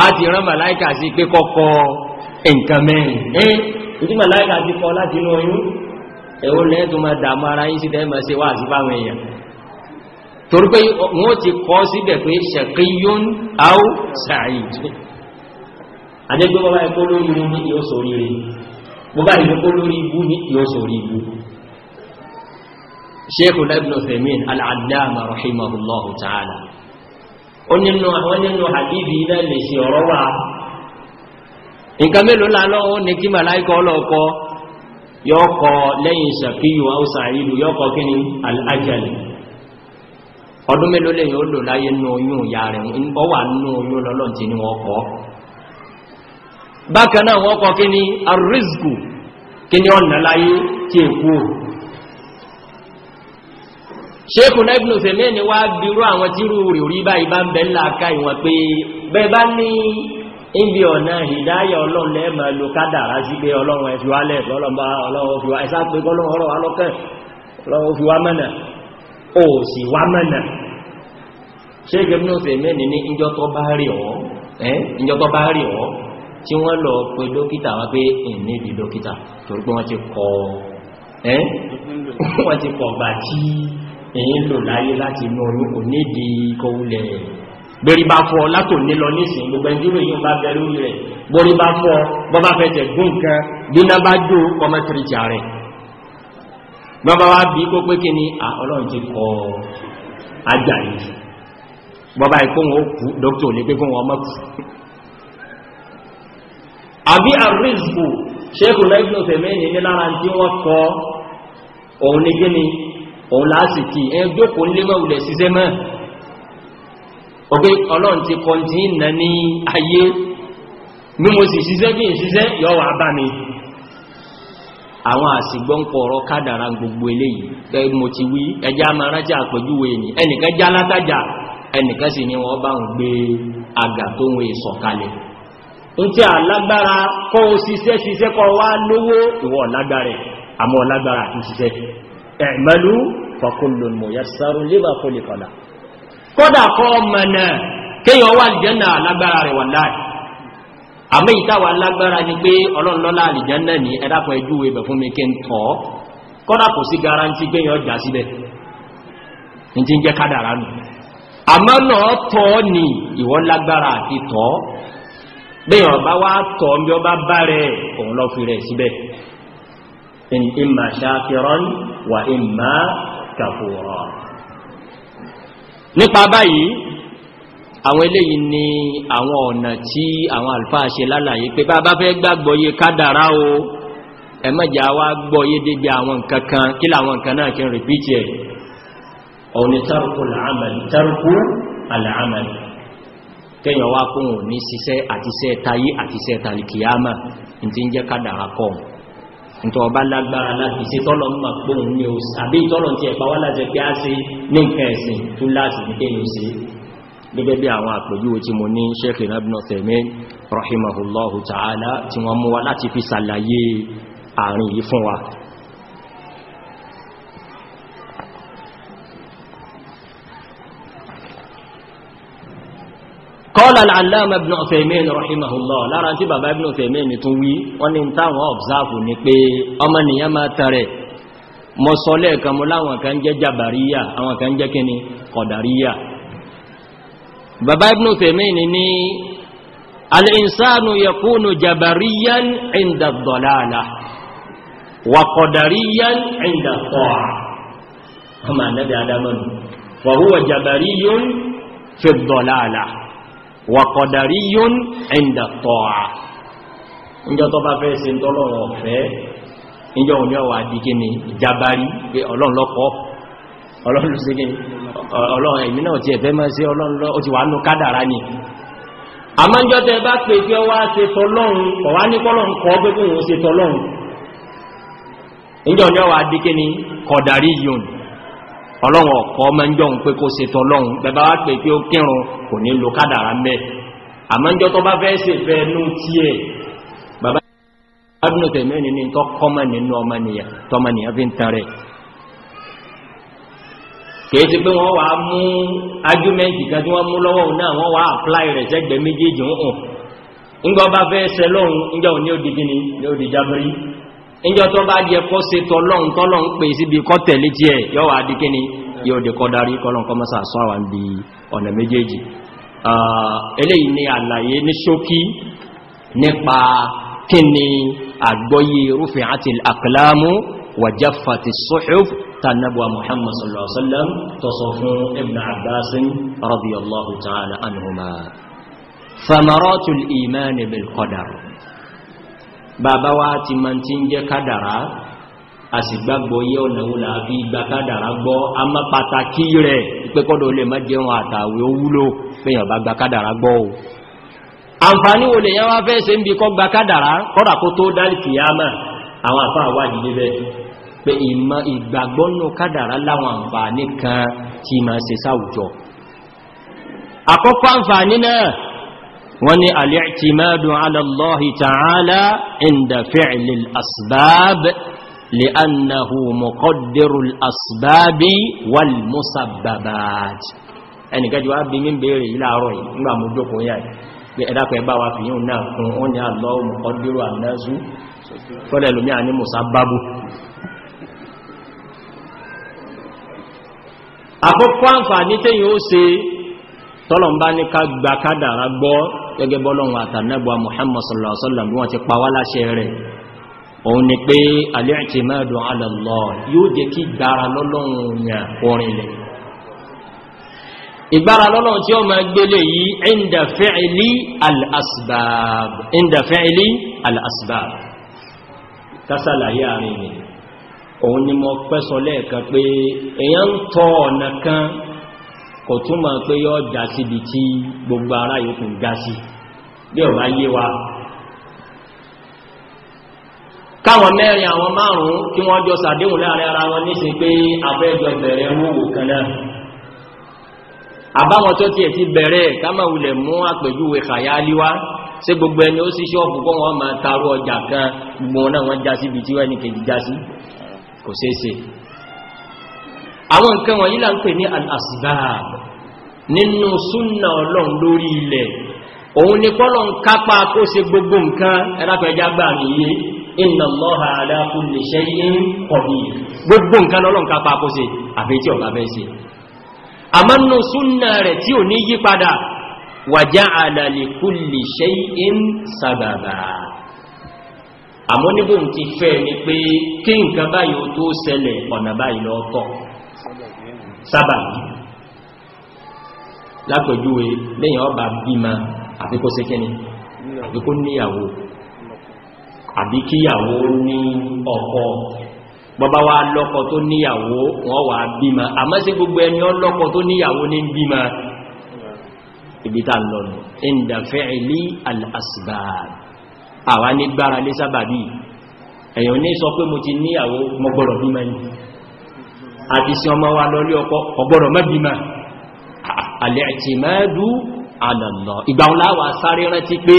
S2: àdìran màláìkà sí pé kọ́kọ́ nǹkan ìdí màláìkà ti kọ́ láti inú oyún ẹ̀wọ́ lẹ́yìn tó máa dàmú ara yín síta ẹ̀mọ̀ ṣe wà sí fáwọn èèyàn torí pé wọ́n ti kọ́ síbẹ̀ pé ṣẹ̀kíyún aw sa'id àdégbé bọ́bá ẹ̀kọ́ lórí mú ní yóò sọ ríire bọ́bá ẹ̀kọ́ lórí ibú ní yóò sọ rí ibú Sheikhul Ibn Uthaymeen al nǹkan mélòó lálọ́ ní kí màláìkọ́ ọlọ́ọ̀kọ́ yọ́kọ̀ lẹ́yìn ṣàkíyù haúsá ìlú yọ́kọ̀ kí ni al'ajali ọdún mélòó lè lò láyé ní oyún ìyá rẹ̀ ọ wà ní oyún lọ́lọ́ ti ní wọ́n bákanáà wọ́n kí ni arìsgù kí ni ọ̀nà láyé tí èkú ṣékù wá bírú àwọn báyìí bá ń bẹ́ ńlá ìwọ̀n níbi ọ̀nà ìdáyà ọlọ́run lẹ́ẹ̀mọ̀ ló kádàrá sí pé ọlọ́run ẹ̀fì wá lẹ̀ lọ́lọ́mbà ọlọ́run fi wá ẹ̀sá pé kọ́lọ́run ọ̀rọ̀ wá lọ́kàn ọlọ́run fi wá mọ̀nà ó sì wá mọ̀nà ṣé gẹ́gẹ́ fẹ́ mẹ́ni ní ìjọ tó bá rí ọ́ tí wọ́n lọ pé dókítà wá pé ìní di dókítà torí pé ti kọ wọ́n ti kọ̀ gbà tí èyí lò láyé láti inú oyún nídìí kọ́wúlẹ̀ bẹ́rí bá fọ́ látò nílọ nísìn gbogbo ẹ̀dínwó yíò bá bẹ lórí rẹ̀ bọ́rí bá fọ́ bọ́bá fẹ́tẹ̀ gún nǹkan bíná bá jó kọmọtìrìtì ààrẹ bọ́bá wá bí kó pé kí ni ọlọ́run ti kọ ajá yìí bọ́bá ìkóhun ó kú dókítà lè pé kóhun ọmọ kù àbí àrísbù ṣékù lẹ́gbùn fẹ̀mẹ́ni ní lára tí wọ́n kọ òun ní gíní òun lásìkì ẹgbẹ́ kò ń lé mọ́ ọgbẹ́ ọlọ́run ti kọntí ìnà ní ayé ní mo sì ṣiṣẹ́ bí i ṣiṣẹ́ yọ́wà bá mi àwọn àsìgbọ́npọ̀ ọ̀rọ̀ kádàrá gbogbo eléyìí pé mo ti wí ẹjá máa rájá àpẹjúwe ni ẹnìkan já látájà ẹnìkan sì ni wọ́n bá ń gbé àgà tó ń sọ̀kalẹ̀ ń tí alágbára yẹ sáré lébà fólìkọ̀lá kọ́dà kọ́ mọ̀nà kéyàn wà àlìjẹ́nà lágbára rẹ̀ wà láì àmì ìtàwà alágbára ni pé ọlọ́lọ́lá àlìjẹ́nà ní ẹ̀dàpọ̀ ẹjú ẹbẹ̀ fún mi kí n tọ́ kọ́dà kò sí garanti pé yàn jà síbẹ̀ ń jẹ́ nù náà tọ́ ni lágbára àti tọ́ bẹ́yàn bá wá tọ́ bí ọ bá bá rẹ̀ òun lọ fi rẹ̀ síbẹ̀ in nípa báyìí àwọn eléyìí ni àwọn ọ̀nà tí àwọn àlùfáà ṣe lálàyé pé bá bá fẹ́ gbàgbọ́yé kádàrá o ẹmọ́jà wá gbọ́yé dédé àwọn nǹkan kan kí làwọn nǹkan náà kí n rìpítì ẹ̀ ọ̀nà tárùkù làámàlì tárùkù àlàámàlì kẹ́yàn wá kóhùn ní ṣiṣẹ́ àtiṣẹ́ tayé àtiṣẹ́ tàlìkìyàmà nítorí ọba lágbára láti ṣe tọ́lọ̀ ń mọ̀ pé òun ni ó àbí tọ́lọ̀ ti ẹ̀pá wá láti pé á ṣe ní nǹkan ẹ̀sìn tún láti dídé yóò ṣe gẹ́gẹ́ bí àwọn àpèjúwe tí mo ní Sheikh Ibn قال العلامة ابن عثيمين رحمه الله lára tí bàbá ibn Uthaymin tún wí wọ́n ní táwọn ọ̀bzáàfù ní pé ọmọ nìyàn máa tẹ̀rẹ̀ mọ́ sọ lẹ́ẹ̀kan mọ́ láwọn kan jẹ́ jàbàríyà àwọn kan jẹ́ kíni kọ̀dàríyà bàbá ibn Uthaymin ní al-insanu yakunu jabariyan inda ad-dalala wa qadariyan inda at-ta'a kama nabi adamu fa huwa jabariyun fi ad-dalala wàkọ̀dàrí yón ẹ̀ndà tọ́à níjọ́ tó bá fẹ́ ṣe ń tọ́lọ́run ọ̀fẹ́ níjọ́ òní ọwà díkí ni ìjábárí pé ọlọ́run lọ́kọ́ ọlọ́run sí kí ọlọ́run ẹ̀mí náà ti ẹ̀fẹ́ máa ṣe ọlọ́run ló ti wà nú kádàrá ni àmọ́jọ́ tẹ bá pè pé ọwá ṣe tọ́lọ́run ọ̀wá ní kọ́lọ́run kọ́ gbé kóhun ṣe tọ́lọ́run níjọ́ òní ọwà díkí ọlọ́run ọ̀kọ́ ọmọ ìjọ ń pé kó se tọ́lọ́run bẹba wá pé kí ó kírun kò ní lo kádàrà mẹ́ àmọ́jọ́ tó bá fẹ́ ṣe fẹ́ tí ẹ̀ bàbá ní tọ́ kọ́mọ̀ nínú ọmọnìyàn fi ń tan rẹ̀ kìí ti pé wọ́n mú kan tí wọ́n mú lọ́wọ́ náà wọ́n rẹ̀ méjèèjì níjọ́ tó bá jẹ kó se tọ́lọ́n tọ́lọ́n pè síbi kọ́ tẹ̀lé tí ẹ̀ yọ́ wà dí kíní yóò dé kọ́ darí kọ́lọ́n kọ́ mọ́sà sọ àwọn bí ọ̀nà méjèèjì eléyìí ni àlàyé ní ṣókí nípa kíni àgbọ́yé rúfin àti àkìlámú wàjáfàtí sọ́hùf tànàbà bil qadar bàbá wa ti ma ti ń jẹ́ kádàrá a sì gbàgbọ́ yẹ́ ọ̀nà wùlà àfi ìgbà kádàrá gbọ́ a má pàtàkì rẹ̀ ìpẹ́kọ́dọ̀ olè má jẹun àtàwẹ̀ ó wúlò fẹ́yàn bá gba kádàrá gbọ́ o àǹfààní olè yẹn wá fẹ́ ṣe ń bí kọ́ gba kádàrá kọ́dà tó dálì wọ́n ni al'i'timadu ala Allahi ta'ala inda fi'lil asbab li'annahu muqaddirul asbabi wal musabbabat ẹnìkẹ́jọ wá bí mí bèèrè ìlàrọ̀ yìí nígbà mú jókòó yà pé ẹ̀dàkọ̀ ẹgbà wá fìyàn náà fún ó ní Allahu muqaddiru an fọ́lẹ̀ lómí à ní musabbabu àkọ́kọ́ àǹfààní tẹ́yìn ó ṣe tọ́lọ̀n bá ní ká gba kádàrá gbọ́ gẹ́gẹ́ bọ́lọ́run àtànẹ́gbà Muhammad sallallahu alaihi wasallam bí wọ́n ti pa wá láṣẹ rẹ̀ òun ni pé al-i'timadu ala Allah yóò jẹ́ kí gbára lọ́lọ́run yà orinlẹ̀ ìgbára lọ́lọ́run tí ó ma asbab inda fi'li al-asbab òun ni mo pẹ́sọ lẹ́ẹ̀kan pé èyàn ń ọ̀nà kan kò túnmọ̀ pé yọ́ já síbi tí gbogbo ara yòókù já sí bí ò bá yé wa káwọn mẹ́rin àwọn márùn-ún kí wọ́n jọ sàdéhùn láàrin ara wọn ní sí pé abẹ́jọ bẹ̀rẹ̀ wúwò kan náà àbáwọn tó tiẹ̀ ti bẹ̀rẹ̀ kámà wulẹ̀ mú àpèjúwe kàyálí wá gbogbo ẹni ó sí ṣọ́ọ̀bù kọ́ wọn máa tarú ọjà kan gbogbo náà wọ́n já síbi tí wọ́n ní kejì já sí kò ṣeé àwọn nǹkan wọ̀nyí là ń pè ní al-asbab nínú súnnà ọlọ́run lórí ilẹ̀ òun ni pọ́lọ̀ ń kápá kó ṣe gbogbo nǹkan ẹlápẹjá gbà níye inna Allaha ala kulli shay'in qadir gbogbo nǹkan lọ́lọ́n kápá kó ṣe àbí tí ọ̀gá bẹ́ ṣe àmọ́ nínú súnnà rẹ̀ sábàbí lápẹjúwe lẹ́yìn ọba bímá àfikó sékẹ́ni àfikó níyàwó àbí kíyàwó ní ọkọ bọ́bá wá lọ́kọ tó níyàwó wọ́n wà bímá àmọ́ sí gbogbo ẹni ọlọ́kọ tó níyàwó ní bímá ibita lọ́nà inda fi'li al-asbab àwa ní gbára lé sábàbí èèyàn ní sọ pé mo ti níyàwó mo bímá ni àti sí ọmọ wa lọlé ọkọ ọgbọ́dọ̀ mẹ́bìmá alẹ́ ti mẹ́dú alàlọ́ ìgbà wọn láwà sáré rántí pé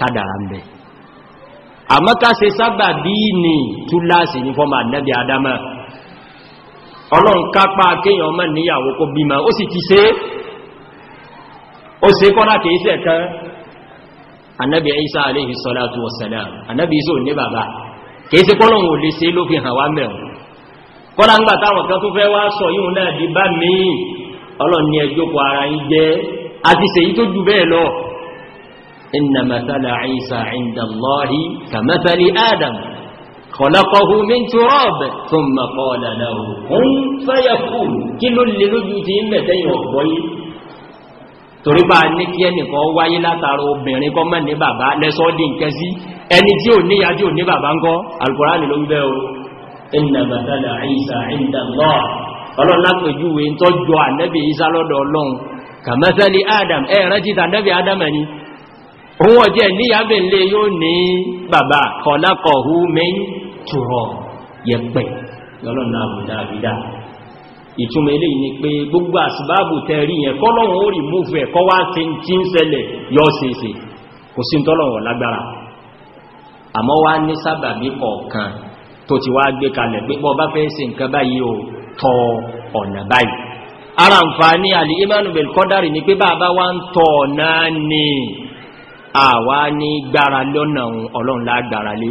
S2: kádàrà ń bẹ àmọ́kásẹ sábà bí ní túláàsì ní fọ́mà nẹ́bí adama ọlọ́run kápá kéèyàn ọmọ níyàwó kó bímọ ó sì ti ṣe ó ṣe kọ́lá kìí sẹ̀ kan annabi isa kọ́lá ńgbà táwọn kan tó fẹ́ wá sọ yíò náà di bá míì ọlọ́ni ẹjọ́kọ̀ ara yí jẹ́ àti sèyí tó jù bẹ́ẹ̀ lọ inna mathala Isa inda Allahi kamathali Adam khalaqahu min turab thumma qala lahu kun fayakun kí ẹni tí ò níyà tí ò ní bàbá ńkọ́ Al-Qur'ani ló ń o inna mathala Isa inda Allah ọlọ́run lápẹjúwe tó jọ ànẹ́bì Isa lọ́dọ̀ ọlọ́run ka mathali Adam ẹ rẹ́jìta ànẹ́bì Adam ẹni òun ọjẹ́ níyàbẹ̀ lè yóò ní bàbá khalaqahu min turab yẹpẹ̀ lọ́lọ́run àbùdá àbídá ìtumọ̀ eléyìí ni pé gbogbo àsìbáàbù tẹ́rí yẹn kọ́lọ́run ó rí múfù ẹ̀kọ́ wá tí ń ṣẹlẹ̀ yọ́ sèsè kò sí tọ́lọ̀wọ̀ tó ti wá gbé kalẹ̀ pé bọ́ bá fẹ́ ṣe nǹkan báyìí tọ ọ̀nà báyìí ara àǹfààní àlè imanu bel kọ́dárì ni pé bàbá wa ń tọ ọ̀nà ni àwa ní gbára lọ́nà ọlọ́run lágbára lé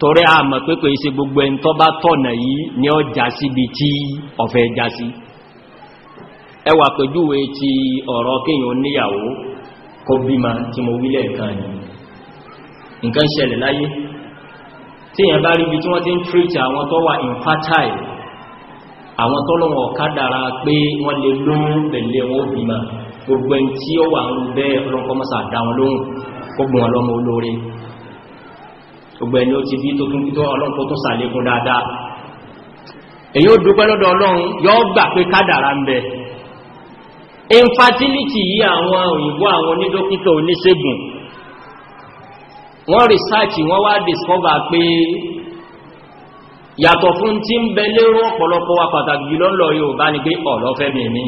S2: torí a mọ̀ pé gbogbo ẹni tó bá tọ̀nà yìí ni ó síbi tí ọ̀fẹ́ já sí ẹwà pẹ̀júwe ti ọ̀rọ̀ kéèyàn níyàwó kó bímọ tí mo wílẹ̀ tí èyàn bá rí ibi tí wọ́n ti ń tírìtì àwọn tó wà infertile àwọn tọ́lọ́wọ̀ kádàrà pé wọ́n lè lóyún pẹ̀lẹ̀ wọn ó bímọ gbogbo ẹni tí ó wà ń bẹ́ ọlọ́nkọ́mọ́sà dá wọn lóhùn gbogbo wọn lọ́mọ olóore gbogbo ẹni ó ti bí tó tún tó ọlọ́nkọ́ tó sàlékún dáadáa èyí ó dúpẹ́ lọ́dọ̀ ọlọ́run yóò gbà pé kádàrà wọ́n research wọ́n wá discover pé yàtọ̀ fún tí ń bẹ lérò ọ̀pọ̀lọpọ̀ wa pàtàkì jùlọ lọ Yorùbá ni pé ọ̀lọ́fẹ́ mi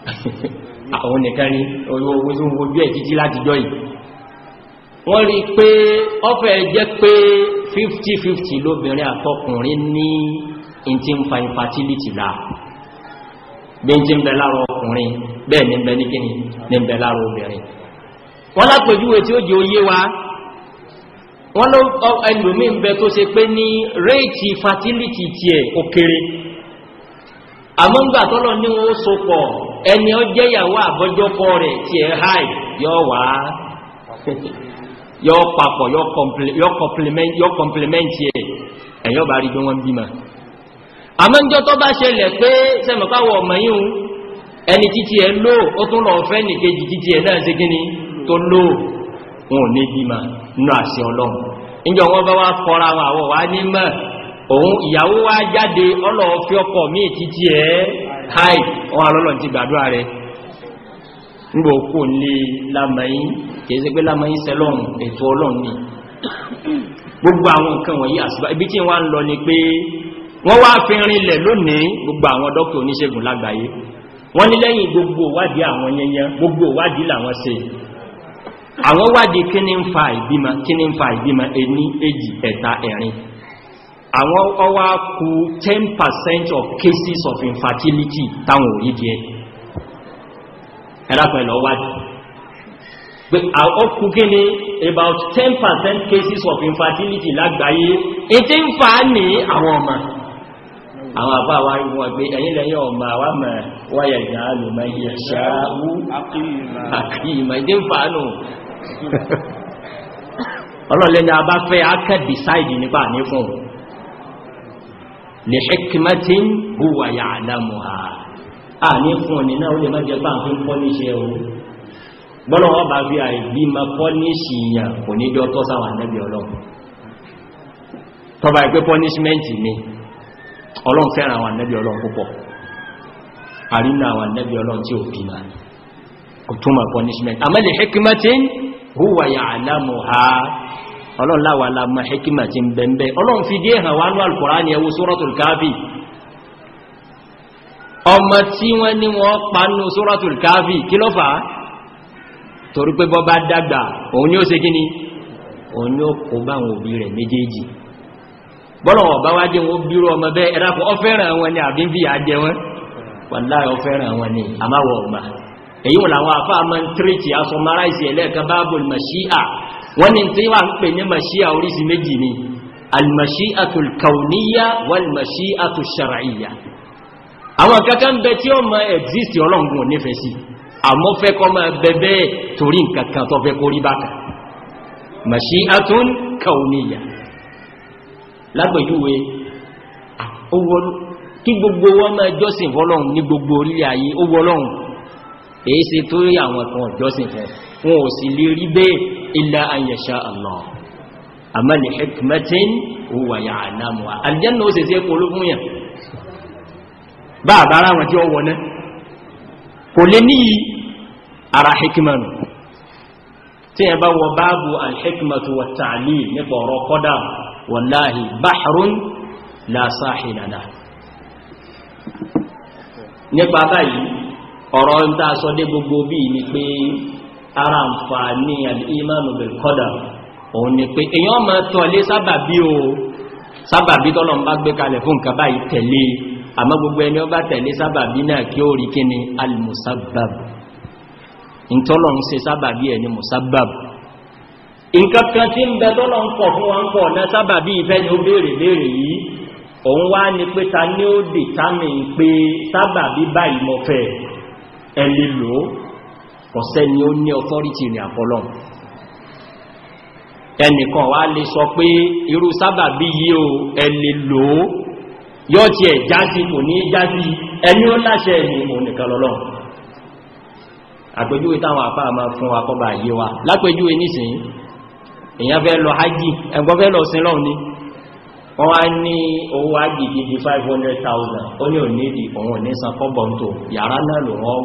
S2: <laughs> àwọn nìkan ni owó tó ń wojú ẹ̀ títí látijọ́ yìí wọ́n rí pé ọ̀fẹ́ jẹ́ pé 50-50 lóbìnrin àtọkùnrin ní in ti ń fa infertility láà bí n ti ń bẹ lára ọkùnrin bẹ́ẹ̀ ní bẹ ní kíni ní bẹ lára obìnrin wọ́n lápèjúwe tí ó jẹ́ oyé wa wọ́n ló ẹlòmí ń bẹ tó ṣe pé ní réètì fatility ti ẹ̀ òkèrè àmọ́ngbà tọ́lọ ní wọ́n so pọ̀ ẹni ọ jẹ́yàwó àbọ́jọ́kọ rẹ̀ ti ẹ̀ háì yọ wá yọ papọ̀ yọ kọmplimẹ́ntì ẹ̀ ẹ̀yọ́ bá rí bí wọ́n bímọ àmọ́njọ́ tó bá wọn ò ní bí ma nínú àṣẹ ọlọ́run níjọ wọn bá wá kọra wọn àwọ̀ wá ní mọ́ òun ìyàwó wá jáde ọlọ́ọ̀fẹ́ ọkọ̀ míì títí ẹ̀ háì wọn alọ́lọ́ ti gbàdúrà rẹ̀ nígbà ní lámàáyí kèése gbogbo ni gbogbo àwọn yẹnyẹn gbogbo àwọn wádìí kí ní ń fa ìbímọ kí ní ń fa ìbímọ ẹni èjì ẹ̀ta ẹ̀rin àwọn ọwá kú 10% of cases of infertility táwọn òrí díẹ̀ ẹ̀dàpẹ̀lọ wádìí pé ọkù kí ní about 10% cases of infertility lágbàáyé ètí ń fa ní àwọn ọmọ àwọn àbá wa wọ́n gbé ẹ̀yìn lẹ́yìn ọmọ àwá mẹ́ wáyẹ̀ ìyá alùmọ̀ yẹ̀ ṣáà wú àkíyìmọ̀ ìdí <laughs> ọlọ́lẹ́ni a bá fẹ́ akẹ́ decide nípa ní fún òun lè ṣẹ́kìmẹ́tí huwa ya'lamuha a ní fún òní náà ó lè mẹ́jẹ bá fi ń pọ́ níṣẹ́ o gbọ́nà wọ́n bá fi àìbí ma pọ́ níṣì ìyàn kò ní jọ tọ́ sáwà nẹ́bí ọlọ́run punishment ni ọlọ́run fẹ́ràn àwọn nẹ́bí ọlọ́run púpọ̀ àrínà àwọn nẹ́bí ọlọ́run punishment àmẹ́lẹ̀ hikmatin huwa ya'lamuha ọlọ́run láwà láàmà hikima ti ń bẹ̀m̀bẹ̀ ọlọ́run fi dé hàn wánú al-Qur'an ẹwú ọmọ tí wọ́n ní wọ́n panu suratul Kahfi kí ló fà torí pé bọ́bá dàgbà òun ni ó ni wọn èyí wọn làwọn àfá àmọ́ tírìtì asọmaráìsì ẹlẹ́ẹ̀kan báàbùl mashíà wọ́n ni tí wà ń pè ní mashíà oríṣi méjì ni almashi'atul kauniyya wal mashi'atul shar'iyya àwọn kankan bẹ tí ó ma exist ọlọ́ngun nífẹ̀ẹ́ sí àmọ́ fẹ́ kọ́ ma bẹ̀bẹ̀ torí nkankan tó fẹ́ kó rí bákà ah, kí gbogbo wọn máa jọ́sìn ní gbogbo orílẹ̀ ayé ó wọ́lọ́run èyí ṣe tó rí àwọn ẹ̀kan ọ̀jọ́sìn fún wọn ò sì lè rí bẹ́ illa an yasha Allah àmá ní hikmatin huwa ya'lamuha aljanna ó sì sí ẹkùn ológun yàn bá àbára wọn tí ó wọná kò lè ní ara hikmanu nípa báyìí ọ̀rọ̀ ń tàà sọ dé gbogbo bí ní pé ara ń fa ní al-imanu bil òun ni pé èyàn ma tọ̀lé sábàbí o sábàbí tọ́lọ̀ ń bá gbé kalẹ̀ fún nǹkan báyìí tẹ̀lé àmọ́ gbogbo ẹni ó bá tẹ̀lé sábàbí náà kí ó rí kí ni al-musabbab ìtọ́lọ̀ ń ṣe sábàbí ẹni musabbab nǹkan kan ni ó béèrè béèrè yìí òun wá ni pé ta ní ó dìtámì pé sábàbí báyìí mọ́fẹ́ẹ̀ ẹlì lò ọ̀sẹ́ ni ó ní authority ní àfọlọ́n ẹnìkan wá lè sọ pé irú sábà bí yí o ẹlì lò yọ́ ti ẹ̀ jáde kò ní jáde ẹni ó láṣẹ ẹni ònìkan lọ́lọ́ àpèjúwe táwọn àpá àmà fún akọ́bà yíwa lápèjúwe nísìnyí èyàn fẹ́ lọ hajji ẹgbọ́n fẹ́ lọ sin ni wọ́n wá ní owó agbègbè di 500,000 ó ní ò ní ìdí òun ní san kọ́bọ̀ tó yàrá náà lò wọ́n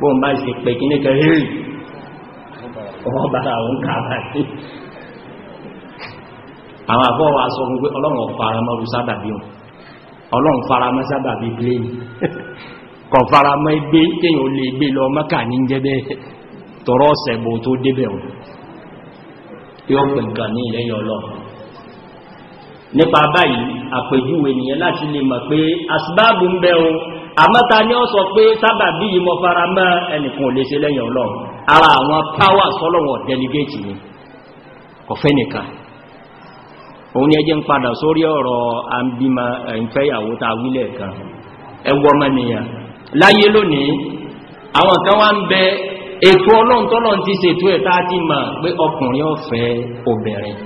S2: wà bá ṣe pẹ̀ kí ní wọ́n kààrà sí sọ ọlọ́run faramọ́ sábàbí ọlọ́run <laughs> faramọ́ sábàbí nípa báyìí àpèjúwe nìyẹn láti lè mọ̀ pé asbáàbù ń bẹ ohun àmọ́ta ní ọ sọ pé sábàbí yìí mọ́ fara mọ́ ẹnìkan ò lè ṣe lẹ́yìn ọlọ́run ara àwọn pàwà sọ́lọ́wọ̀ delegate ni kò fẹ́ nìkan òun ni ẹjẹ́ ń padà sórí ọ̀rọ̀ àbímọ ìfẹ́yàwó ta wílẹ̀ kan ẹwọ́ mẹ́niyàn láyé lónìí àwọn kan wá ń bẹ ètò ọlọ́run tọ́lọ́run ti ṣètò ẹ̀ ti mọ̀ pé ọkùnrin ó obìnrin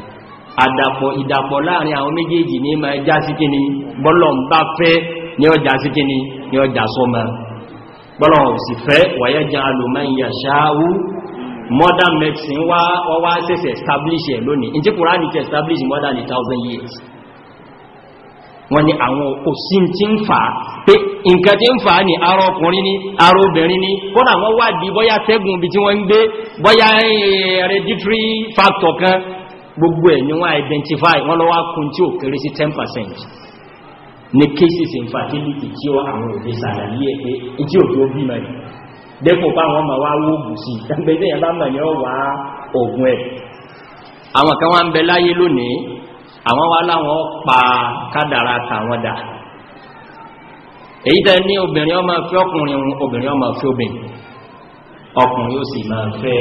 S2: àdàpọ̀ ìdàpọ̀ láàrin àwọn méjèèjì ní ma já sí kíni bọ́lọ̀n bá fẹ́ ní ọjà sí kíni ní ọjà sọmọ bọ́lọ̀n sì fẹ́ wàyẹ́já alùmọ́ ìyà ṣááwú modern medicine wá ọwá sẹ́sẹ̀ establish ẹ̀ lónìí in tí kùránì ti establish more than a thousand years wọ́n ní àwọn òsí tí ń fà pé nǹkan tí ń fà ní arọ ọkùnrin ní arọ obìnrin ní kọ́nà eh, factor gbogbo ẹ̀ ni wọ́n identify wọ́n lọ́wọ́ kún tí ó kéré sí 10% ní cases infertility tí ó àwọn òbí sàlàyé ẹ̀ pé tí ò tó bí mẹ́rin dẹ́kùn pa àwọn ọmọ wá wóògùn sí ẹgbẹ̀dẹ́ <laughs> yẹn bá mọ̀ ní ọwà ògùn ẹ̀ àwọn kan wá ń bẹ láyé lónìí àwọn wá láwọn pa kádàrà tàwọn dà èyí tẹ́ ní obìnrin ọmọ fẹ́ ọkùnrin obìnrin ọmọ fẹ́ obìnrin ọkùnrin ó sì máa fẹ́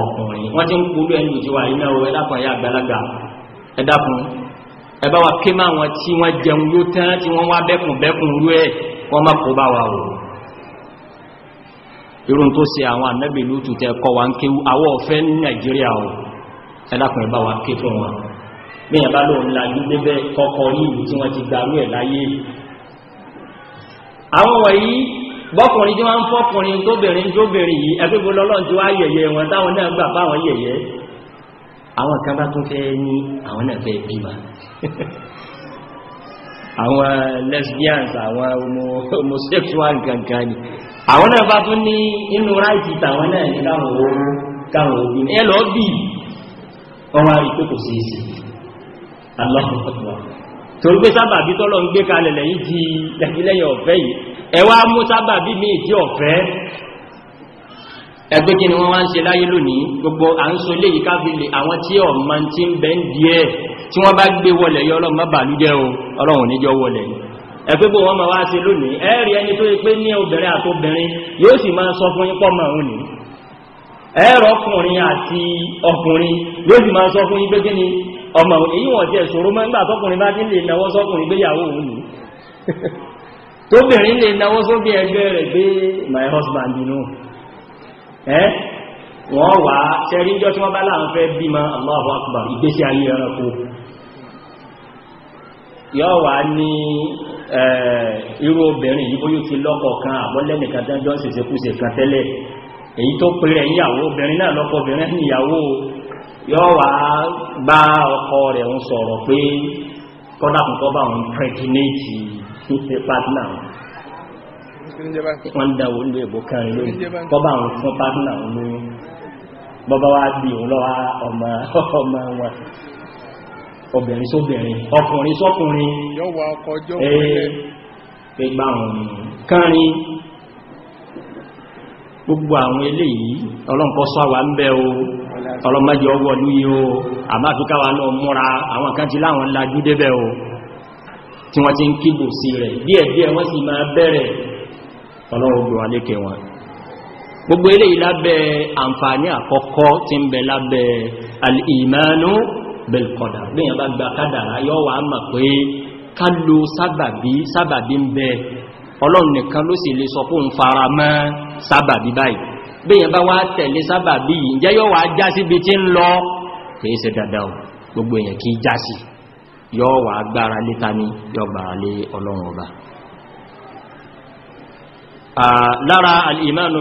S2: ọkùnrin wọ́n ti ń kúrú ẹlú ti wà iná ọwọ́ ẹ̀dàkùn ẹ̀yà àgbàlagbà ẹ̀dàkùn ẹ̀bá wa ké máa wọn tí wọ́n jẹun yóò tán tí wọ́n wá bẹ́kùn bẹ́kùn rú ẹ̀ wọ́n má kó bá kọ awọ o àwọn wọ̀nyí bọ́kùnrin tí wọ́n ń fọ́kùnrin tóbìnrin tóbìnrin yìí ẹgbẹ́gbò lọ́lọ́n tí wá yẹ̀yẹ̀ wọn táwọn náà gbà báwọn yẹ̀yẹ̀ àwọn kan bá tún fẹ́ ní àwọn náà fẹ́ <laughs> àwọn lesbians àwọn homosexual gangan ni àwọn náà bá tún ní inú ráìtì tàwọn náà ní káwọn ooru káwọn òbí ẹ lọ bí ẹwà mútàbà bí mi ìdí ọ̀fẹ́ ẹgbẹ́ kí ni wọ́n wá ń ṣe láyé lónìí gbogbo à ń so léyìí káfílì àwọn tí ọ̀mọ tí ń bẹ́ ń di ẹ̀ tí wọ́n bá gbé wọlé yọ ọlọ́run má bàlújẹ́ o ọlọ́run níjọ́ wọlé ẹgbẹ́ gbogbo wọn ma wá ṣe lónìí ẹ̀rí ẹni tó yẹ pé ní ọmọ òun èyí wọ̀n ti ẹ̀ṣòro mọ́ nígbà tọkùnrin bá ti lè náwọ́ sọkùnrin gbéyàwó òun <laughs>
S3: tóbìnrin lè náwó sóbí ẹgbẹ́ rẹ̀ gbé
S2: my husband inú ẹ́ wọ́n wà tẹ́rí jọ tí wọ́n bá láàrín fẹ́ bímọ Allahu Akbar ìgbésí ayé ẹranko yọ́ wà ní irú obìnrin yìí bóyú ti lọ́kọ̀ kan àbọ́lẹ́nìkan tán jọ́ kan gba ọkọ kọ́dàkùnkọ́ bá òun pregnate kí ṣe partner wọ́n dáwò ní èbò kan lórí bọ́bá àwọn fún partner olóyún bọ́bá wá bí òun lọ́wọ́ ọmọ ọmọ wọn obìnrin sóbìnrin ọkùnrin sọkùnrin
S3: yọ́wọ́ ọkọ̀ ọjọ́
S2: gbígbà wọn kánrin gbogbo àwọn eléyìí ọlọ́nkọ́ sọ́wà ń bẹ́ o ọlọ́mọdé ọwọ́ lúyí o àmáfikà wà náà múra àwọn kan ti láwọn lajú débẹ̀ o tí wọ́n ti ń kíbò sí rẹ̀ díẹ̀díẹ̀ wọ́n sì máa bẹ̀rẹ̀ ọlọ́rọ̀gbò alékẹ̀ wọn gbogbo eléyìí lábẹ́ àǹfààní àkọ́kọ́ tí ń bẹ lábẹ́ al-imanu bil-qadar bíyàn bá gba kádàrá yọ́ wà mọ̀ pé ká lo sábàbí sábàbí ń bẹ ọlọ́run nìkan ló sì lè sọ fún fara mọ́ sábàbí báyìí bíyàn bá wá tẹ̀lé sábàbí yìí jẹ́ yọ́ wà já síbi tí ń lọ kìí ṣe dáadáa gbogbo èèyàn kìí já yọ wà gbára lé tani yọ gbára lé ọlọ́run ọba lára al'imánu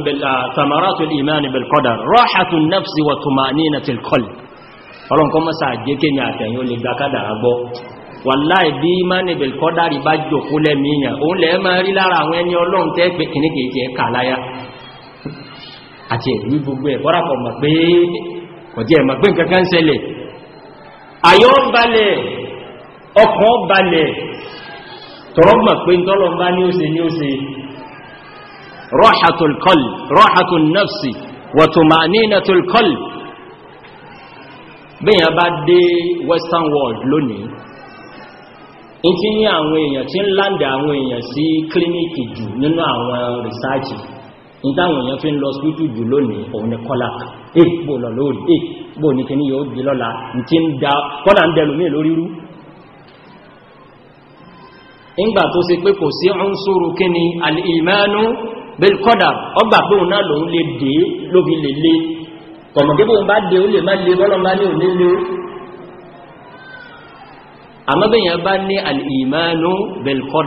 S2: samaratu al'imánu belkọ́dà rọ́hàtún nafsi wa tumanina tilkọl ọlọ́nkọ́ mọ́sá jẹ́kẹ́ ní àtẹ̀yìn ó lè gbá kádàrá gbọ́ wàláì bí mani belkọ́dà rí bá jòkó lẹ́mìíyàn òun lẹ́ máa rí lára àwọn ẹni ọlọ́run tẹ́ àti ẹ̀rí gbogbo ẹ̀ bọ́rápọ̀ mọ̀ pé kọjẹ́ mọ̀ pé nǹkan kan ṣẹlẹ̀ àyọ́ balẹ̀ ọkàn balẹ̀ tọ́rọmọ̀ pé tọ́lọmbá ní ó se ní ó se rọ́hàtùl kọlì nafsi wàtùmà nínàtùl kọlì bíyàn bá dé western world lónìí in ti ní àwọn èèyàn tí ń láǹdà àwọn èèyàn sí kílíníkì jù nínú àwọn rìsáàjì èèyàn fi ń lọ jù lónìí òun ni kọ́lá èèpò eh, lọ lórí èèpò eh, ní kí ní yóò di lọ́la ní tí ń da kọ́lá ń lórí rú ìgbà tó ṣe pé kò sí unsuru kíni al-imanu bil qadar ọgbà pé òun náà lòun lè dé lóbi lè lé kọ̀mọ̀gébò ń bá dé ó lè má lé bọ́lọ́mbá ní òní lé àmọ́ bá ní al-imanu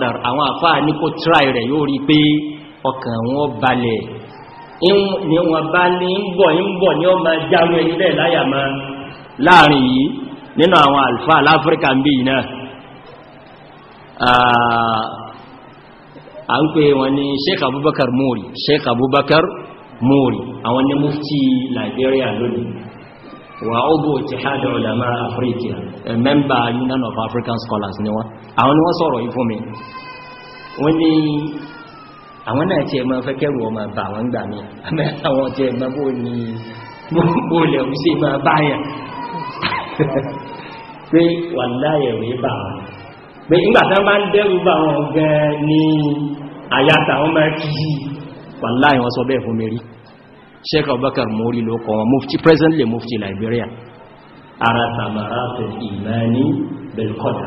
S2: àwọn àfáà ní kó tíráì rẹ̀ yóò rí pé ọkàn wọn balẹ̀ a ń pè wọn ni sheik abubakar mori sheik abubakar mori àwọn ni mufti liberia lónìí wà ọgbọ̀ ìtìhádà ulama africa member union of african scholars ni wọ́n àwọn ni wọ́n sọ̀rọ̀ ìfún mi wọ́n ni àwọn náà tí ẹ máa fẹ́ kẹrù ọmọ bà wọ́n gbà mí àwọn tí ẹ bó <laughs> ní bóòlẹ̀ òsì máa pé wà láyẹ̀ bà wọ́n pé ìgbàtà bá ń dẹ́rù bá wọn gan ní àyàtà wọn máa kí yí wàláhí wọn sọ bẹ́ẹ̀ fún mẹ́rí Sheikh Abubakar Mori ló kọ wọn mufti presently mufti Liberia ara tàbàrà fẹ́ ìmáni belkọ́dà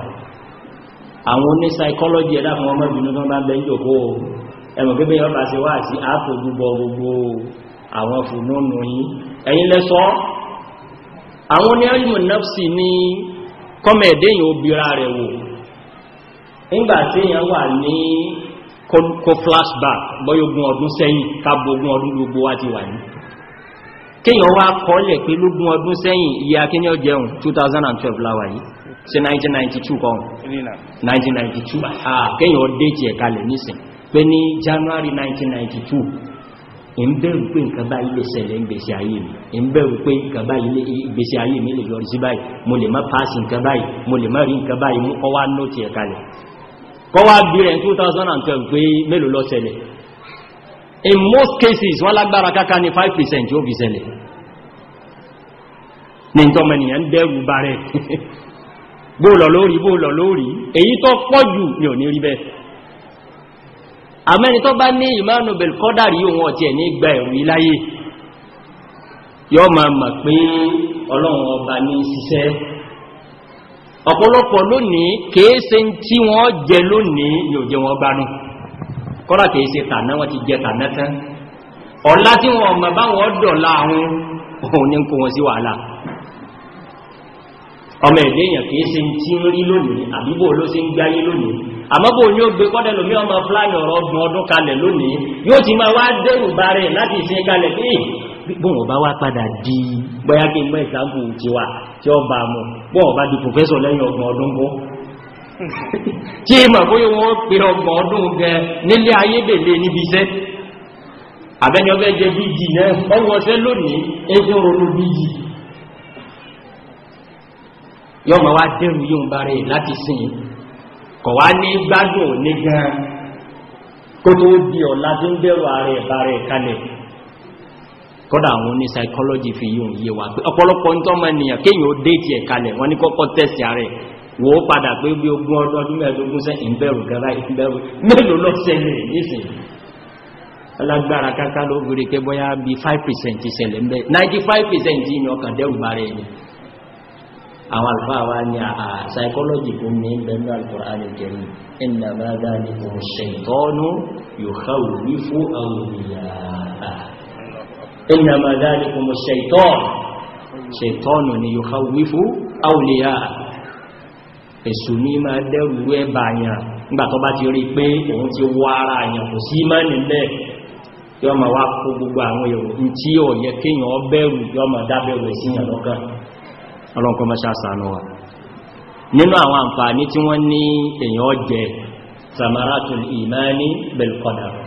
S2: àwọn oní psychology ẹ̀dá fún ọmọ ìbínú tó bá bẹ́ẹ̀ jòkó ẹmọ̀ pé bẹ́ẹ̀ ọba ṣe wá sí nafsi ní kọ́mẹ̀ẹ́dẹ́yìn obìnrin rẹ̀ wò nígbà tí èèyàn wà ní kó flashback bọ́yógún ọdún sẹ́yìn kábogún ọdún gbogbo wá ti wà ní kíyàn wá kọ́lẹ̀ pé lógún ọdún sẹ́yìn iye akíní ọjẹun 2012 láwà yìí sí 1992 kan 1992 kíyàn ọdẹ́tì ẹ̀kalẹ̀ nísìn pé ní January 1992 in bẹ̀rù pé nǹkan bá ilé ṣẹlẹ̀ ìgbésí ayé mi in bẹ̀rù pé nǹkan bá ilé ìgbésí ayé mi lè yọrí sí báyìí mo lè má pàásì nǹkan báyìí mo lè má rí nǹkan báyìí mú ọwá nóòtì ẹ̀kalẹ̀ kọ́ wá bí rẹ̀ 2012 pé mélòó ló ṣẹlẹ̀ in most cases wọ́n lágbára káká ní 5% yóò fi ṣẹlẹ̀ ní tọ́mọnìyàn dẹ́rù bá rẹ̀ <laughs> bóòlọ̀ lórí bóòlọ̀ lórí èyí tó pọ̀ jù ní ò ní rí bẹ́ẹ̀ àmẹ́ni tó bá ní ìmánu belkọ́dàrí òun ọ̀tí ẹ̀ ní gba ẹ̀rí láyé yọ́ ma mọ̀ pé ọlọ́run ọba ní ṣiṣẹ́ ọ̀pọ̀lọpọ̀ lónìí kèése tí wọ́n jẹ lónìí ni ò jẹ wọn gbanú kọ́lá kèése tàná wọ́n ti jẹ tàná tán ọ̀lá tí wọ́n ọmọ báwọn dọ̀lá àwọn òun ní kó wọn sí wàhálà ọmọ ẹ̀dẹ́ èèyàn kèése tí ń rí lónìí àbíbò ló sí ń gbáyé lónìí àmọ́bò ní ó gbé kọ́dẹ̀ lómi ọmọ fúláyọ̀ ọ̀rọ̀ ọdún kalẹ̀ lónìí yóò ti máa wá dẹ́rù bá rẹ̀ láti ìsin kalẹ̀ bọ́ọ̀ bá wá padà di bóyá kí n mọ́ ìsàmù wà tí ó bá mọ̀ bọ́ọ̀ bá di pòfẹ́sọ̀ lẹ́yìn ọgbọ̀n ọdún bọ́ tí ìmọ̀ bóyá wọ́n pè ọgbọ̀n ọdún gẹ nílé ayébèlé níbi iṣẹ́ àbẹ́ni bíjì náà ọwọ́ kọ́dà àwọn ní psychology fi yíò yé wa pé ọ̀pọ̀lọpọ̀ ń tọ́mọ ènìyàn kéyàn ó déètì ẹ̀ kalẹ̀ wọ́n ní kọ́kọ́ tẹ́sì ààrẹ wò ó padà pé bí ogún ọdún ọdún mẹ́ẹ̀dógún sẹ́ ìbẹ̀rù gara ìbẹ̀rù mélòó lọ ṣẹlẹ̀ nísìn alágbára káká ló gbére pé bóyá bí 5% ṣẹlẹ̀ mbẹ́ psychology tó ní bẹ́ẹ̀nà al-Qur'an al-Karim إنما ذلكم الشيطان شيطان يخوف أولياء èsù ní máa dẹ́rù ẹbà àyàn nígbàtọ́ bá ti rí pé òun ti wọ ara àyàn kò sí má nílẹ̀ yọ ma wá kó gbogbo àwọn èrò ní tí ó yẹ kéèyàn bẹ̀rù yọ ma dábẹ̀rù ìsìnyàn lọ́kàn ọlọ́nkọ́ mọ́ṣá sànú wa nínú àwọn àǹfààní tí wọ́n ní èèyàn jẹ samaratul imani belkọdàrọ̀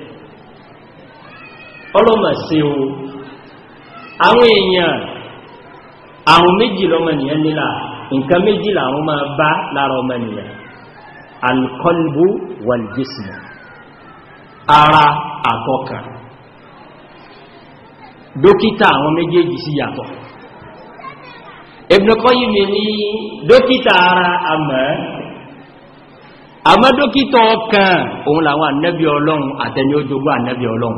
S2: ọlọ́mà sí o àwọn èèyàn àwọn méjì lọ́mọnìyàn nílà nǹkan méjì làwọn máa bá lára ọmọnìyàn alkọlbù wàlìjísìmù ara àtọkàn dókítà àwọn méjèèjì sí yàtọ̀ ìbìnkọ́yí mi ní dókítà ara àmọ́ àmọ́ dókítà ọkàn òun làwọn ànẹ́bí ọlọ́run àtẹni ó jogún ànẹ́bí ọlọ́run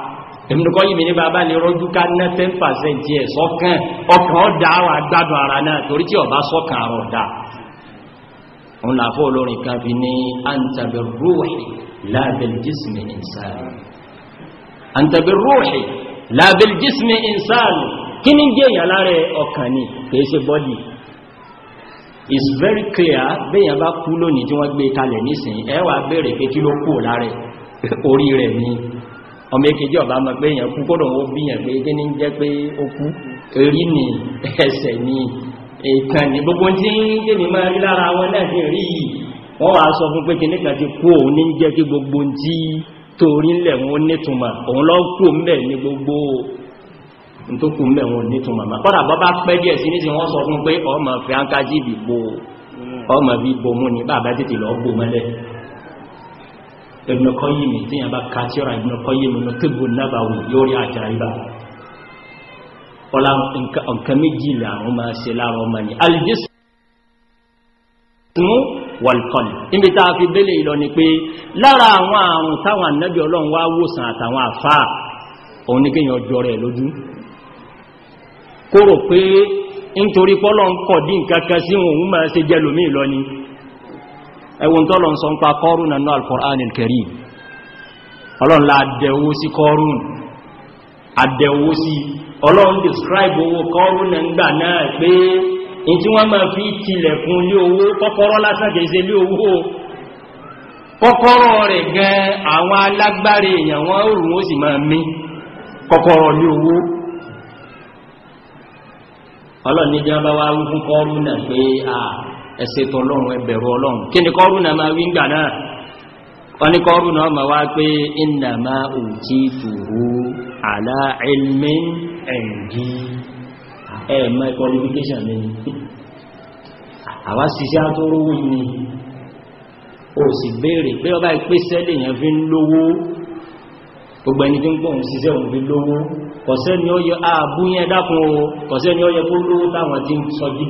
S2: ìmìnkọ́ yìí ní bàbá ní rọ́jú ká ná 10% jẹ́ sọ́kàn ọkàn ọ̀dá wà gbádùn ara náà torí tí ọba sọ́kàn àrọ̀ ọ̀dá òun làfọ́ olórin kan fi ní antabirruhi lábẹ̀ljísmi ìsáàlù antabirruhi lábẹ̀ljísmi ìsáàlù kí ní jẹ́ ìyà lára ọkàn ni kìí bọ́dì is very clear bẹ́yàn bá kú lónìí tí wọ́n gbé kalẹ̀ nísìn ẹwà bèèrè pé kí ló kú lára orí rẹ̀ ni ọmọ èkejì ọba mọ̀ pé èyàn kú kódò ó bíyàn pé kí ní jẹ́ pé ó kú èrí ni ẹsẹ̀ ni ìtàn ní gbogbo tí ń jẹ́ mi máa rí lára wọn náà ti rí yìí wọ́n wá sọ fún pé kí níkan ti kú òun ní jẹ́ kí gbogbo tí torí ńlẹ̀ wọn nítumà òun lọ kú mẹ́ ní gbogbo tó kú mẹ́ wọn nítumà mà kọ́dà bọ́ pẹ́ díẹ̀ sí nísìn wọ́n sọ fún pé ọmọ fi ankájí ìbò ọmọ bí bomú ni bàbá tètè lọ bò mọ́lẹ̀ Ibn Qayyim tí yàn bá ká tí ọ̀rọ̀ Ibn Qayyim ní tíbù nábàwò yóò rí àjà ibà ọlá nǹkan méjì làwọn máa ṣe lára ọmọ ni aljismu wal qalb níbi tá a fi bẹ́lẹ̀ ìlọ ni pé lára àwọn àrùn táwọn ànábì ọlọ́run wá wòsàn ẹwùn tó lọ́n sọ ń pa kọrùn náà al-Qur'an al la àdẹ̀wó sí kọrùn àdẹ̀wó sí ọlọ́run describe owó kọrùn náà náà pé in tí wọ́n máa fi tilẹ̀kùn lé owó kọ́kọ́rọ́ lásán kẹsẹ̀ owó kọ́kọ́rọ́ rẹ̀ gan àwọn alágbára èèyàn si ma ó sì máa mí kọ́kọ́rọ́ lé owó ní jẹ́ bá wá ẹ̀sẹ̀ tọ́lọ́run ẹbẹ̀rù ọlọ́run kí ni kọrùnà máa wí ń gbà náà wọ́n ni kọrùnà ma wá pé iná máa òtí tòrò àlá ẹ̀yí ẹ̀mọ́ qualification ni àwá síṣẹ́ àtọ́rọ̀wò ni ó sì béèrè pé ọba ìpé sẹ́lẹ̀ yẹn fi ń lówó gbogbo ẹni tí ń pọ̀ ó yẹ ààbú yẹn dákun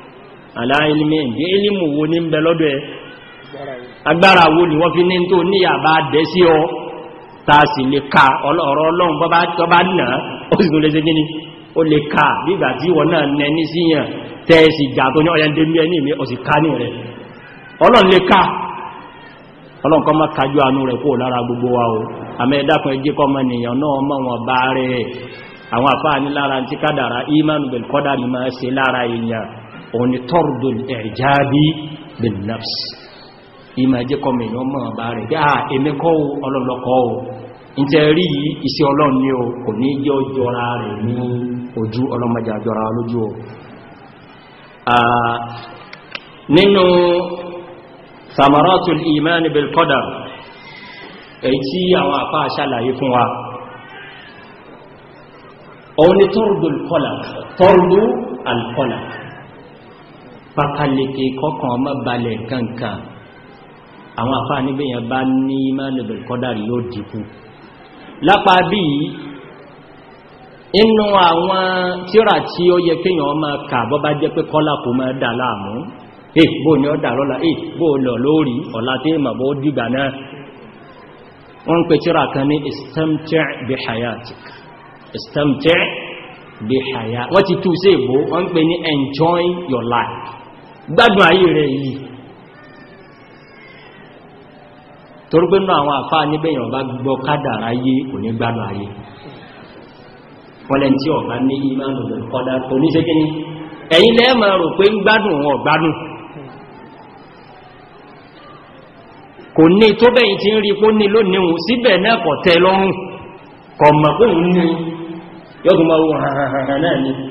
S2: aláìlímí ìdí ilmù wo ní bẹ lọ́dọ̀ ẹ agbára wo ni wọ́n fi ní tó níyà bá dẹ̀ sí ọ taa sì lè ka ọ̀rọ̀ ọlọ́run bọ́bá tọ́bá náà ó sì tún lè ṣe gíní ó lè ka nígbà tí wọ́n náà nẹ ní síyàn tó ní ọ̀yẹ́ndé mí ẹni ká ní gbogbo wa ní òní tọ́rọ̀dù ẹ̀jábí bin nafs ìmọ̀ ẹjẹ́ kọmọ̀ èèyàn mọ̀ bá rẹ̀ bí ah, i ẹmẹ́kọ́ ọlọ́lọ́kọ́ o in tẹ́ rí iṣẹ́ ọlọ́run ní o kò ní jẹ́ ọjọ́ra rẹ̀ ní ojú ọlọ́mọjà jọra lójú o nínú samaratul iman bil qadar wa òun ni tọ́rọ̀dù al-qalaq pákáleke kọ́kàn ọmọ balẹ̀ kankan àwọn afá níbẹ̀yàn bá ní mẹ́lẹ̀bẹ̀ kọ́dàrí yóò dìkú lápá bí inú àwọn tíra tí ó yẹ kíyàn ọmọ kà bọ́ bá jẹ́ pé kọ́lá kò mọ́ dà láàmú eh bó ní ọ́dà lọ́la eh bó lọ lórí ọ̀la tí mà bó dìgbà náà wọ́n ń pè tíra kan ní istamti' bi hayatik istamti' bi hayatik wọ́n ti tú sí ìbò wọ́n ń pè ní enjoy your life gbádùn ayé rẹ̀ yìí torípé náà àwọn àfáà níbẹ̀yàn bá gbọ́ kádàrá yé kò ní gbádùn ayé wọ́lẹ̀ tí ọ̀gá ní ìmánu lè kọ́dá tó ní ṣe kíní ẹ̀yin lẹ́ rò pé ń gbádùn wọn gbádùn kò ní tó bẹ́yìn náà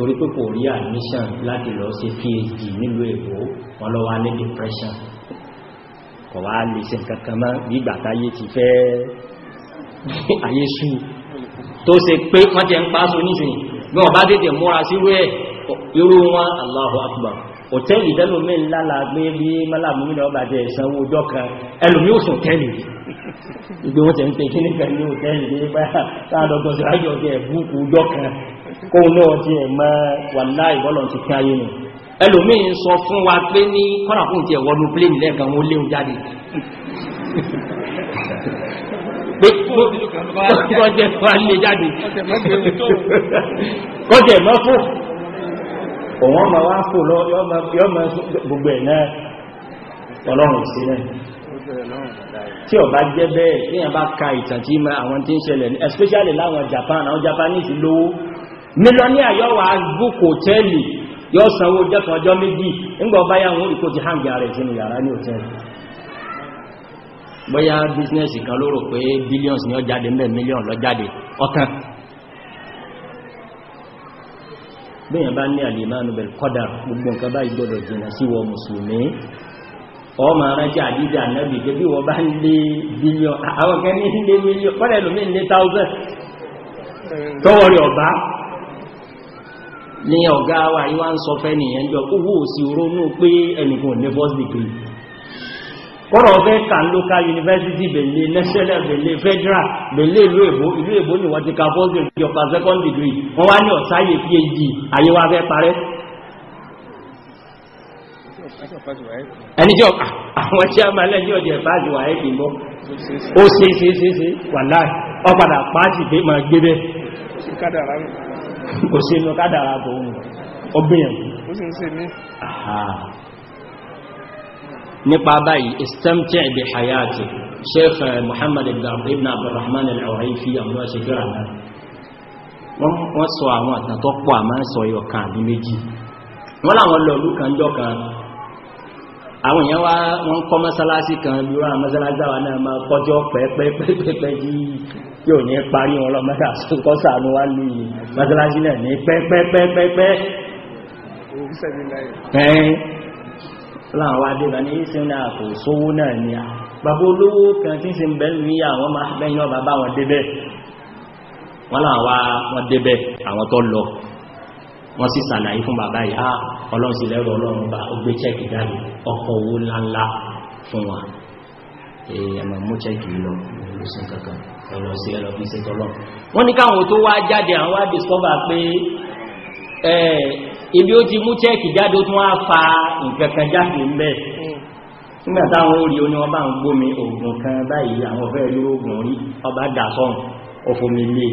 S2: torí pé kò rí admission láti lọ sí phd nílùú èkó wọn lọ wá ní depression kò wá lè ṣe kankan mọ́ nígbà táyé ti fẹ́ <laughs> ayé sú tó ṣe pé wọ́n ti ń pa aṣọ nísìnyí bí wọ́n bá tètè múra sírú ẹ̀ irú wọn Allahu Akbar òtẹ́ẹ̀lì tẹ́lómi ńlála gbé bí mọ́làmú mílẹ̀ ọba jẹ́ ìsanwó ọjọ́ kan ẹlòmí ó sùn
S1: tẹ́lì ìgbé
S2: wọ́n tẹ̀ ń pe kíníkan ní òtẹ́ẹ̀lì gbé bá sáàdọ̀gbọ̀n sí rájọ̀ jẹ́ ẹ̀bùkù ọjọ́ kan kóhun náà ti ẹ̀ mọ́ wàlá ti kí ayé nù ẹlòmíì ń sọ fún wa pé ní kọ́nà ti ẹ̀wọ́nu pléènì lẹ́ẹ̀kan ó léwu jáde
S3: kọ́jẹ̀ mọ́ fún òun ọmọ wá fún lọ yọ́mọ gbogbo ẹ̀ ọlọ́run sí náà tí ó bá jẹ́ bẹ́ẹ̀ ní
S2: ẹ̀bá ka ìtàn tí àwọn tí ń ṣẹlẹ̀ especially láwọn Japan àwọn Japanese lówó mílíọ̀nì àyọ̀wà búkù hòtẹ́ẹ̀lì yóò sanwó jẹ́kan ọjọ́ méjì ǹgbọ̀ ọba yà wọ́n ìkó ti hàǹgì ààrẹ sínú yàrá ní hòtẹ́ẹ̀lì bóyá bísínẹ́sì kan ló pé ni ó jáde mẹ́ mílíọ̀n lọ jáde ọkàn bíyàn bá ní àlèmánu bẹ̀rẹ̀ kọ́dà gbogbo nǹkan bá ìgbọ́dọ̀ jìnà sí wọ mùsùlùmí ọmọ tó bí wọ́n bá ní ọ̀gá wa yíwá ń sọ fẹ́ nìyẹn jọ owó òsì ronú pé ẹnìkan ní first degree kọ́rọ̀ ọ̀fẹ́ kà local university bèlè national bèlè federal bèlè ìlú èbó ìlú èbó ni wọ́n ti ka first degree ọ̀pá second degree wọ́n wá ní ọ̀sáyè phd ayé wa fẹ́ parẹ́ ẹni jọ ah, àwọn a máa lẹ́jọ́ jẹ fáàjì wà ẹ́kì kò sí inú kádàrà tó ń ọgbìyàn ó sì ń sí ní nípa báyìí istamti' bi hayati sheikh eh, muhammad ibn abdulrahman al-awaifi àwọn ṣekúrà náà wọ́n sọ àwọn àtàtọ́pọ̀ àmá sọ yọ̀kan àbí méjì wọ́n láwọn lọ lúkànjọ́ kan àwọn èèyàn wá wọ́n kọ́ mọ́sálásí kan bí wọ́n mọ́sálásí àwọn náà máa kọjọ́ pẹ́pẹ́pẹ́pẹ́ jí tí ò ní parí wọn lọ mọ́sá kọ́ sàánú wá ní mọ́sálásí náà ní
S3: pẹ́pẹ́pẹ́pẹ́
S2: láwọn kan tí ń sin bẹ́ẹ̀ ní àwọn máa bẹ́yìn náà wọ́n sì sàlàyé fún bàbá yìí ah ọlọ́run sì lẹ́rọ ọlọ́run bá ó gbé chẹ́ẹ̀kì jáde ọkọ̀ owó ńláńlá fún wa ẹ̀mọ̀ mú chẹ́ẹ̀kì lọ lóṣù kankan ọ̀rọ̀ sí àwọn wá discover pé fa nǹkan kan jáde ń bẹ́ẹ̀ nígbà táwọn ó rí ó ní wọ́n gbómi oògùn kan báyìí àwọn fẹ́ẹ́ lóògùn rí ọba dà sọ́run ọ̀fọ̀mìlẹ̀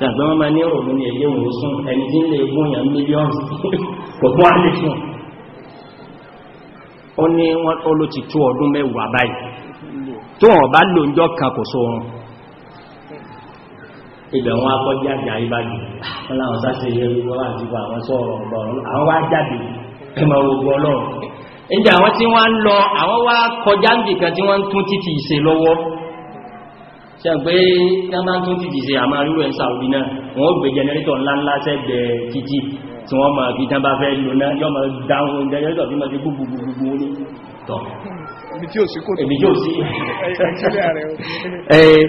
S2: tàbí wọ́n ma ní ìrònú ní òun sún ẹni tí ń lè gún mílíọ̀nù kò ó ní wọ́n tó ló ti tó ọdún mẹ́wàá báyìí tó wọ́n bá lò ń jọ wọn ibẹ̀ jáde ṣe pé tí wọ́n bá tún títì ṣe àmà rúrù ẹ̀ sàúdí náà wọ́n gbé jẹnẹrétọ̀ ńláńlá sẹ́gbẹ̀ títì tí wọ́n ma fi tán bá fẹ́ lò náà yọ́ ma dáhùn jẹnẹrétọ̀ bí ma fi gbogbogbogbo ní tọ̀ ibi tí ò sí kò <laughs> eh,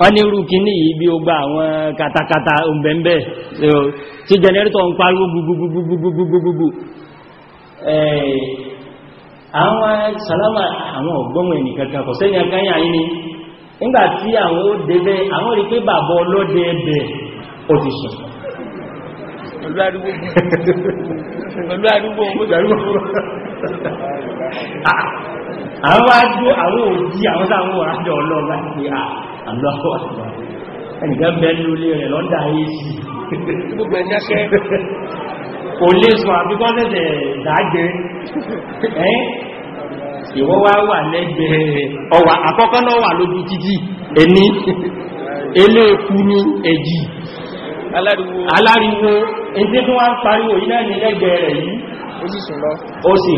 S2: wọ́n ní rú kíní yìí bí ó gba àwọn katakata òǹbẹ̀m̀bẹ̀ tí jẹnẹrétọ̀ ń pariwo gbogbogbogbogbogbogbogbogbogbo eh, àwọn salama nígbà tí àwọn ó débẹ̀ àwọn rí pé bàbá ọlọ́dẹ ẹbẹ̀
S3: ó ti sùn pẹ̀lú àdúgbò pẹ̀lú àdúgbò ah, àwọn ajú àwọn òjí
S2: àwọn sáwọn àjọ ọlọ́gbà ti àlọ́wọ́ ah, ẹnìkan bẹ́ẹ̀lú olè rẹ̀ lọ́dà
S3: èsì gbogbo ẹ̀jẹ́ kẹ́ ìwọ́ wá wà lẹ́gbẹ̀ẹ́
S2: ọwà àkọ́kọ́ náà wà lójú títí ẹni eléèkú ní ẹjì aláriwo ẹgbẹ́ tó wá ń pariwo ilẹ̀ ní lẹ́gbẹ̀ẹ́ rẹ̀ yìí ó sì sùn lọ ó sì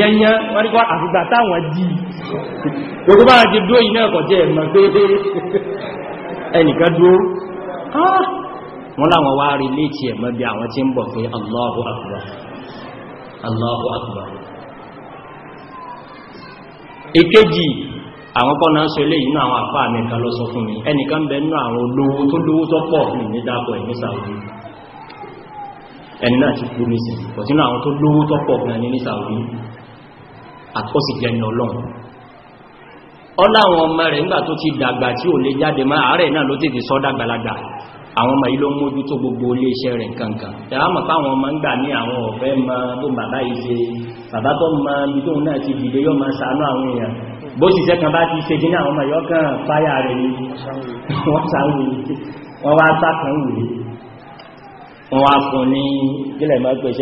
S2: yẹnyẹn wọ́n ní kọ́ àfìgbà táwọn dì gbogbo bá ti dúó iná ẹ̀kọ́ jẹ́ ẹ̀mọ̀ pé <laughs> ẹnìkan dúó ah! wọ́n láwọn wá rí léèkì ẹ̀mọ́ bí àwọn tí ń bọ̀ pé Allahu Akbar Allahu Akbar èkejì àwọn kọ́nà sọ ilé ìnú àwọn àfáà nìkan lọ sọ fún mi ẹnìkan bẹ nú àwọn olówó tó lówó tó pọ̀ ní nídàpọ̀ ẹ̀mí Saudi ẹni ti kú nísìn kò àwọn tó lówó tó pọ̀ gan ní Saudi ọmọ rẹ̀ ti dàgbà jáde na dàgbàlagbà àwọn ọmọ mójú gbogbo ilé iṣẹ́ rẹ̀ kankan bàbá tó ma bí tóun náà ti dìde yóò máa sàánú àwọn èèyàn bó sì jẹ́ kan bá ti ṣe gíní àwọn ọmọ yọ́kàn fáyà rẹ̀ ni wọ́n sáré wọ́n wá sákan wùlé wọ́n wá fún ní gílẹ̀ máa pẹ̀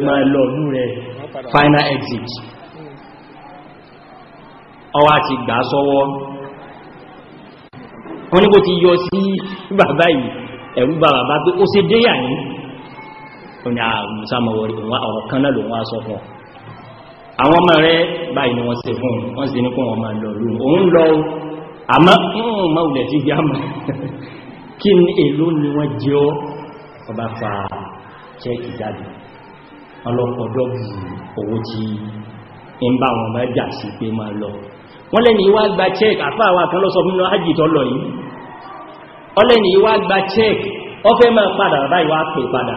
S1: ṣe final
S2: exit ọwá ti gbà sọ́wọ́ wọ́n ní kò ti yọ sí bàbá yìí ẹ̀rú bàbá pé ó ṣe déyà yìí oní àmúsámọ̀wọ̀rí ọ̀rọ̀ kan náà ló wá sọ fún àwọn ọmọ rẹ̀ báyìí ni wọ́n ṣe fún wọ́n sì ní kún ọmọ lọ lú òun lọ àmọ́ mọ́ ulẹ̀ tí gbá mọ́ kí ní èlò ni wọ́n jẹ́ ọ́ ọba fa chẹ́kì jáde ọlọ́pọ̀dọ́ bù owó tí ń bá wọn mẹ́jà sí padà báyìí wá pè padà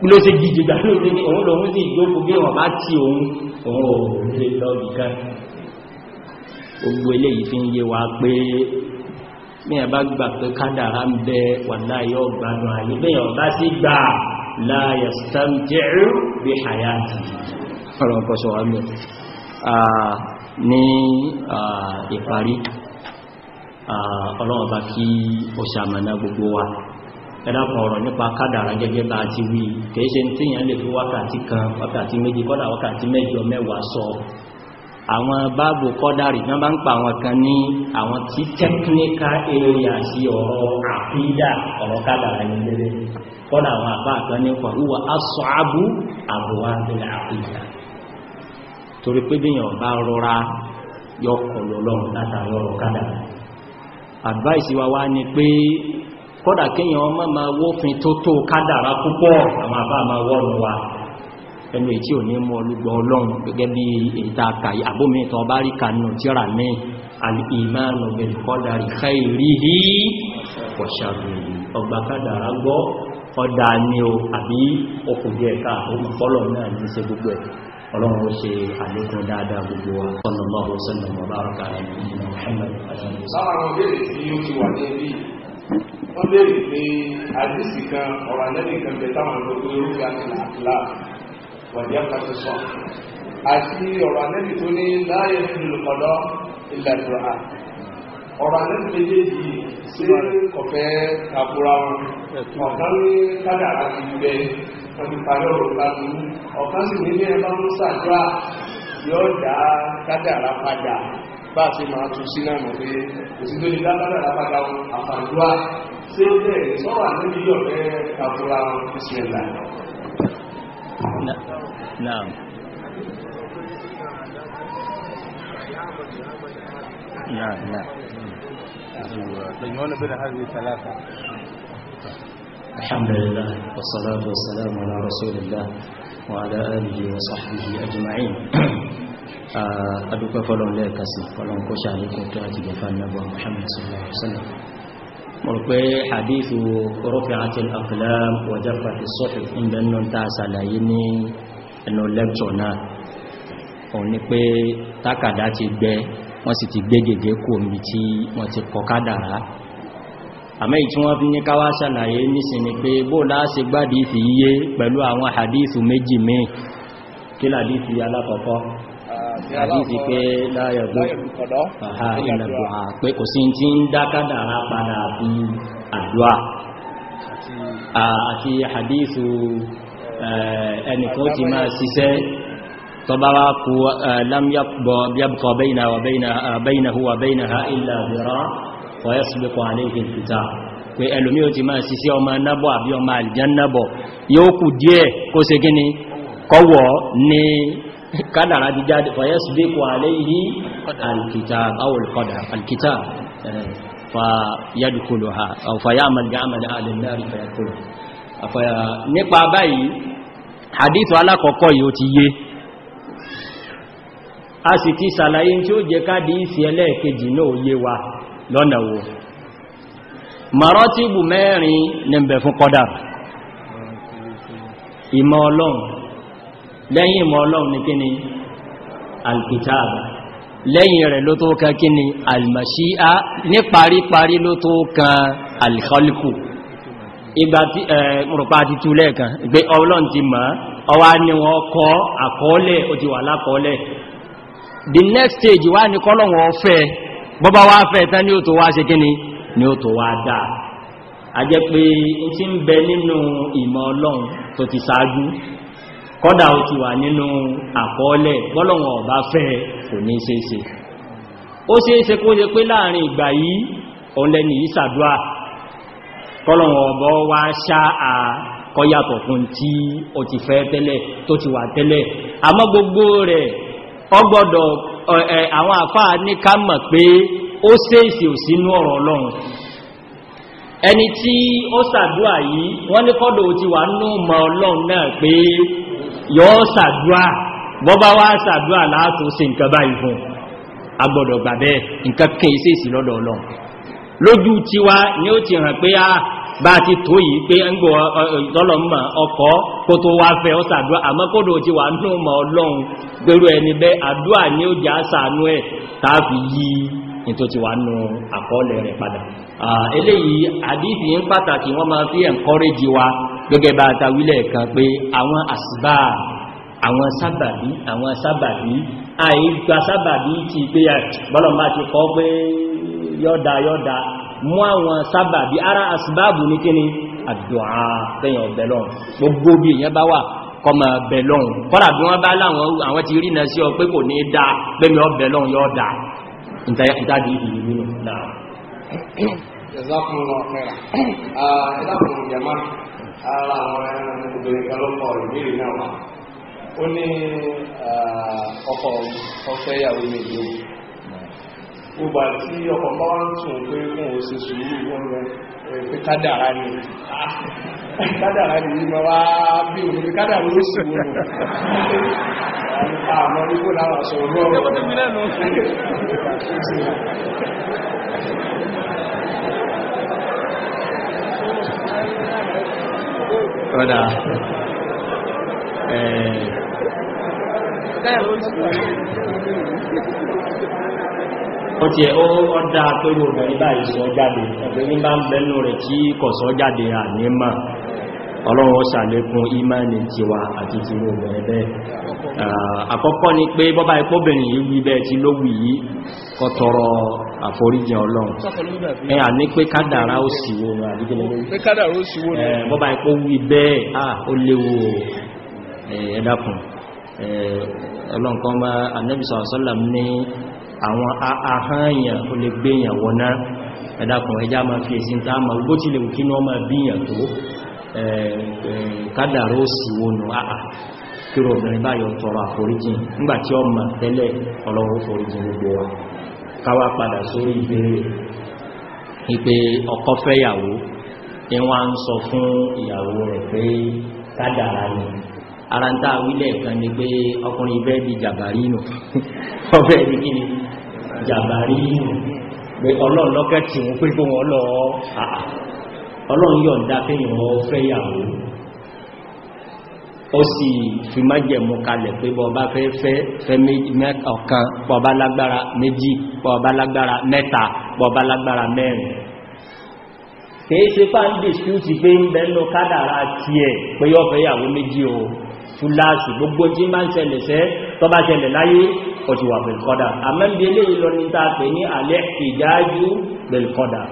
S2: ló ṣe gidi gbà ló ṣe òun lòun sì jókòó bí wọn bá tí òun òun ò lè lọ nìkan gbogbo eléyìí fi ń yé wa pé mẹ́yàn bá gbà pé kádàrá ń bẹ wàlá yóò gbádùn ayé mẹ́yàn bá sí gbà láyẹ̀ stamjẹ́rù bí hayati ọ̀rọ̀ kọsọ̀ ẹ̀dàkùn ọ̀rọ̀ nípa kádàrá gẹ́gẹ́ bá ti wí kèéṣe tí yẹn lè fi wákàtí kan wákàtí méjì kọ́dà wákàtí mẹ́jọ mẹ́wàá sọ àwọn báàbù kọ́dàrí náà bá ń pa àwọn kan ní àwọn tí technical area sí ọ̀rọ̀ àpídà ọ̀rọ̀ kádàrá gẹ́gẹ́ kọ́dà àwọn àbá kan ní pàrúwà aṣọ àbú àbúwá bẹ̀rẹ̀ advice wa wá ni pé kódà kéèyàn ọmọ ma wófin tó tó kádàrá púpọ̀ àmà bá ma wọ́rùn wa ẹnu ètí ò ní mú ọlúgbọ́ ọlọ́run gẹ́gẹ́ bí ìta àkàyí àbómi ìtọ̀ bá rí kanú tíra ní al-imanu bil qadari khairihi wa sharrihi ọgbà kádàrá gbọ́ ọdá ní o àbí okùnjẹ́ ẹ̀ká olùfọ́lọ̀ náà ní ṣe gbogbo ẹ̀ ọlọ́run ó ṣe àlékún dáadáa gbogbo
S3: ó lè pé àdìsí kan ọ̀rọ̀ àlẹ́lì kan bẹ táwọn ológun orúkọ àtìlá wàdíà pàṣẹ sọ àti ọ̀rọ̀ àlẹ́lì tó ní láàyè ìlúkọ̀dọ́ ilẹ̀ ìrọ̀hà ọ̀rọ̀ àlẹ́lì méjèèjì sí kọ̀fẹ́ àbúrà wọn ọ̀kan ní kádàrá ti bẹ wọn ti parí ọ̀rọ̀ láti ọ̀kan sì ní bí ẹ bá ń ṣàdúrà yóò dá kádàrá padà bá a ṣe máa tún sí náà mọ̀ pé òsì tó ní dábàdà lápáta àfàdúrà ṣé bẹ́ẹ̀ sọ́wọ́ àtẹ́bí yọ̀ fẹ́ àbúrà ìṣẹ̀lá. Naam. نعم نعم مجموعنا بين هذه الثلاثة
S2: الحمد لله والصلاة والسلام على رسول الله وعلى آله وصحبه أجمعين adúpẹ́ fọ́lọ́n lẹ́ẹ̀kan sí fọ́lọ́n kó ṣàlékún tó àti jẹ́fà nàbọ̀ Muhammad hadithu rufi'atil aqlam wa jaffatis suhuf ń bẹ́ nù tá a ṣàlàyé ní ẹnu lẹ́kṣọ̀ náà òun ni pé tákàdá ti gbẹ wọ́n sì ti gbé gègé kò mí tí wọ́n ti kọ hadithu méjì míì kí làdí fi alákọ̀ọ́kọ́
S3: àdífi pé láyọ̀dún àhá ìlàdùà
S2: pé kò sí tí ń dákádàrá padà bí àdúà àti àdífù ẹnìkan ti máa ṣiṣẹ́ tọba wá kú lámyàbọ̀ bíyàbùkọ̀ bẹ́yìnahu wa bẹ́yìnaha ìlà bẹ̀rọ fọ́yẹ́sùgbẹ́kọ̀ aléhìn fìta pé ẹlòmí o ti máa ṣiṣẹ́ ọmọ nábọ̀ àbí ọmọ àlìján nábọ̀ yóò kù díẹ̀ kó ṣe gíní kọwọ̀ ní <laughs> kádàrá ti jáde fayasbiqu alayhi alkitab aw alqadar alkitab fayadkhuluha aw fayamal bi'amali ahli an-nar fayadkhuluha àfàyà nípa báyìí hadith alákọ̀ọ́kọ́ yìí ó ti yé a sì ti sàlàyé tí ó jẹ káàdì ìsì ẹlẹ́ẹ̀kejì náà yé wa lọ́nà wo marọ́tíbù mẹ́rin ní ń fún kọ́dà ìmọ̀ ọlọ́run lẹ́yìn ìmọ̀ ọlọ́run ní kíni alkitab lẹ́yìn rẹ̀ ló tó kan kíni almashi'a ní paríparí ló tó kan alkhalku ìgbà tí mọ̀rọ̀pá ti tú lẹ́ẹ̀kan gbé ọlọ́run ti mọ̀ ọwá ni wọ́n kọ́ àkọọ́lẹ̀ ó wà lákọọ́lẹ̀ the next stage wá ní kọ́lọ̀wọ̀n ọ̀fẹ́ bọ́bá wá fẹ́ tán ní ó tó wá ṣe kíni ni ó wá dáa a jẹ́ pé ó ti ń bẹ nínú ìmọ̀ ọlọ́run tó ti ṣáájú kọ́dà ó ti wà nínú àkọọ́lẹ̀ bọ́lọ̀wọ̀n ọ̀bá fẹ́ kò ní ṣeéṣe ó ṣeéṣe kó ṣe pé láàrin ìgbà yìí òun lẹ́ni yìí sàdúà kọ́lọ̀wọ̀n ọ̀bọ̀ wá ṣá à kọ́yàtọ̀ fún tí ó ti fẹ́ tẹ́lẹ̀ tó ti wà tẹ́lẹ̀ àmọ́ gbogbo rẹ̀ ọgbọ́dọ̀ àwọn àfáà ní ká mọ̀ pé ó ṣeéṣe ò sínú ọ̀rọ̀ Ọlọ́run ẹni tí ó sàdúà yìí wọ́n ní kọ́dọ̀ ó ti wà nínú mọ̀ Ọlọ́run náà pé yọ́ sàdúà bọ́bá wá sàdúà látún sí nǹkan báyìí fún agbọ́dọ̀ gbàbẹ́ nǹkan kí ìsẹ́ ìsì lọ́dọ̀ ọlọ́run lójú wá ní ó ti pé ah, a bá ti tó yìí pé ń gbọ́ ọkọ̀ kó tó wá fẹ́ ọ àmọ́ kódò ti wà ọmọ ọlọ́run gẹ́gẹ́ bá àtàwílẹ̀ kan pé àwọn àsìbá àwọn sábàbí àwọn sábàbí àìgbà sábàbí ti pé bọ́lọ̀mbá ti kọ́ pé yọ́dá yọ́dá mú àwọn sábàbí ara àsìbáàbù ní kíni àdúà tẹ́yàn ọ̀bẹ̀lọ́n gbogbo bí èyàn bá wà kọmọ ọ̀bẹ̀lọ́n kọ́lá bí wọ́n bá láwọn àwọn ti rí náà
S3: ara àwọn obìnrin kan ló kọ ìbéèrè náà wá ó ní ọkọ ọfẹ ìyàwó méje o gbogbo àti ọkọ bá wọn tún un pé wọn ò ṣe sùúrù wọn lọ pé kádàrá ni ah, kádàrá ni yìí máa wá bí òun pé kádàrá ló sì wọ́n lọ àmọ́ nígbò láwọn aṣọ òru ọ̀rọ̀ ẹgbẹ́ <laughs> ọ̀dà eh, ó ti ẹ̀ ọdá pẹ̀lú obìnrin báyìí sọ jáde
S2: ọ̀pẹ̀lú bá ń bẹ̀lú rẹ̀ tí jáde à ní máa ọlọ́run sàlékún ìmáni ti wa àti ti wo bẹ̀ẹ̀bẹ̀ àkọ́kọ́ ni pé bọ́bá ipóbìnrin yìí wí bẹ́ẹ̀ tí ló wù yìí kó tọrọ àforíjìn ọlọ́run
S1: ẹ à ní pé kádàrá
S2: ó sì wo bọ́bá ipó wí bẹ́ẹ̀ à ó léwu ẹ dákun ọlọ́run kan bá Ànábì sallallahu alaihi wasallam ní àwọn ahányàn ó lè gbéyàn wọná ẹ dákun ẹjá máa fi èsì ń tá máa gbó tilẹ̀ òkínú ọmọ bíyàn tó kádàró sì wónú àà kíro obìnrin báyọ̀ tọrọ àforíjì nígbàtí ọ ma tẹ́lẹ̀ ọlọ́wọ́ forijin gbogbo wa káwà padà sórí ìbéèrè ìpé ọkọ fẹ́yàwó ní wọ́n ń sọ fún ìyàwó rẹ̀ pé ni ara <laughs> ọlọ́run yọ̀ǹda kéèyàn mọ́ fẹ́yàwó ó sì fi májẹ̀mú kalẹ̀ pé bọ́ọ̀bá fẹ́ fẹ́ fẹ́ ọ̀kan bọ́ọ̀bá lágbára méjì bọ́ọ̀bá lágbára mẹ́ta bọ́ọ̀bá lágbára mẹ́rin kìí ṣe fáà ń dìsíútì pé ń bẹ̀ẹ́nu kádàrá ti ẹ̀ pé yọ́ fẹ́yàwó méjì o fúláàsì gbogbo tí máa ń ṣẹlẹ̀ sẹ́ tó bá ṣẹlẹ̀ láyé ọ̀tíwà bẹ̀lkọ́dà àmẹ́bí eléyìí lọ ní tàà pè ní alẹ́ ìjáájú bẹ̀lkọ́dà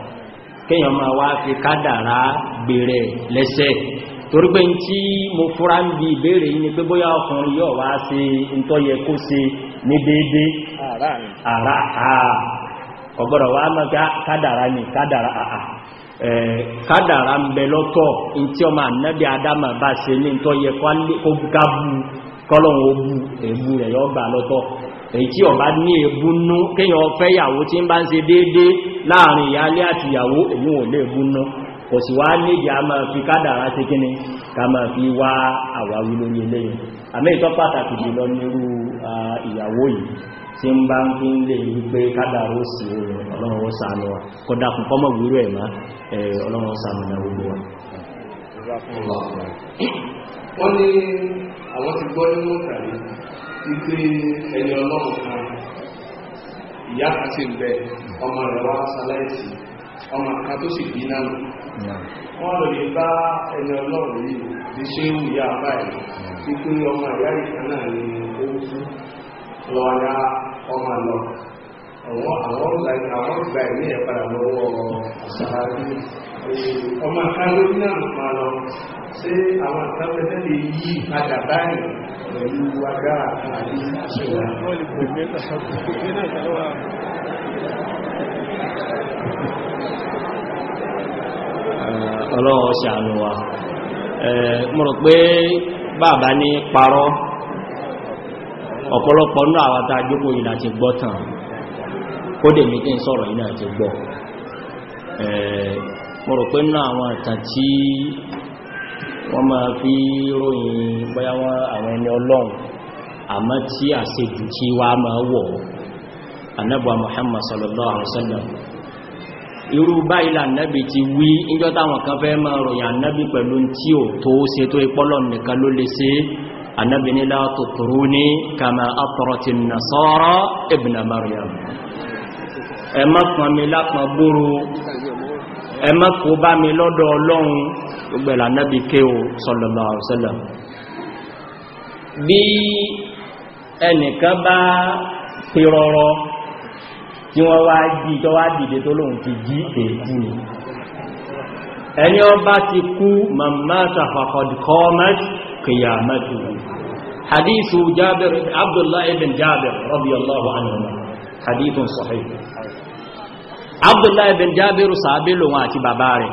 S2: kéèyàn máa wá fi kádàrá gbèrè lẹ́sẹ̀ torí pé tí mo fúra ń bi ìbéèrè yìí ni pé bóyá ọkùnrin yóò wá sí ntọ́yẹ kó ṣe ní déédé àrà ọgbọ́dọ̀ wá mọ́ ah, kádàrá ní kádàrá àà kádàrá ń bẹ lọ́tọ̀ adama ọba láàrin ìyálé àti ìyàwó èyí wọn lè múná kò sì wá a máa fi kádàrá sí kíní ká máa fi wá àwáwí lórí eléyìí àmì ìtọ́ pàtàkì jùlọ nírú ìyàwó yìí tí ń bá ń fi ń lè rí pé kádàró sí ọlọ́run wa kọ́dá kún
S3: na ìyá ọmọ rẹ̀ wá sáláìsì ọmọ kan tó sì bí náà wọ́n lọ lè bá ẹni ọlọ́run yìí lè ṣe ń wùyá báyìí tí pé ọmọ ìyá ìkan náà ni ó kú lọ ya ọmọ lọ àwọn ìgbà ìní ẹ̀ padà lọ́wọ́ sàárì ọmọ kan ló ní àwọn lọ sí àwọn àtàwọn lè yí padà báyìí pẹ̀lú agbára àti àṣẹwà
S2: Eh, ọlọ́wọ́ ṣàánú wa eh, mo rò pé bàbá ní parọ́ ọ̀pọ̀lọpọ̀ ní àwátá jókòó yìí láti gbọ́ tàn kó dè mí kí n sọ̀rọ̀ yìí láti gbọ́ eh, mo rò pé ní àwọn tí wọ́n máa fi ròyìn bóyá wọ́n àwọn ẹni ọlọ́run tí tí wá anábọ̀ Muhammad sallallahu alaihi wasallam irú báyìí lànàbì ti wí níjọ́ táwọn kan fẹ́ máa ròyìn ànàbì pẹ̀lú tí ò tó ṣe tó ipọ́lọ̀ nìkan ló lè ṣe ànàbì ní la tutruni kama atrati nasara ibna Maryam ẹ má pọn mi lápọn gbúrú ẹ má kó bá rọrọ tí wọ́n wá jí tó wá dìde tó lóhun ti jí èkú ni ẹni ọba ti kú mamata fakọdkọ́ mẹ́tì kìyàmẹ́tì hadithu jabir abdullahi ibn jabir radiyallahu anhu hadithun sahih abdullahi ibn jabir sàábé lòun àti bàbá rẹ̀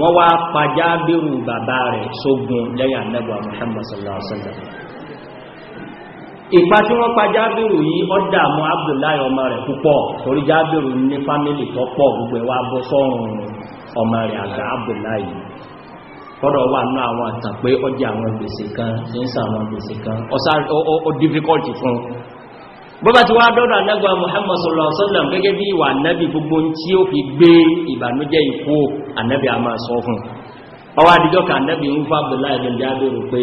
S2: wọ́n wá pa bàbá rẹ̀ sógun lẹ́yìn annabawa muhammad sallallahu alaihi wasallam ìpa tí wọ́n pa jábìrù yìí ọ́dà mọ́ abdullahi ọmọ rẹ̀ púpọ̀ torí jábìrù ní fámílì tó pọ̀ gbogbo ẹwà bọ́ sọ́run ọmọ rẹ̀ àgbà abdullahi kọ́dọ̀ wà ní àwọn àtàn pé ọjà àwọn gbèsè kan tí ń sàwọn gbèsè kan ó difficult fún bọ́bá ti wá dọ́dọ̀ anẹ́gbà muhammad sallallahu alaihi wasallam gẹ́gẹ́ bí ìwà anẹ́bì gbogbo tí ó fi gbé ìbànújẹ́ ikú anẹ́bì a máa sọ fún ọwá àdíjọ́ ka anẹ́bì ń fábùlá ìbìn jábẹ̀rù pé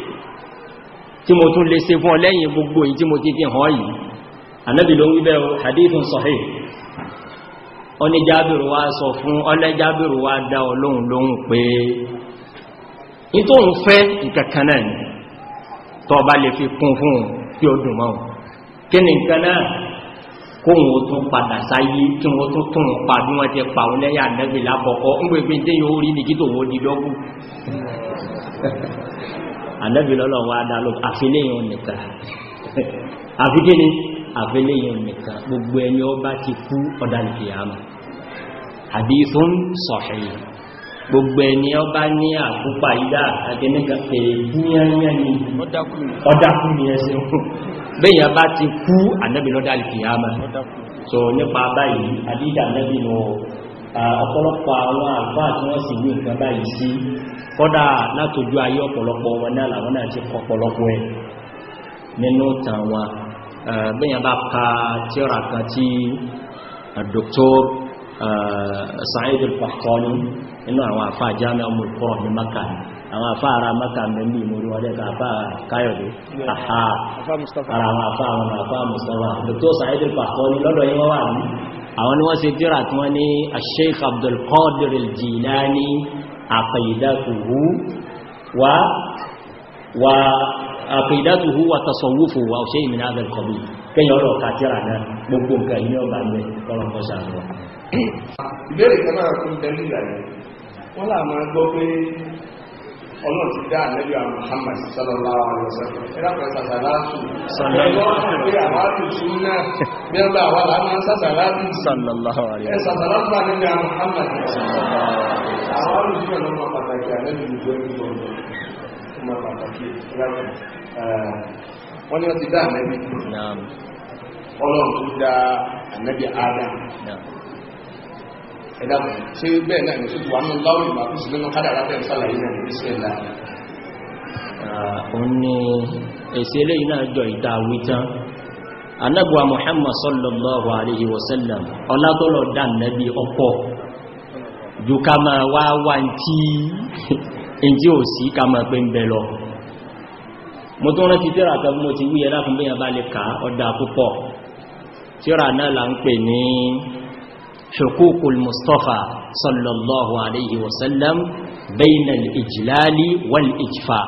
S2: tí mo tún lè ṣe fún ọ gbogbo èyí tí mo ti fi hàn yìí anábì ló ń wíbẹ̀ hadithun sahih ọni jábìrù wá sọ fún ọlẹ́ jábìrù wá dá ọlóhun lóhun pé ní tó ń fẹ́ nǹkankan náà ni tọ́ bá lè fi kún fún kí ó dùn mọ́ kí ni nǹkan náà kó wọn tún padà sáyé kí wọn tún tún wọn pa bí wọn ti pa òun lẹ́yà nẹ́bì lábọ̀kọ́ ń gbẹ̀gbẹ̀ tí yóò rí ní kí tòun ó di dọ́gbù ànábì lọ́lọ́run wá dá lókun àfiléyàn nìkan àfikíní àfiléyàn nìkan gbogbo ẹni ọba hadithun sahih gbogbo ẹni ọba ní àkúpa ìdá àtẹnìkan pẹ̀lú yíyányán ni ọdákù ni ẹsẹ̀ òkun bẹ́yàn bá ti kú ànábì lọ́dàlùkì so nípa báyìí àdídà ànábì náà ọ̀pọ̀lọpọ̀ àwọn àgbà tí wọ́n sì gbé nǹkan báyìí sí kọ́dà látojú ayé ọ̀pọ̀lọpọ̀ wọn náà làwọn náà ti kọ́ ọ̀pọ̀lọpọ̀ ẹ̀ nínú tàn wọn bẹ́yàn bá ka tíra kan tí Dr. Sa'id al-Qahtani nínú àwọn àfá Jami'a Ummul Qura ní Makkah àwọn àfá ara Makkah mẹ́lú ìmúrí wọ́n lẹ́ka àfá Káyọ̀dé àhá ara àwọn àfá àwọn àfá Mustafa Dr. Sa'id al-Qahtani lọ́dọ̀ yíwọ́wà ní àwọn ni wọ́n ṣe tíra tí wọ́n ní Sheikh Abdul Qadir al-Jilani aqidatuhu wa wa aqidatuhu wa tasawwufu wa shay'un min hadha al-qabil kẹ́yìn ọ̀rọ̀ kàtíra náà gbogbo nǹkan ní ọba ilẹ̀ kọ́lọ̀kọ́
S3: sàrọ̀ ìbéèrè ọlọ́run ti dá àwọn Muhammad sallallahu alaihi wasallam ẹlọ́pàá sàtàlátù ẹlọ́pàá pé àwárù tún náà bí ọ bá sallallahu alaihi wasallam sàtàlátù àlẹ́lú àwọn Muhammad àwárù tún ọlọ́pàá pàtàkì àlẹ́lú ìjọ Adam ẹ̀dá ṣe bẹ́ẹ̀ náà ìmọ̀sí wà ní láwọn ìgbà kú sí nínú kádàrá bẹ́ẹ̀ sálàyé náà ní sí ẹ̀lá
S2: òun ni èsì eléyìí náà jọ ìdá wítán anábùwà Muhammad sallallahu alaihi wasallam ọlágọ́lọ̀ dá nẹ́bí ọpọ̀ ju ká máa wá wá tí ẹjí <laughs> ò sí ká máa pé ń bẹ lọ mo tún rántí tíra náà là ń pè ní حقوق المصطفى صلى الله عليه وسلم بين الإجلال والإجفاء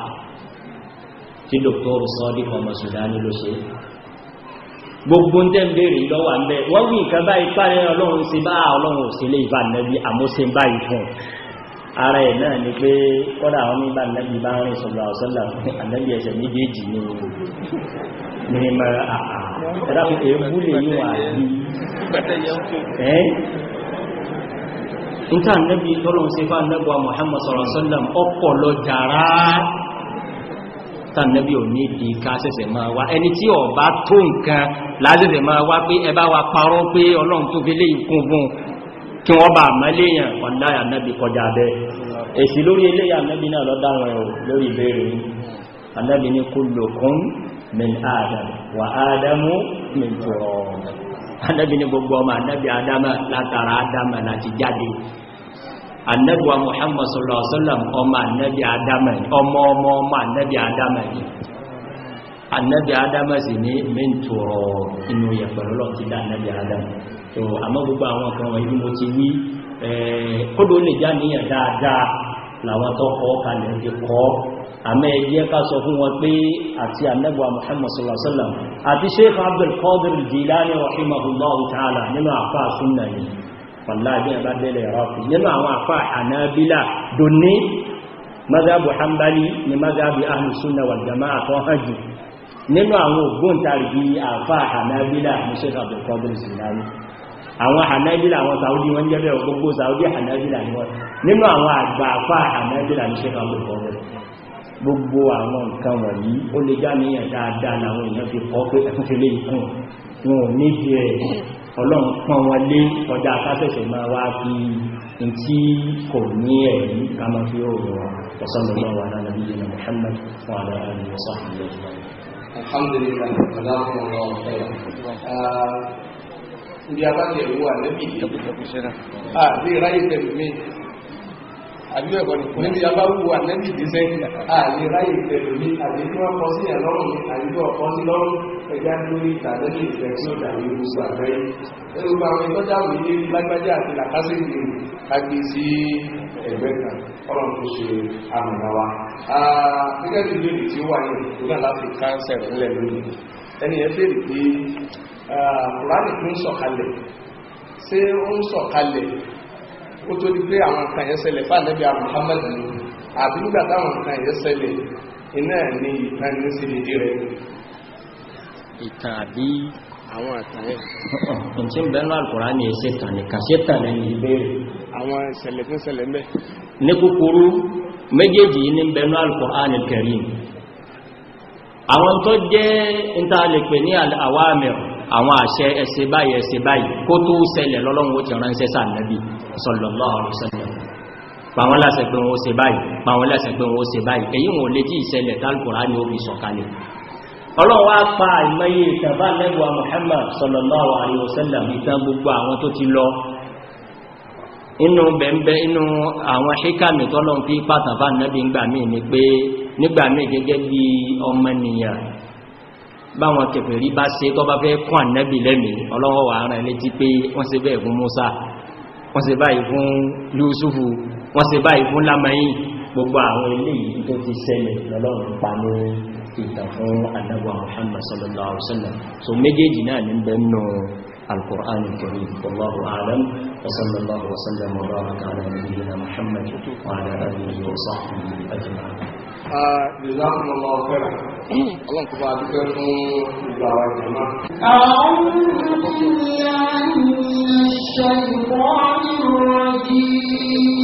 S2: tí dr sadiq ọmọ sudani ló ṣe gbogbo ń tẹ́ ń bèèrè lọ́wọ́ àmẹ́ wọ́n wí nǹkan báyìí parí ọlọ́run sí bá ọlọ́run òsèlé ìbá nẹ́bí àmóse báyìí fún ara ẹ̀ náà ni pé kọ́dà àwọn nígbà nẹ́bí bá rìn sọ̀rọ̀ àwọ̀sọ́là ànẹ́bí ẹsẹ̀ méjèèjì ní ìmọ̀ àà ẹ̀dàkùn èébú lè yí wà ní ẹ́ Nabi nẹ́bí tọ́lọ̀n sí Nabi nẹ́bùwa Muhammad sallallahu alaihi wasallam ọ̀pọ̀ lọ jàrá Nabi ò ní di ká sẹ́sẹ̀ máa wá ẹni tí ó bá tó nǹkan lásẹ̀sẹ̀ máa wá pé ẹ bá wa parọ́ pé ọlọ́run tó fi lé ìkún fún kí wọ́n bá mẹ́lẹ́yàn ọ̀láyà nẹ́bí kọjá bẹ́ èsì lórí eléyà nẹ́bí náà lọ́dáwọn ẹ̀rọ lórí ìbéèrè anẹ́bí ní kullukum min adam wa adamu min turab anabi ni gbogbo ọmọ anabi adama látara adama láti jáde anabi wa muhammad sallallahu alaihi wasallam ọmọ anabi adama ọmọ ọmọ ọmọ anabi adama ni anabi adama sì ní min turab inú yẹ̀pẹ̀ lọ́lọ́ ti dá anabi adama so àmọ́ gbogbo àwọn kan wọ̀nyí bí mo ti wí eh, kódò lè já níyàn dáadáa làwọn tó kọ́ kalẹ̀ ti kọ́ àmẹ́ ẹgbẹ́ ká sọ fún wọn pé àti ànẹ́bùwà Muhammad sallallahu alaihi wasallam àti Sheikh Abdul Qadir Jilani rahimahullahu ta'ala nínú àfá súnnà yìí pàláàbí àbábẹ́lẹ̀ rọ́pì nínú àwọn àfá Hanabila dòní mazhabu Hanbali ni mazhabu ahlu sunna wal jama'a tó hajjù nínú àwọn ògbóǹtarìgì àfá Hanabila ni Sheikh Abdul Qadir Jilani àwọn Hanabila àwọn Saudi wọ́n jẹ́ bẹ́ẹ̀ gbogbo Saudi Hanabila ni wọ́n nínú àwọn àgbà àfá Hanabila ni Sheikh Abdul gbogbo àwọn nǹkan wọ̀nyí ó lè já níyàn dáadáa làwọn èèyàn fi kọ́ pé ẹkún fi lè kún wọn ò ní bí ẹ ọlọ́run pọ́n wọn lé ọjà afásẹ̀sẹ̀ máa wá fi n tí kò ní ẹ̀rí ká máa fi òòrùn
S3: wọn ọ̀sán lọ́wọ́ wa ah, bí ìyẹn Muhammad mi àbíbẹ̀ kọ́ ni níbi abáwù ànẹ́bì ìgbésẹ̀ àlè ráyè pẹ̀lú ní àbí kí wọ́n kọ́ sí ẹ̀lọ́rùn ní àbíbẹ̀ ọ̀kọ́ sí lọ́rùn ẹ̀dá lórí ìtàlẹ́bì ìfẹ́ tí ó dàbí gbogbo àgbáyé ẹ̀rù bá wọn ìtọ́jà wù ní lágbájá àti làkásì ní agbè sí ẹgbẹ́ kan ọ̀rọ̀ tó ṣe àmọ̀nà wa gẹ́gẹ́ bí ìbéèrè tí ó wà ní ìdúgbà láti káńsẹ̀ ńlẹ̀ lónìí ẹni ẹ béèrè pé kùránì tó ń sọ̀kalẹ̀ ṣé ó ń sọ̀kalẹ̀ ó tó di pé àwọn nǹkan yẹn ṣẹlẹ̀ fún ànábì Muhammad ni àbí nígbà táwọn nǹkan yẹn ṣẹlẹ̀ iná ní ìtàn ní sí dédé rẹ̀.
S2: ìtàn àbí àwọn àtàn yẹn. ǹjẹ́ ń bẹ́ẹ̀ náà Al-Kùránì ní ẹsẹ̀ tàn nìkan ṣé tàn ní ìbéèrè. àwọn ìṣẹ̀lẹ̀ tó ṣẹlẹ̀ ńbẹ̀. ní kúkúrú méjèèjì ní ń bẹ́ẹ̀ náà Al-Kùránì al àwọn tó jẹ́ ìtàlẹ̀pẹ̀ ní àwámẹ̀ àwọn àṣẹ ẹsẹ̀ báyìí ẹsẹ̀ báyìí kó tó ṣẹlẹ̀ lọ́lọ́run ó ti ránṣẹ́ sáà nàbí sallallahu alaihi wasallam pàwọn láṣẹ pé wọ́n ṣe báyìí pàwọn láṣẹ pé wọ́n ṣe báyìí èyí wọn lè jí ìṣẹ̀lẹ̀ tálùkùrá ní ó fi sọ̀kalẹ̀ ọlọ́run wá pa àìmọye ìtàbá lẹ́gbàá Muhammad sallallahu alaihi wasallam ìtàn gbogbo àwọn tó ti lọ inú bẹ̀m̀bẹ̀ inú àwọn ṣíkàmì tọ́lọ́n fi pàtàkì nẹ́bí ngbàmí ni pé nígbàmí gẹ́gẹ́ bí ọmọnìyàn báwọn wọ́n ṣe báyìí fún Yusufu wọ́n ṣe báyìí fún Lamayin gbogbo àwọn eléyìí tó ti ṣẹlẹ̀ lọ́lọ́run pa ní ìtàn fún anábọ̀ Muhammad sallallahu alaihi wasallam so méjèèjì náà ní bẹ́ẹ̀ náà القرآن الكريم والله
S3: أعلم وصلى الله وسلم وبارك على نبينا محمد وعلى آله وصحبه أجمعين جزاكم الله خيرا اللهم كفى بكم
S1: أعوذ بالله من الشيطان الرجيم